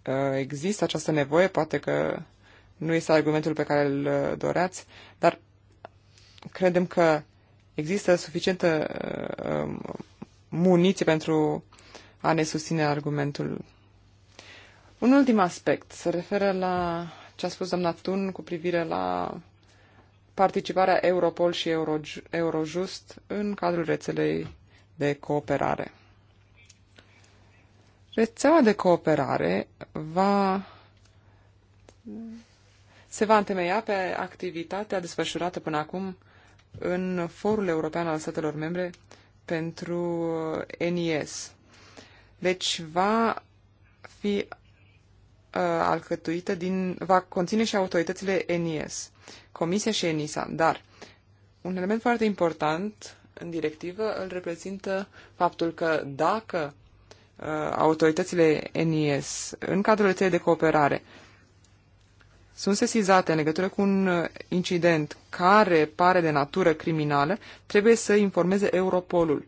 uh, există această nevoie, poate că nu este argumentul pe care îl uh, doreați, dar credem că există suficientă muniție pentru a ne susține argumentul. Un ultim aspect se referă la ce a spus doamna Tun cu privire la participarea Europol și Eurojust în cadrul rețelei de cooperare. Rețeaua de cooperare va, se va întemeia pe activitatea desfășurată până acum în Forul European al Statelor Membre pentru NIS, deci va fi uh, alcătuită din, va conține și autoritățile ENIS, Comisia și ENISA, dar un element foarte important în directivă îl reprezintă faptul că dacă uh, autoritățile NIS în cadrul rețelei de cooperare sunt sesizate în legătură cu un uh, incident care pare de natură criminală, trebuie să informeze Europolul.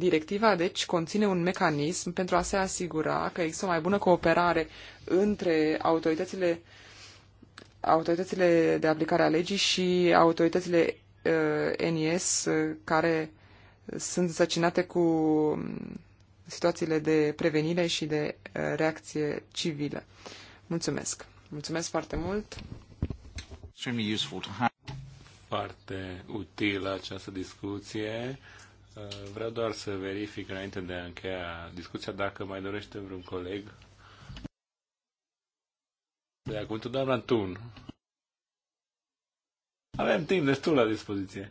Directiva, deci, conține un mecanism pentru a se asigura că există o mai bună cooperare între autoritățile, autoritățile de aplicare a legii și autoritățile uh, NIS uh, care sunt însăcinate cu um, situațiile de prevenire și de uh, reacție civilă. Mulțumesc! Mulțumesc foarte mult! Foarte utilă această discuție Vreau doar să verific înainte de a încheia discuția dacă mai dorește vreun coleg. De acum tu, doamna Tun. Avem timp destul la dispoziție.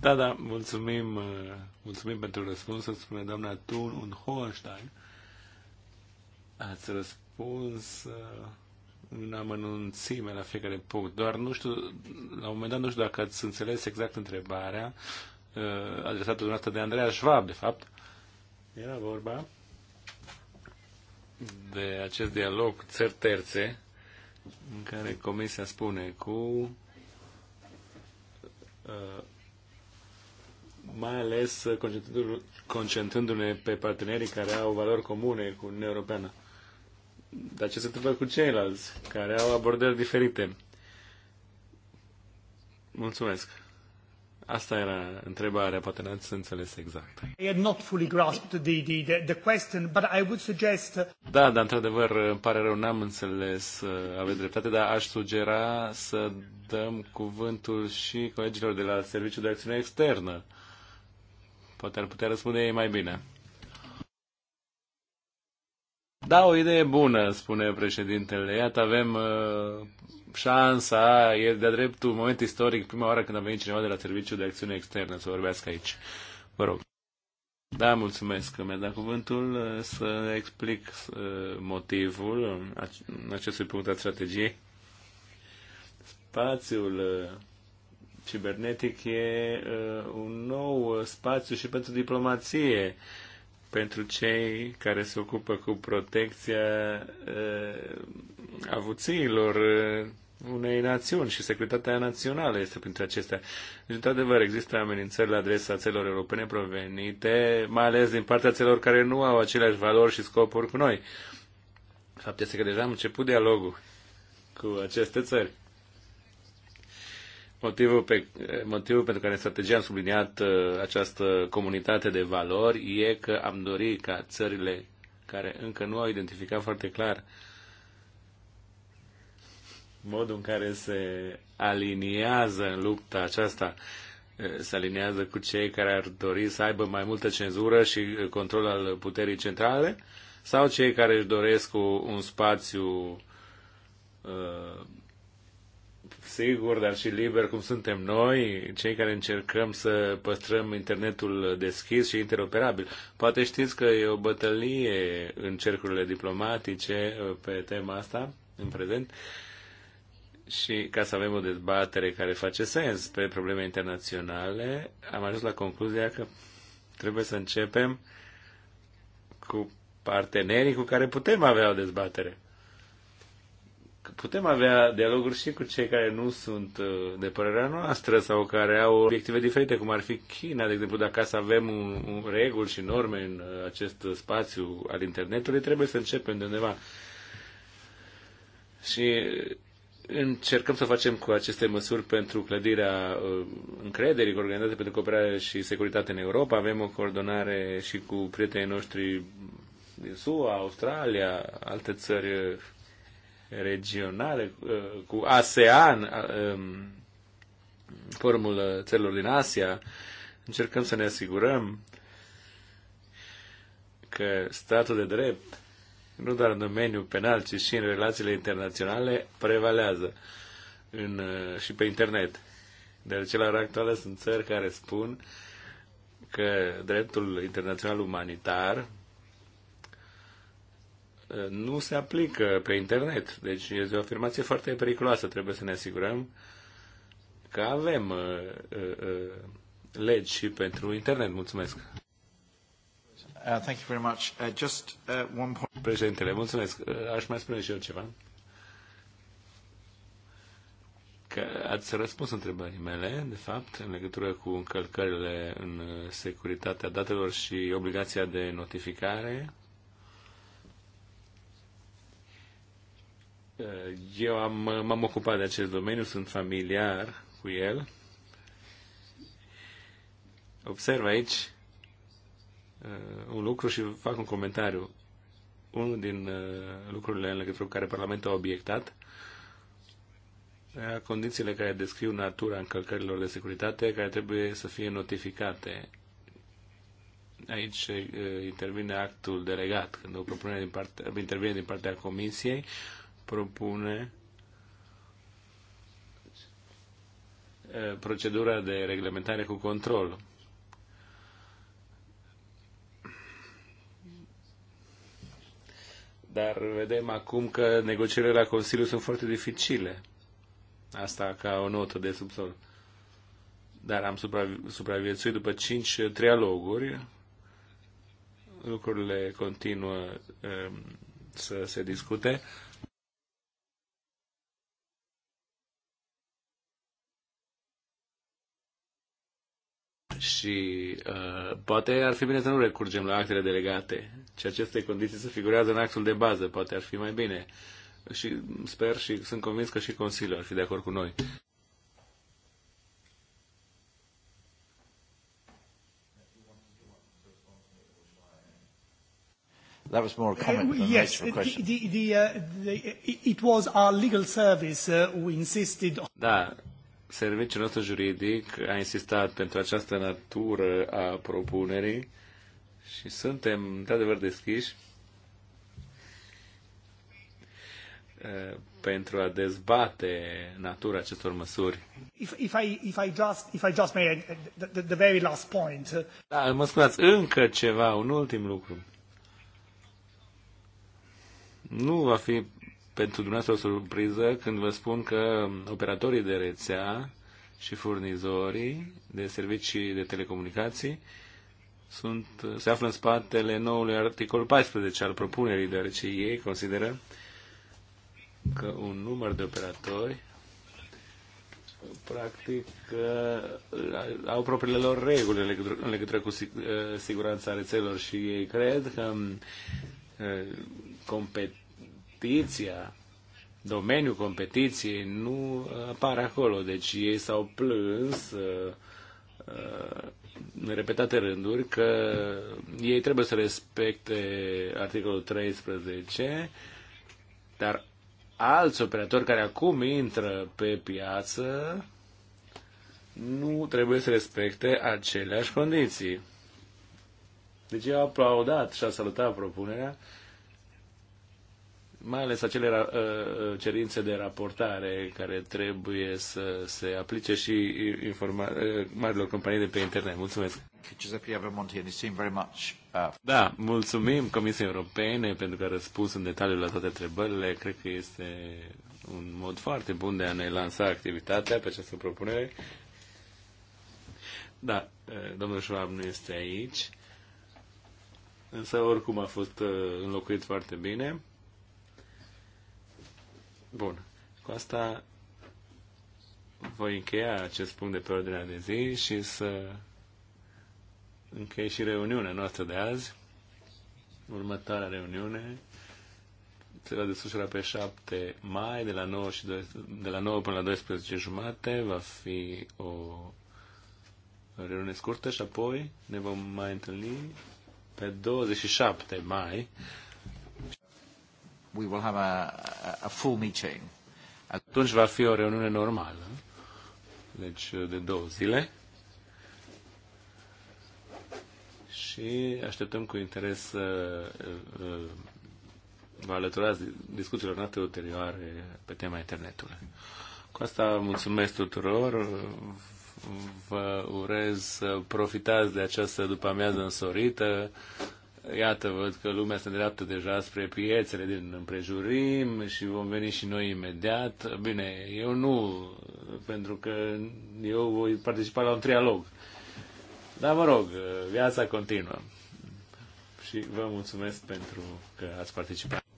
Da, da, mulțumim, uh, mulțumim pentru răspuns, să spune doamna Tun, un Hohenstein. Ați răspuns uh, în amănunțime la fiecare punct. Doar nu știu, la un moment dat nu știu dacă ați înțeles exact întrebarea uh, adresată dumneavoastră de Andreea Schwab, de fapt. Era vorba de acest dialog țări terțe în care Comisia spune cu uh, mai ales concentrându-ne pe partenerii care au valori comune cu Uniunea Europeană. Uh, dar ce se întâmplă cu ceilalți care au abordări diferite? Mulțumesc. Asta era întrebarea, poate n-ați înțeles exact. I had not fully grasped the, the, the question, but I would suggest... Uh, da, dar într-adevăr, îmi pare rău, n-am înțeles, uh, aveți dreptate, dar aș sugera să dăm cuvântul și colegilor de la Serviciul de Acțiune Externă. Poate ar putea răspunde ei mai bine. Da, o idee bună, spune președintele. Iată, avem uh, șansa, e de-a dreptul moment istoric, prima oară când a venit cineva de la Serviciul de Acțiune Externă să vorbească aici. Vă rog. Da, mulțumesc că mi-a dat cuvântul uh, să explic uh, motivul acestui punct al strategiei. Spațiul uh, cibernetic e un nou spațiu și pentru diplomație pentru cei care se ocupă cu protecția uh, avuțiilor uh, unei națiuni și securitatea națională este printre acestea. Deci, într-adevăr, există amenințări la adresa țelor europene provenite, mai ales din partea celor care nu au aceleași valori și scopuri cu noi. Fapt este că deja am început dialogul cu aceste țări. Motivul, pe, motivul pentru care în strategie am subliniat uh, această comunitate de valori e că am dorit ca țările care încă nu au identificat foarte clar modul în care se aliniază în lupta aceasta, uh, se aliniază cu cei care ar dori să aibă mai multă cenzură și uh, control al puterii centrale, sau cei care își doresc un spațiu uh, sigur, dar și liber, cum suntem noi, cei care încercăm să păstrăm internetul deschis și interoperabil. Poate știți că e o bătălie în cercurile diplomatice uh, pe tema asta, în prezent, și ca să avem o dezbatere care face sens pe probleme internaționale, am ajuns la concluzia că trebuie să începem cu partenerii cu care putem avea o dezbatere putem avea dialoguri și cu cei care nu sunt uh, de părerea noastră sau care au obiective diferite, cum ar fi China, de exemplu, dacă să avem un, un reguli și norme în uh, acest spațiu al internetului, trebuie să începem de undeva. Și încercăm să facem cu aceste măsuri pentru clădirea uh, încrederii organizația pentru cooperare și securitate în Europa. Avem o coordonare și cu prietenii noștri din SUA, Australia, alte țări regionale, uh, cu ASEAN, uh, um, formul țărilor din Asia, încercăm să ne asigurăm că statul de drept, nu doar în domeniul penal, ci și în relațiile internaționale, prevalează în, uh, și pe internet. Deoarece la ora actuală sunt țări care spun că dreptul internațional umanitar nu se aplică pe internet. Deci este o afirmație foarte periculoasă. Trebuie să ne asigurăm că avem uh, uh, uh, legi și pentru internet. Mulțumesc. Uh, thank you very much. Uh, just uh, one point. Președintele, mulțumesc. Uh, aș mai spune și eu ceva. Că ați răspuns întrebării mele, de fapt, în legătură cu încălcările în securitatea datelor și obligația de notificare Eh, eu am, m-am ocupat de acest domeniu, sunt familiar cu el. Observ aici eh, un lucru și fac un comentariu. Unul din eh, lucrurile în legătură cu care Parlamentul a obiectat condițiile care descriu natura încălcărilor de securitate care trebuie să fie notificate. Aici intervine actul delegat, când o propunere din partea, intervine din partea Comisiei, propune eh, procedura de reglementare cu control. Dar vedem acum că negocierile la Consiliu sunt foarte dificile. Asta ca o notă de subsol. Dar am supraviețuit după cinci trialoguri. Lucrurile continuă eh, să se discute. și uh, poate ar fi bine să nu recurgem la actele delegate, ci aceste condiții să figurează în actul de bază, poate ar fi mai bine. Și sper și sunt convins că și Consiliul ar fi de acord cu noi. That was more a comment than yes, a question. The, the, uh, the, it was our legal service uh, who insisted on... Da, serviciul nostru juridic a insistat pentru această natură a propunerii și suntem, într-adevăr, deschiși pentru a dezbate natura acestor măsuri. If, if I, if I just, if I just made uh, the, the, the very last point. Uh. Da, mă scuzați, încă ceva, un ultim lucru. Nu va fi pentru dumneavoastră o surpriză când vă spun că operatorii de rețea și furnizorii de servicii de telecomunicații sunt, se află în spatele noului articol 14 al propunerii, deoarece ei consideră că un număr de operatori practic uh, au propriile lor reguli în legătură, cu uh, siguranța rețelor și ei cred că uh, compet competiția, domeniul competiției nu apare acolo. Deci ei s-au plâns uh, în repetate rânduri că ei trebuie să respecte articolul 13, dar alți operatori care acum intră pe piață nu trebuie să respecte aceleași condiții. Deci eu aplaudat și a salutat propunerea mai ales acele ă, ă, cerințe de raportare care trebuie să se aplice și informa- ă, marilor companii de pe internet. Mulțumesc! Uh, da, mulțumim Comisiei Europene pentru că a răspuns în detaliu la toate întrebările. Cred că este un mod foarte bun de a ne lansa activitatea pe această propunere. Da, domnul Schwab nu este aici, însă oricum a fost înlocuit foarte bine. Bun. Cu asta voi încheia acest punct de pe ordinea de zi și să închei și reuniunea noastră de azi. Următoarea reuniune se va desfășura pe 7 mai de la 9, și 12, de la 9 până la 12 jumate. Va fi o reuniune scurtă și apoi ne vom mai întâlni pe 27 mai we will have a, a full meeting. Atunci va fi o reuniune normală, deci de două zile. Și așteptăm cu interes să uh, uh, vă alăturați discuțiilor noastre ulterioare pe tema internetului. Cu asta mulțumesc tuturor. Vă urez să profitați de această după amiază însorită Iată, văd că lumea se îndreaptă deja spre piețele din împrejurim și vom veni și noi imediat. Bine, eu nu, pentru că eu voi participa la un trialog. Dar mă rog, viața continuă. Și vă mulțumesc pentru că ați participat.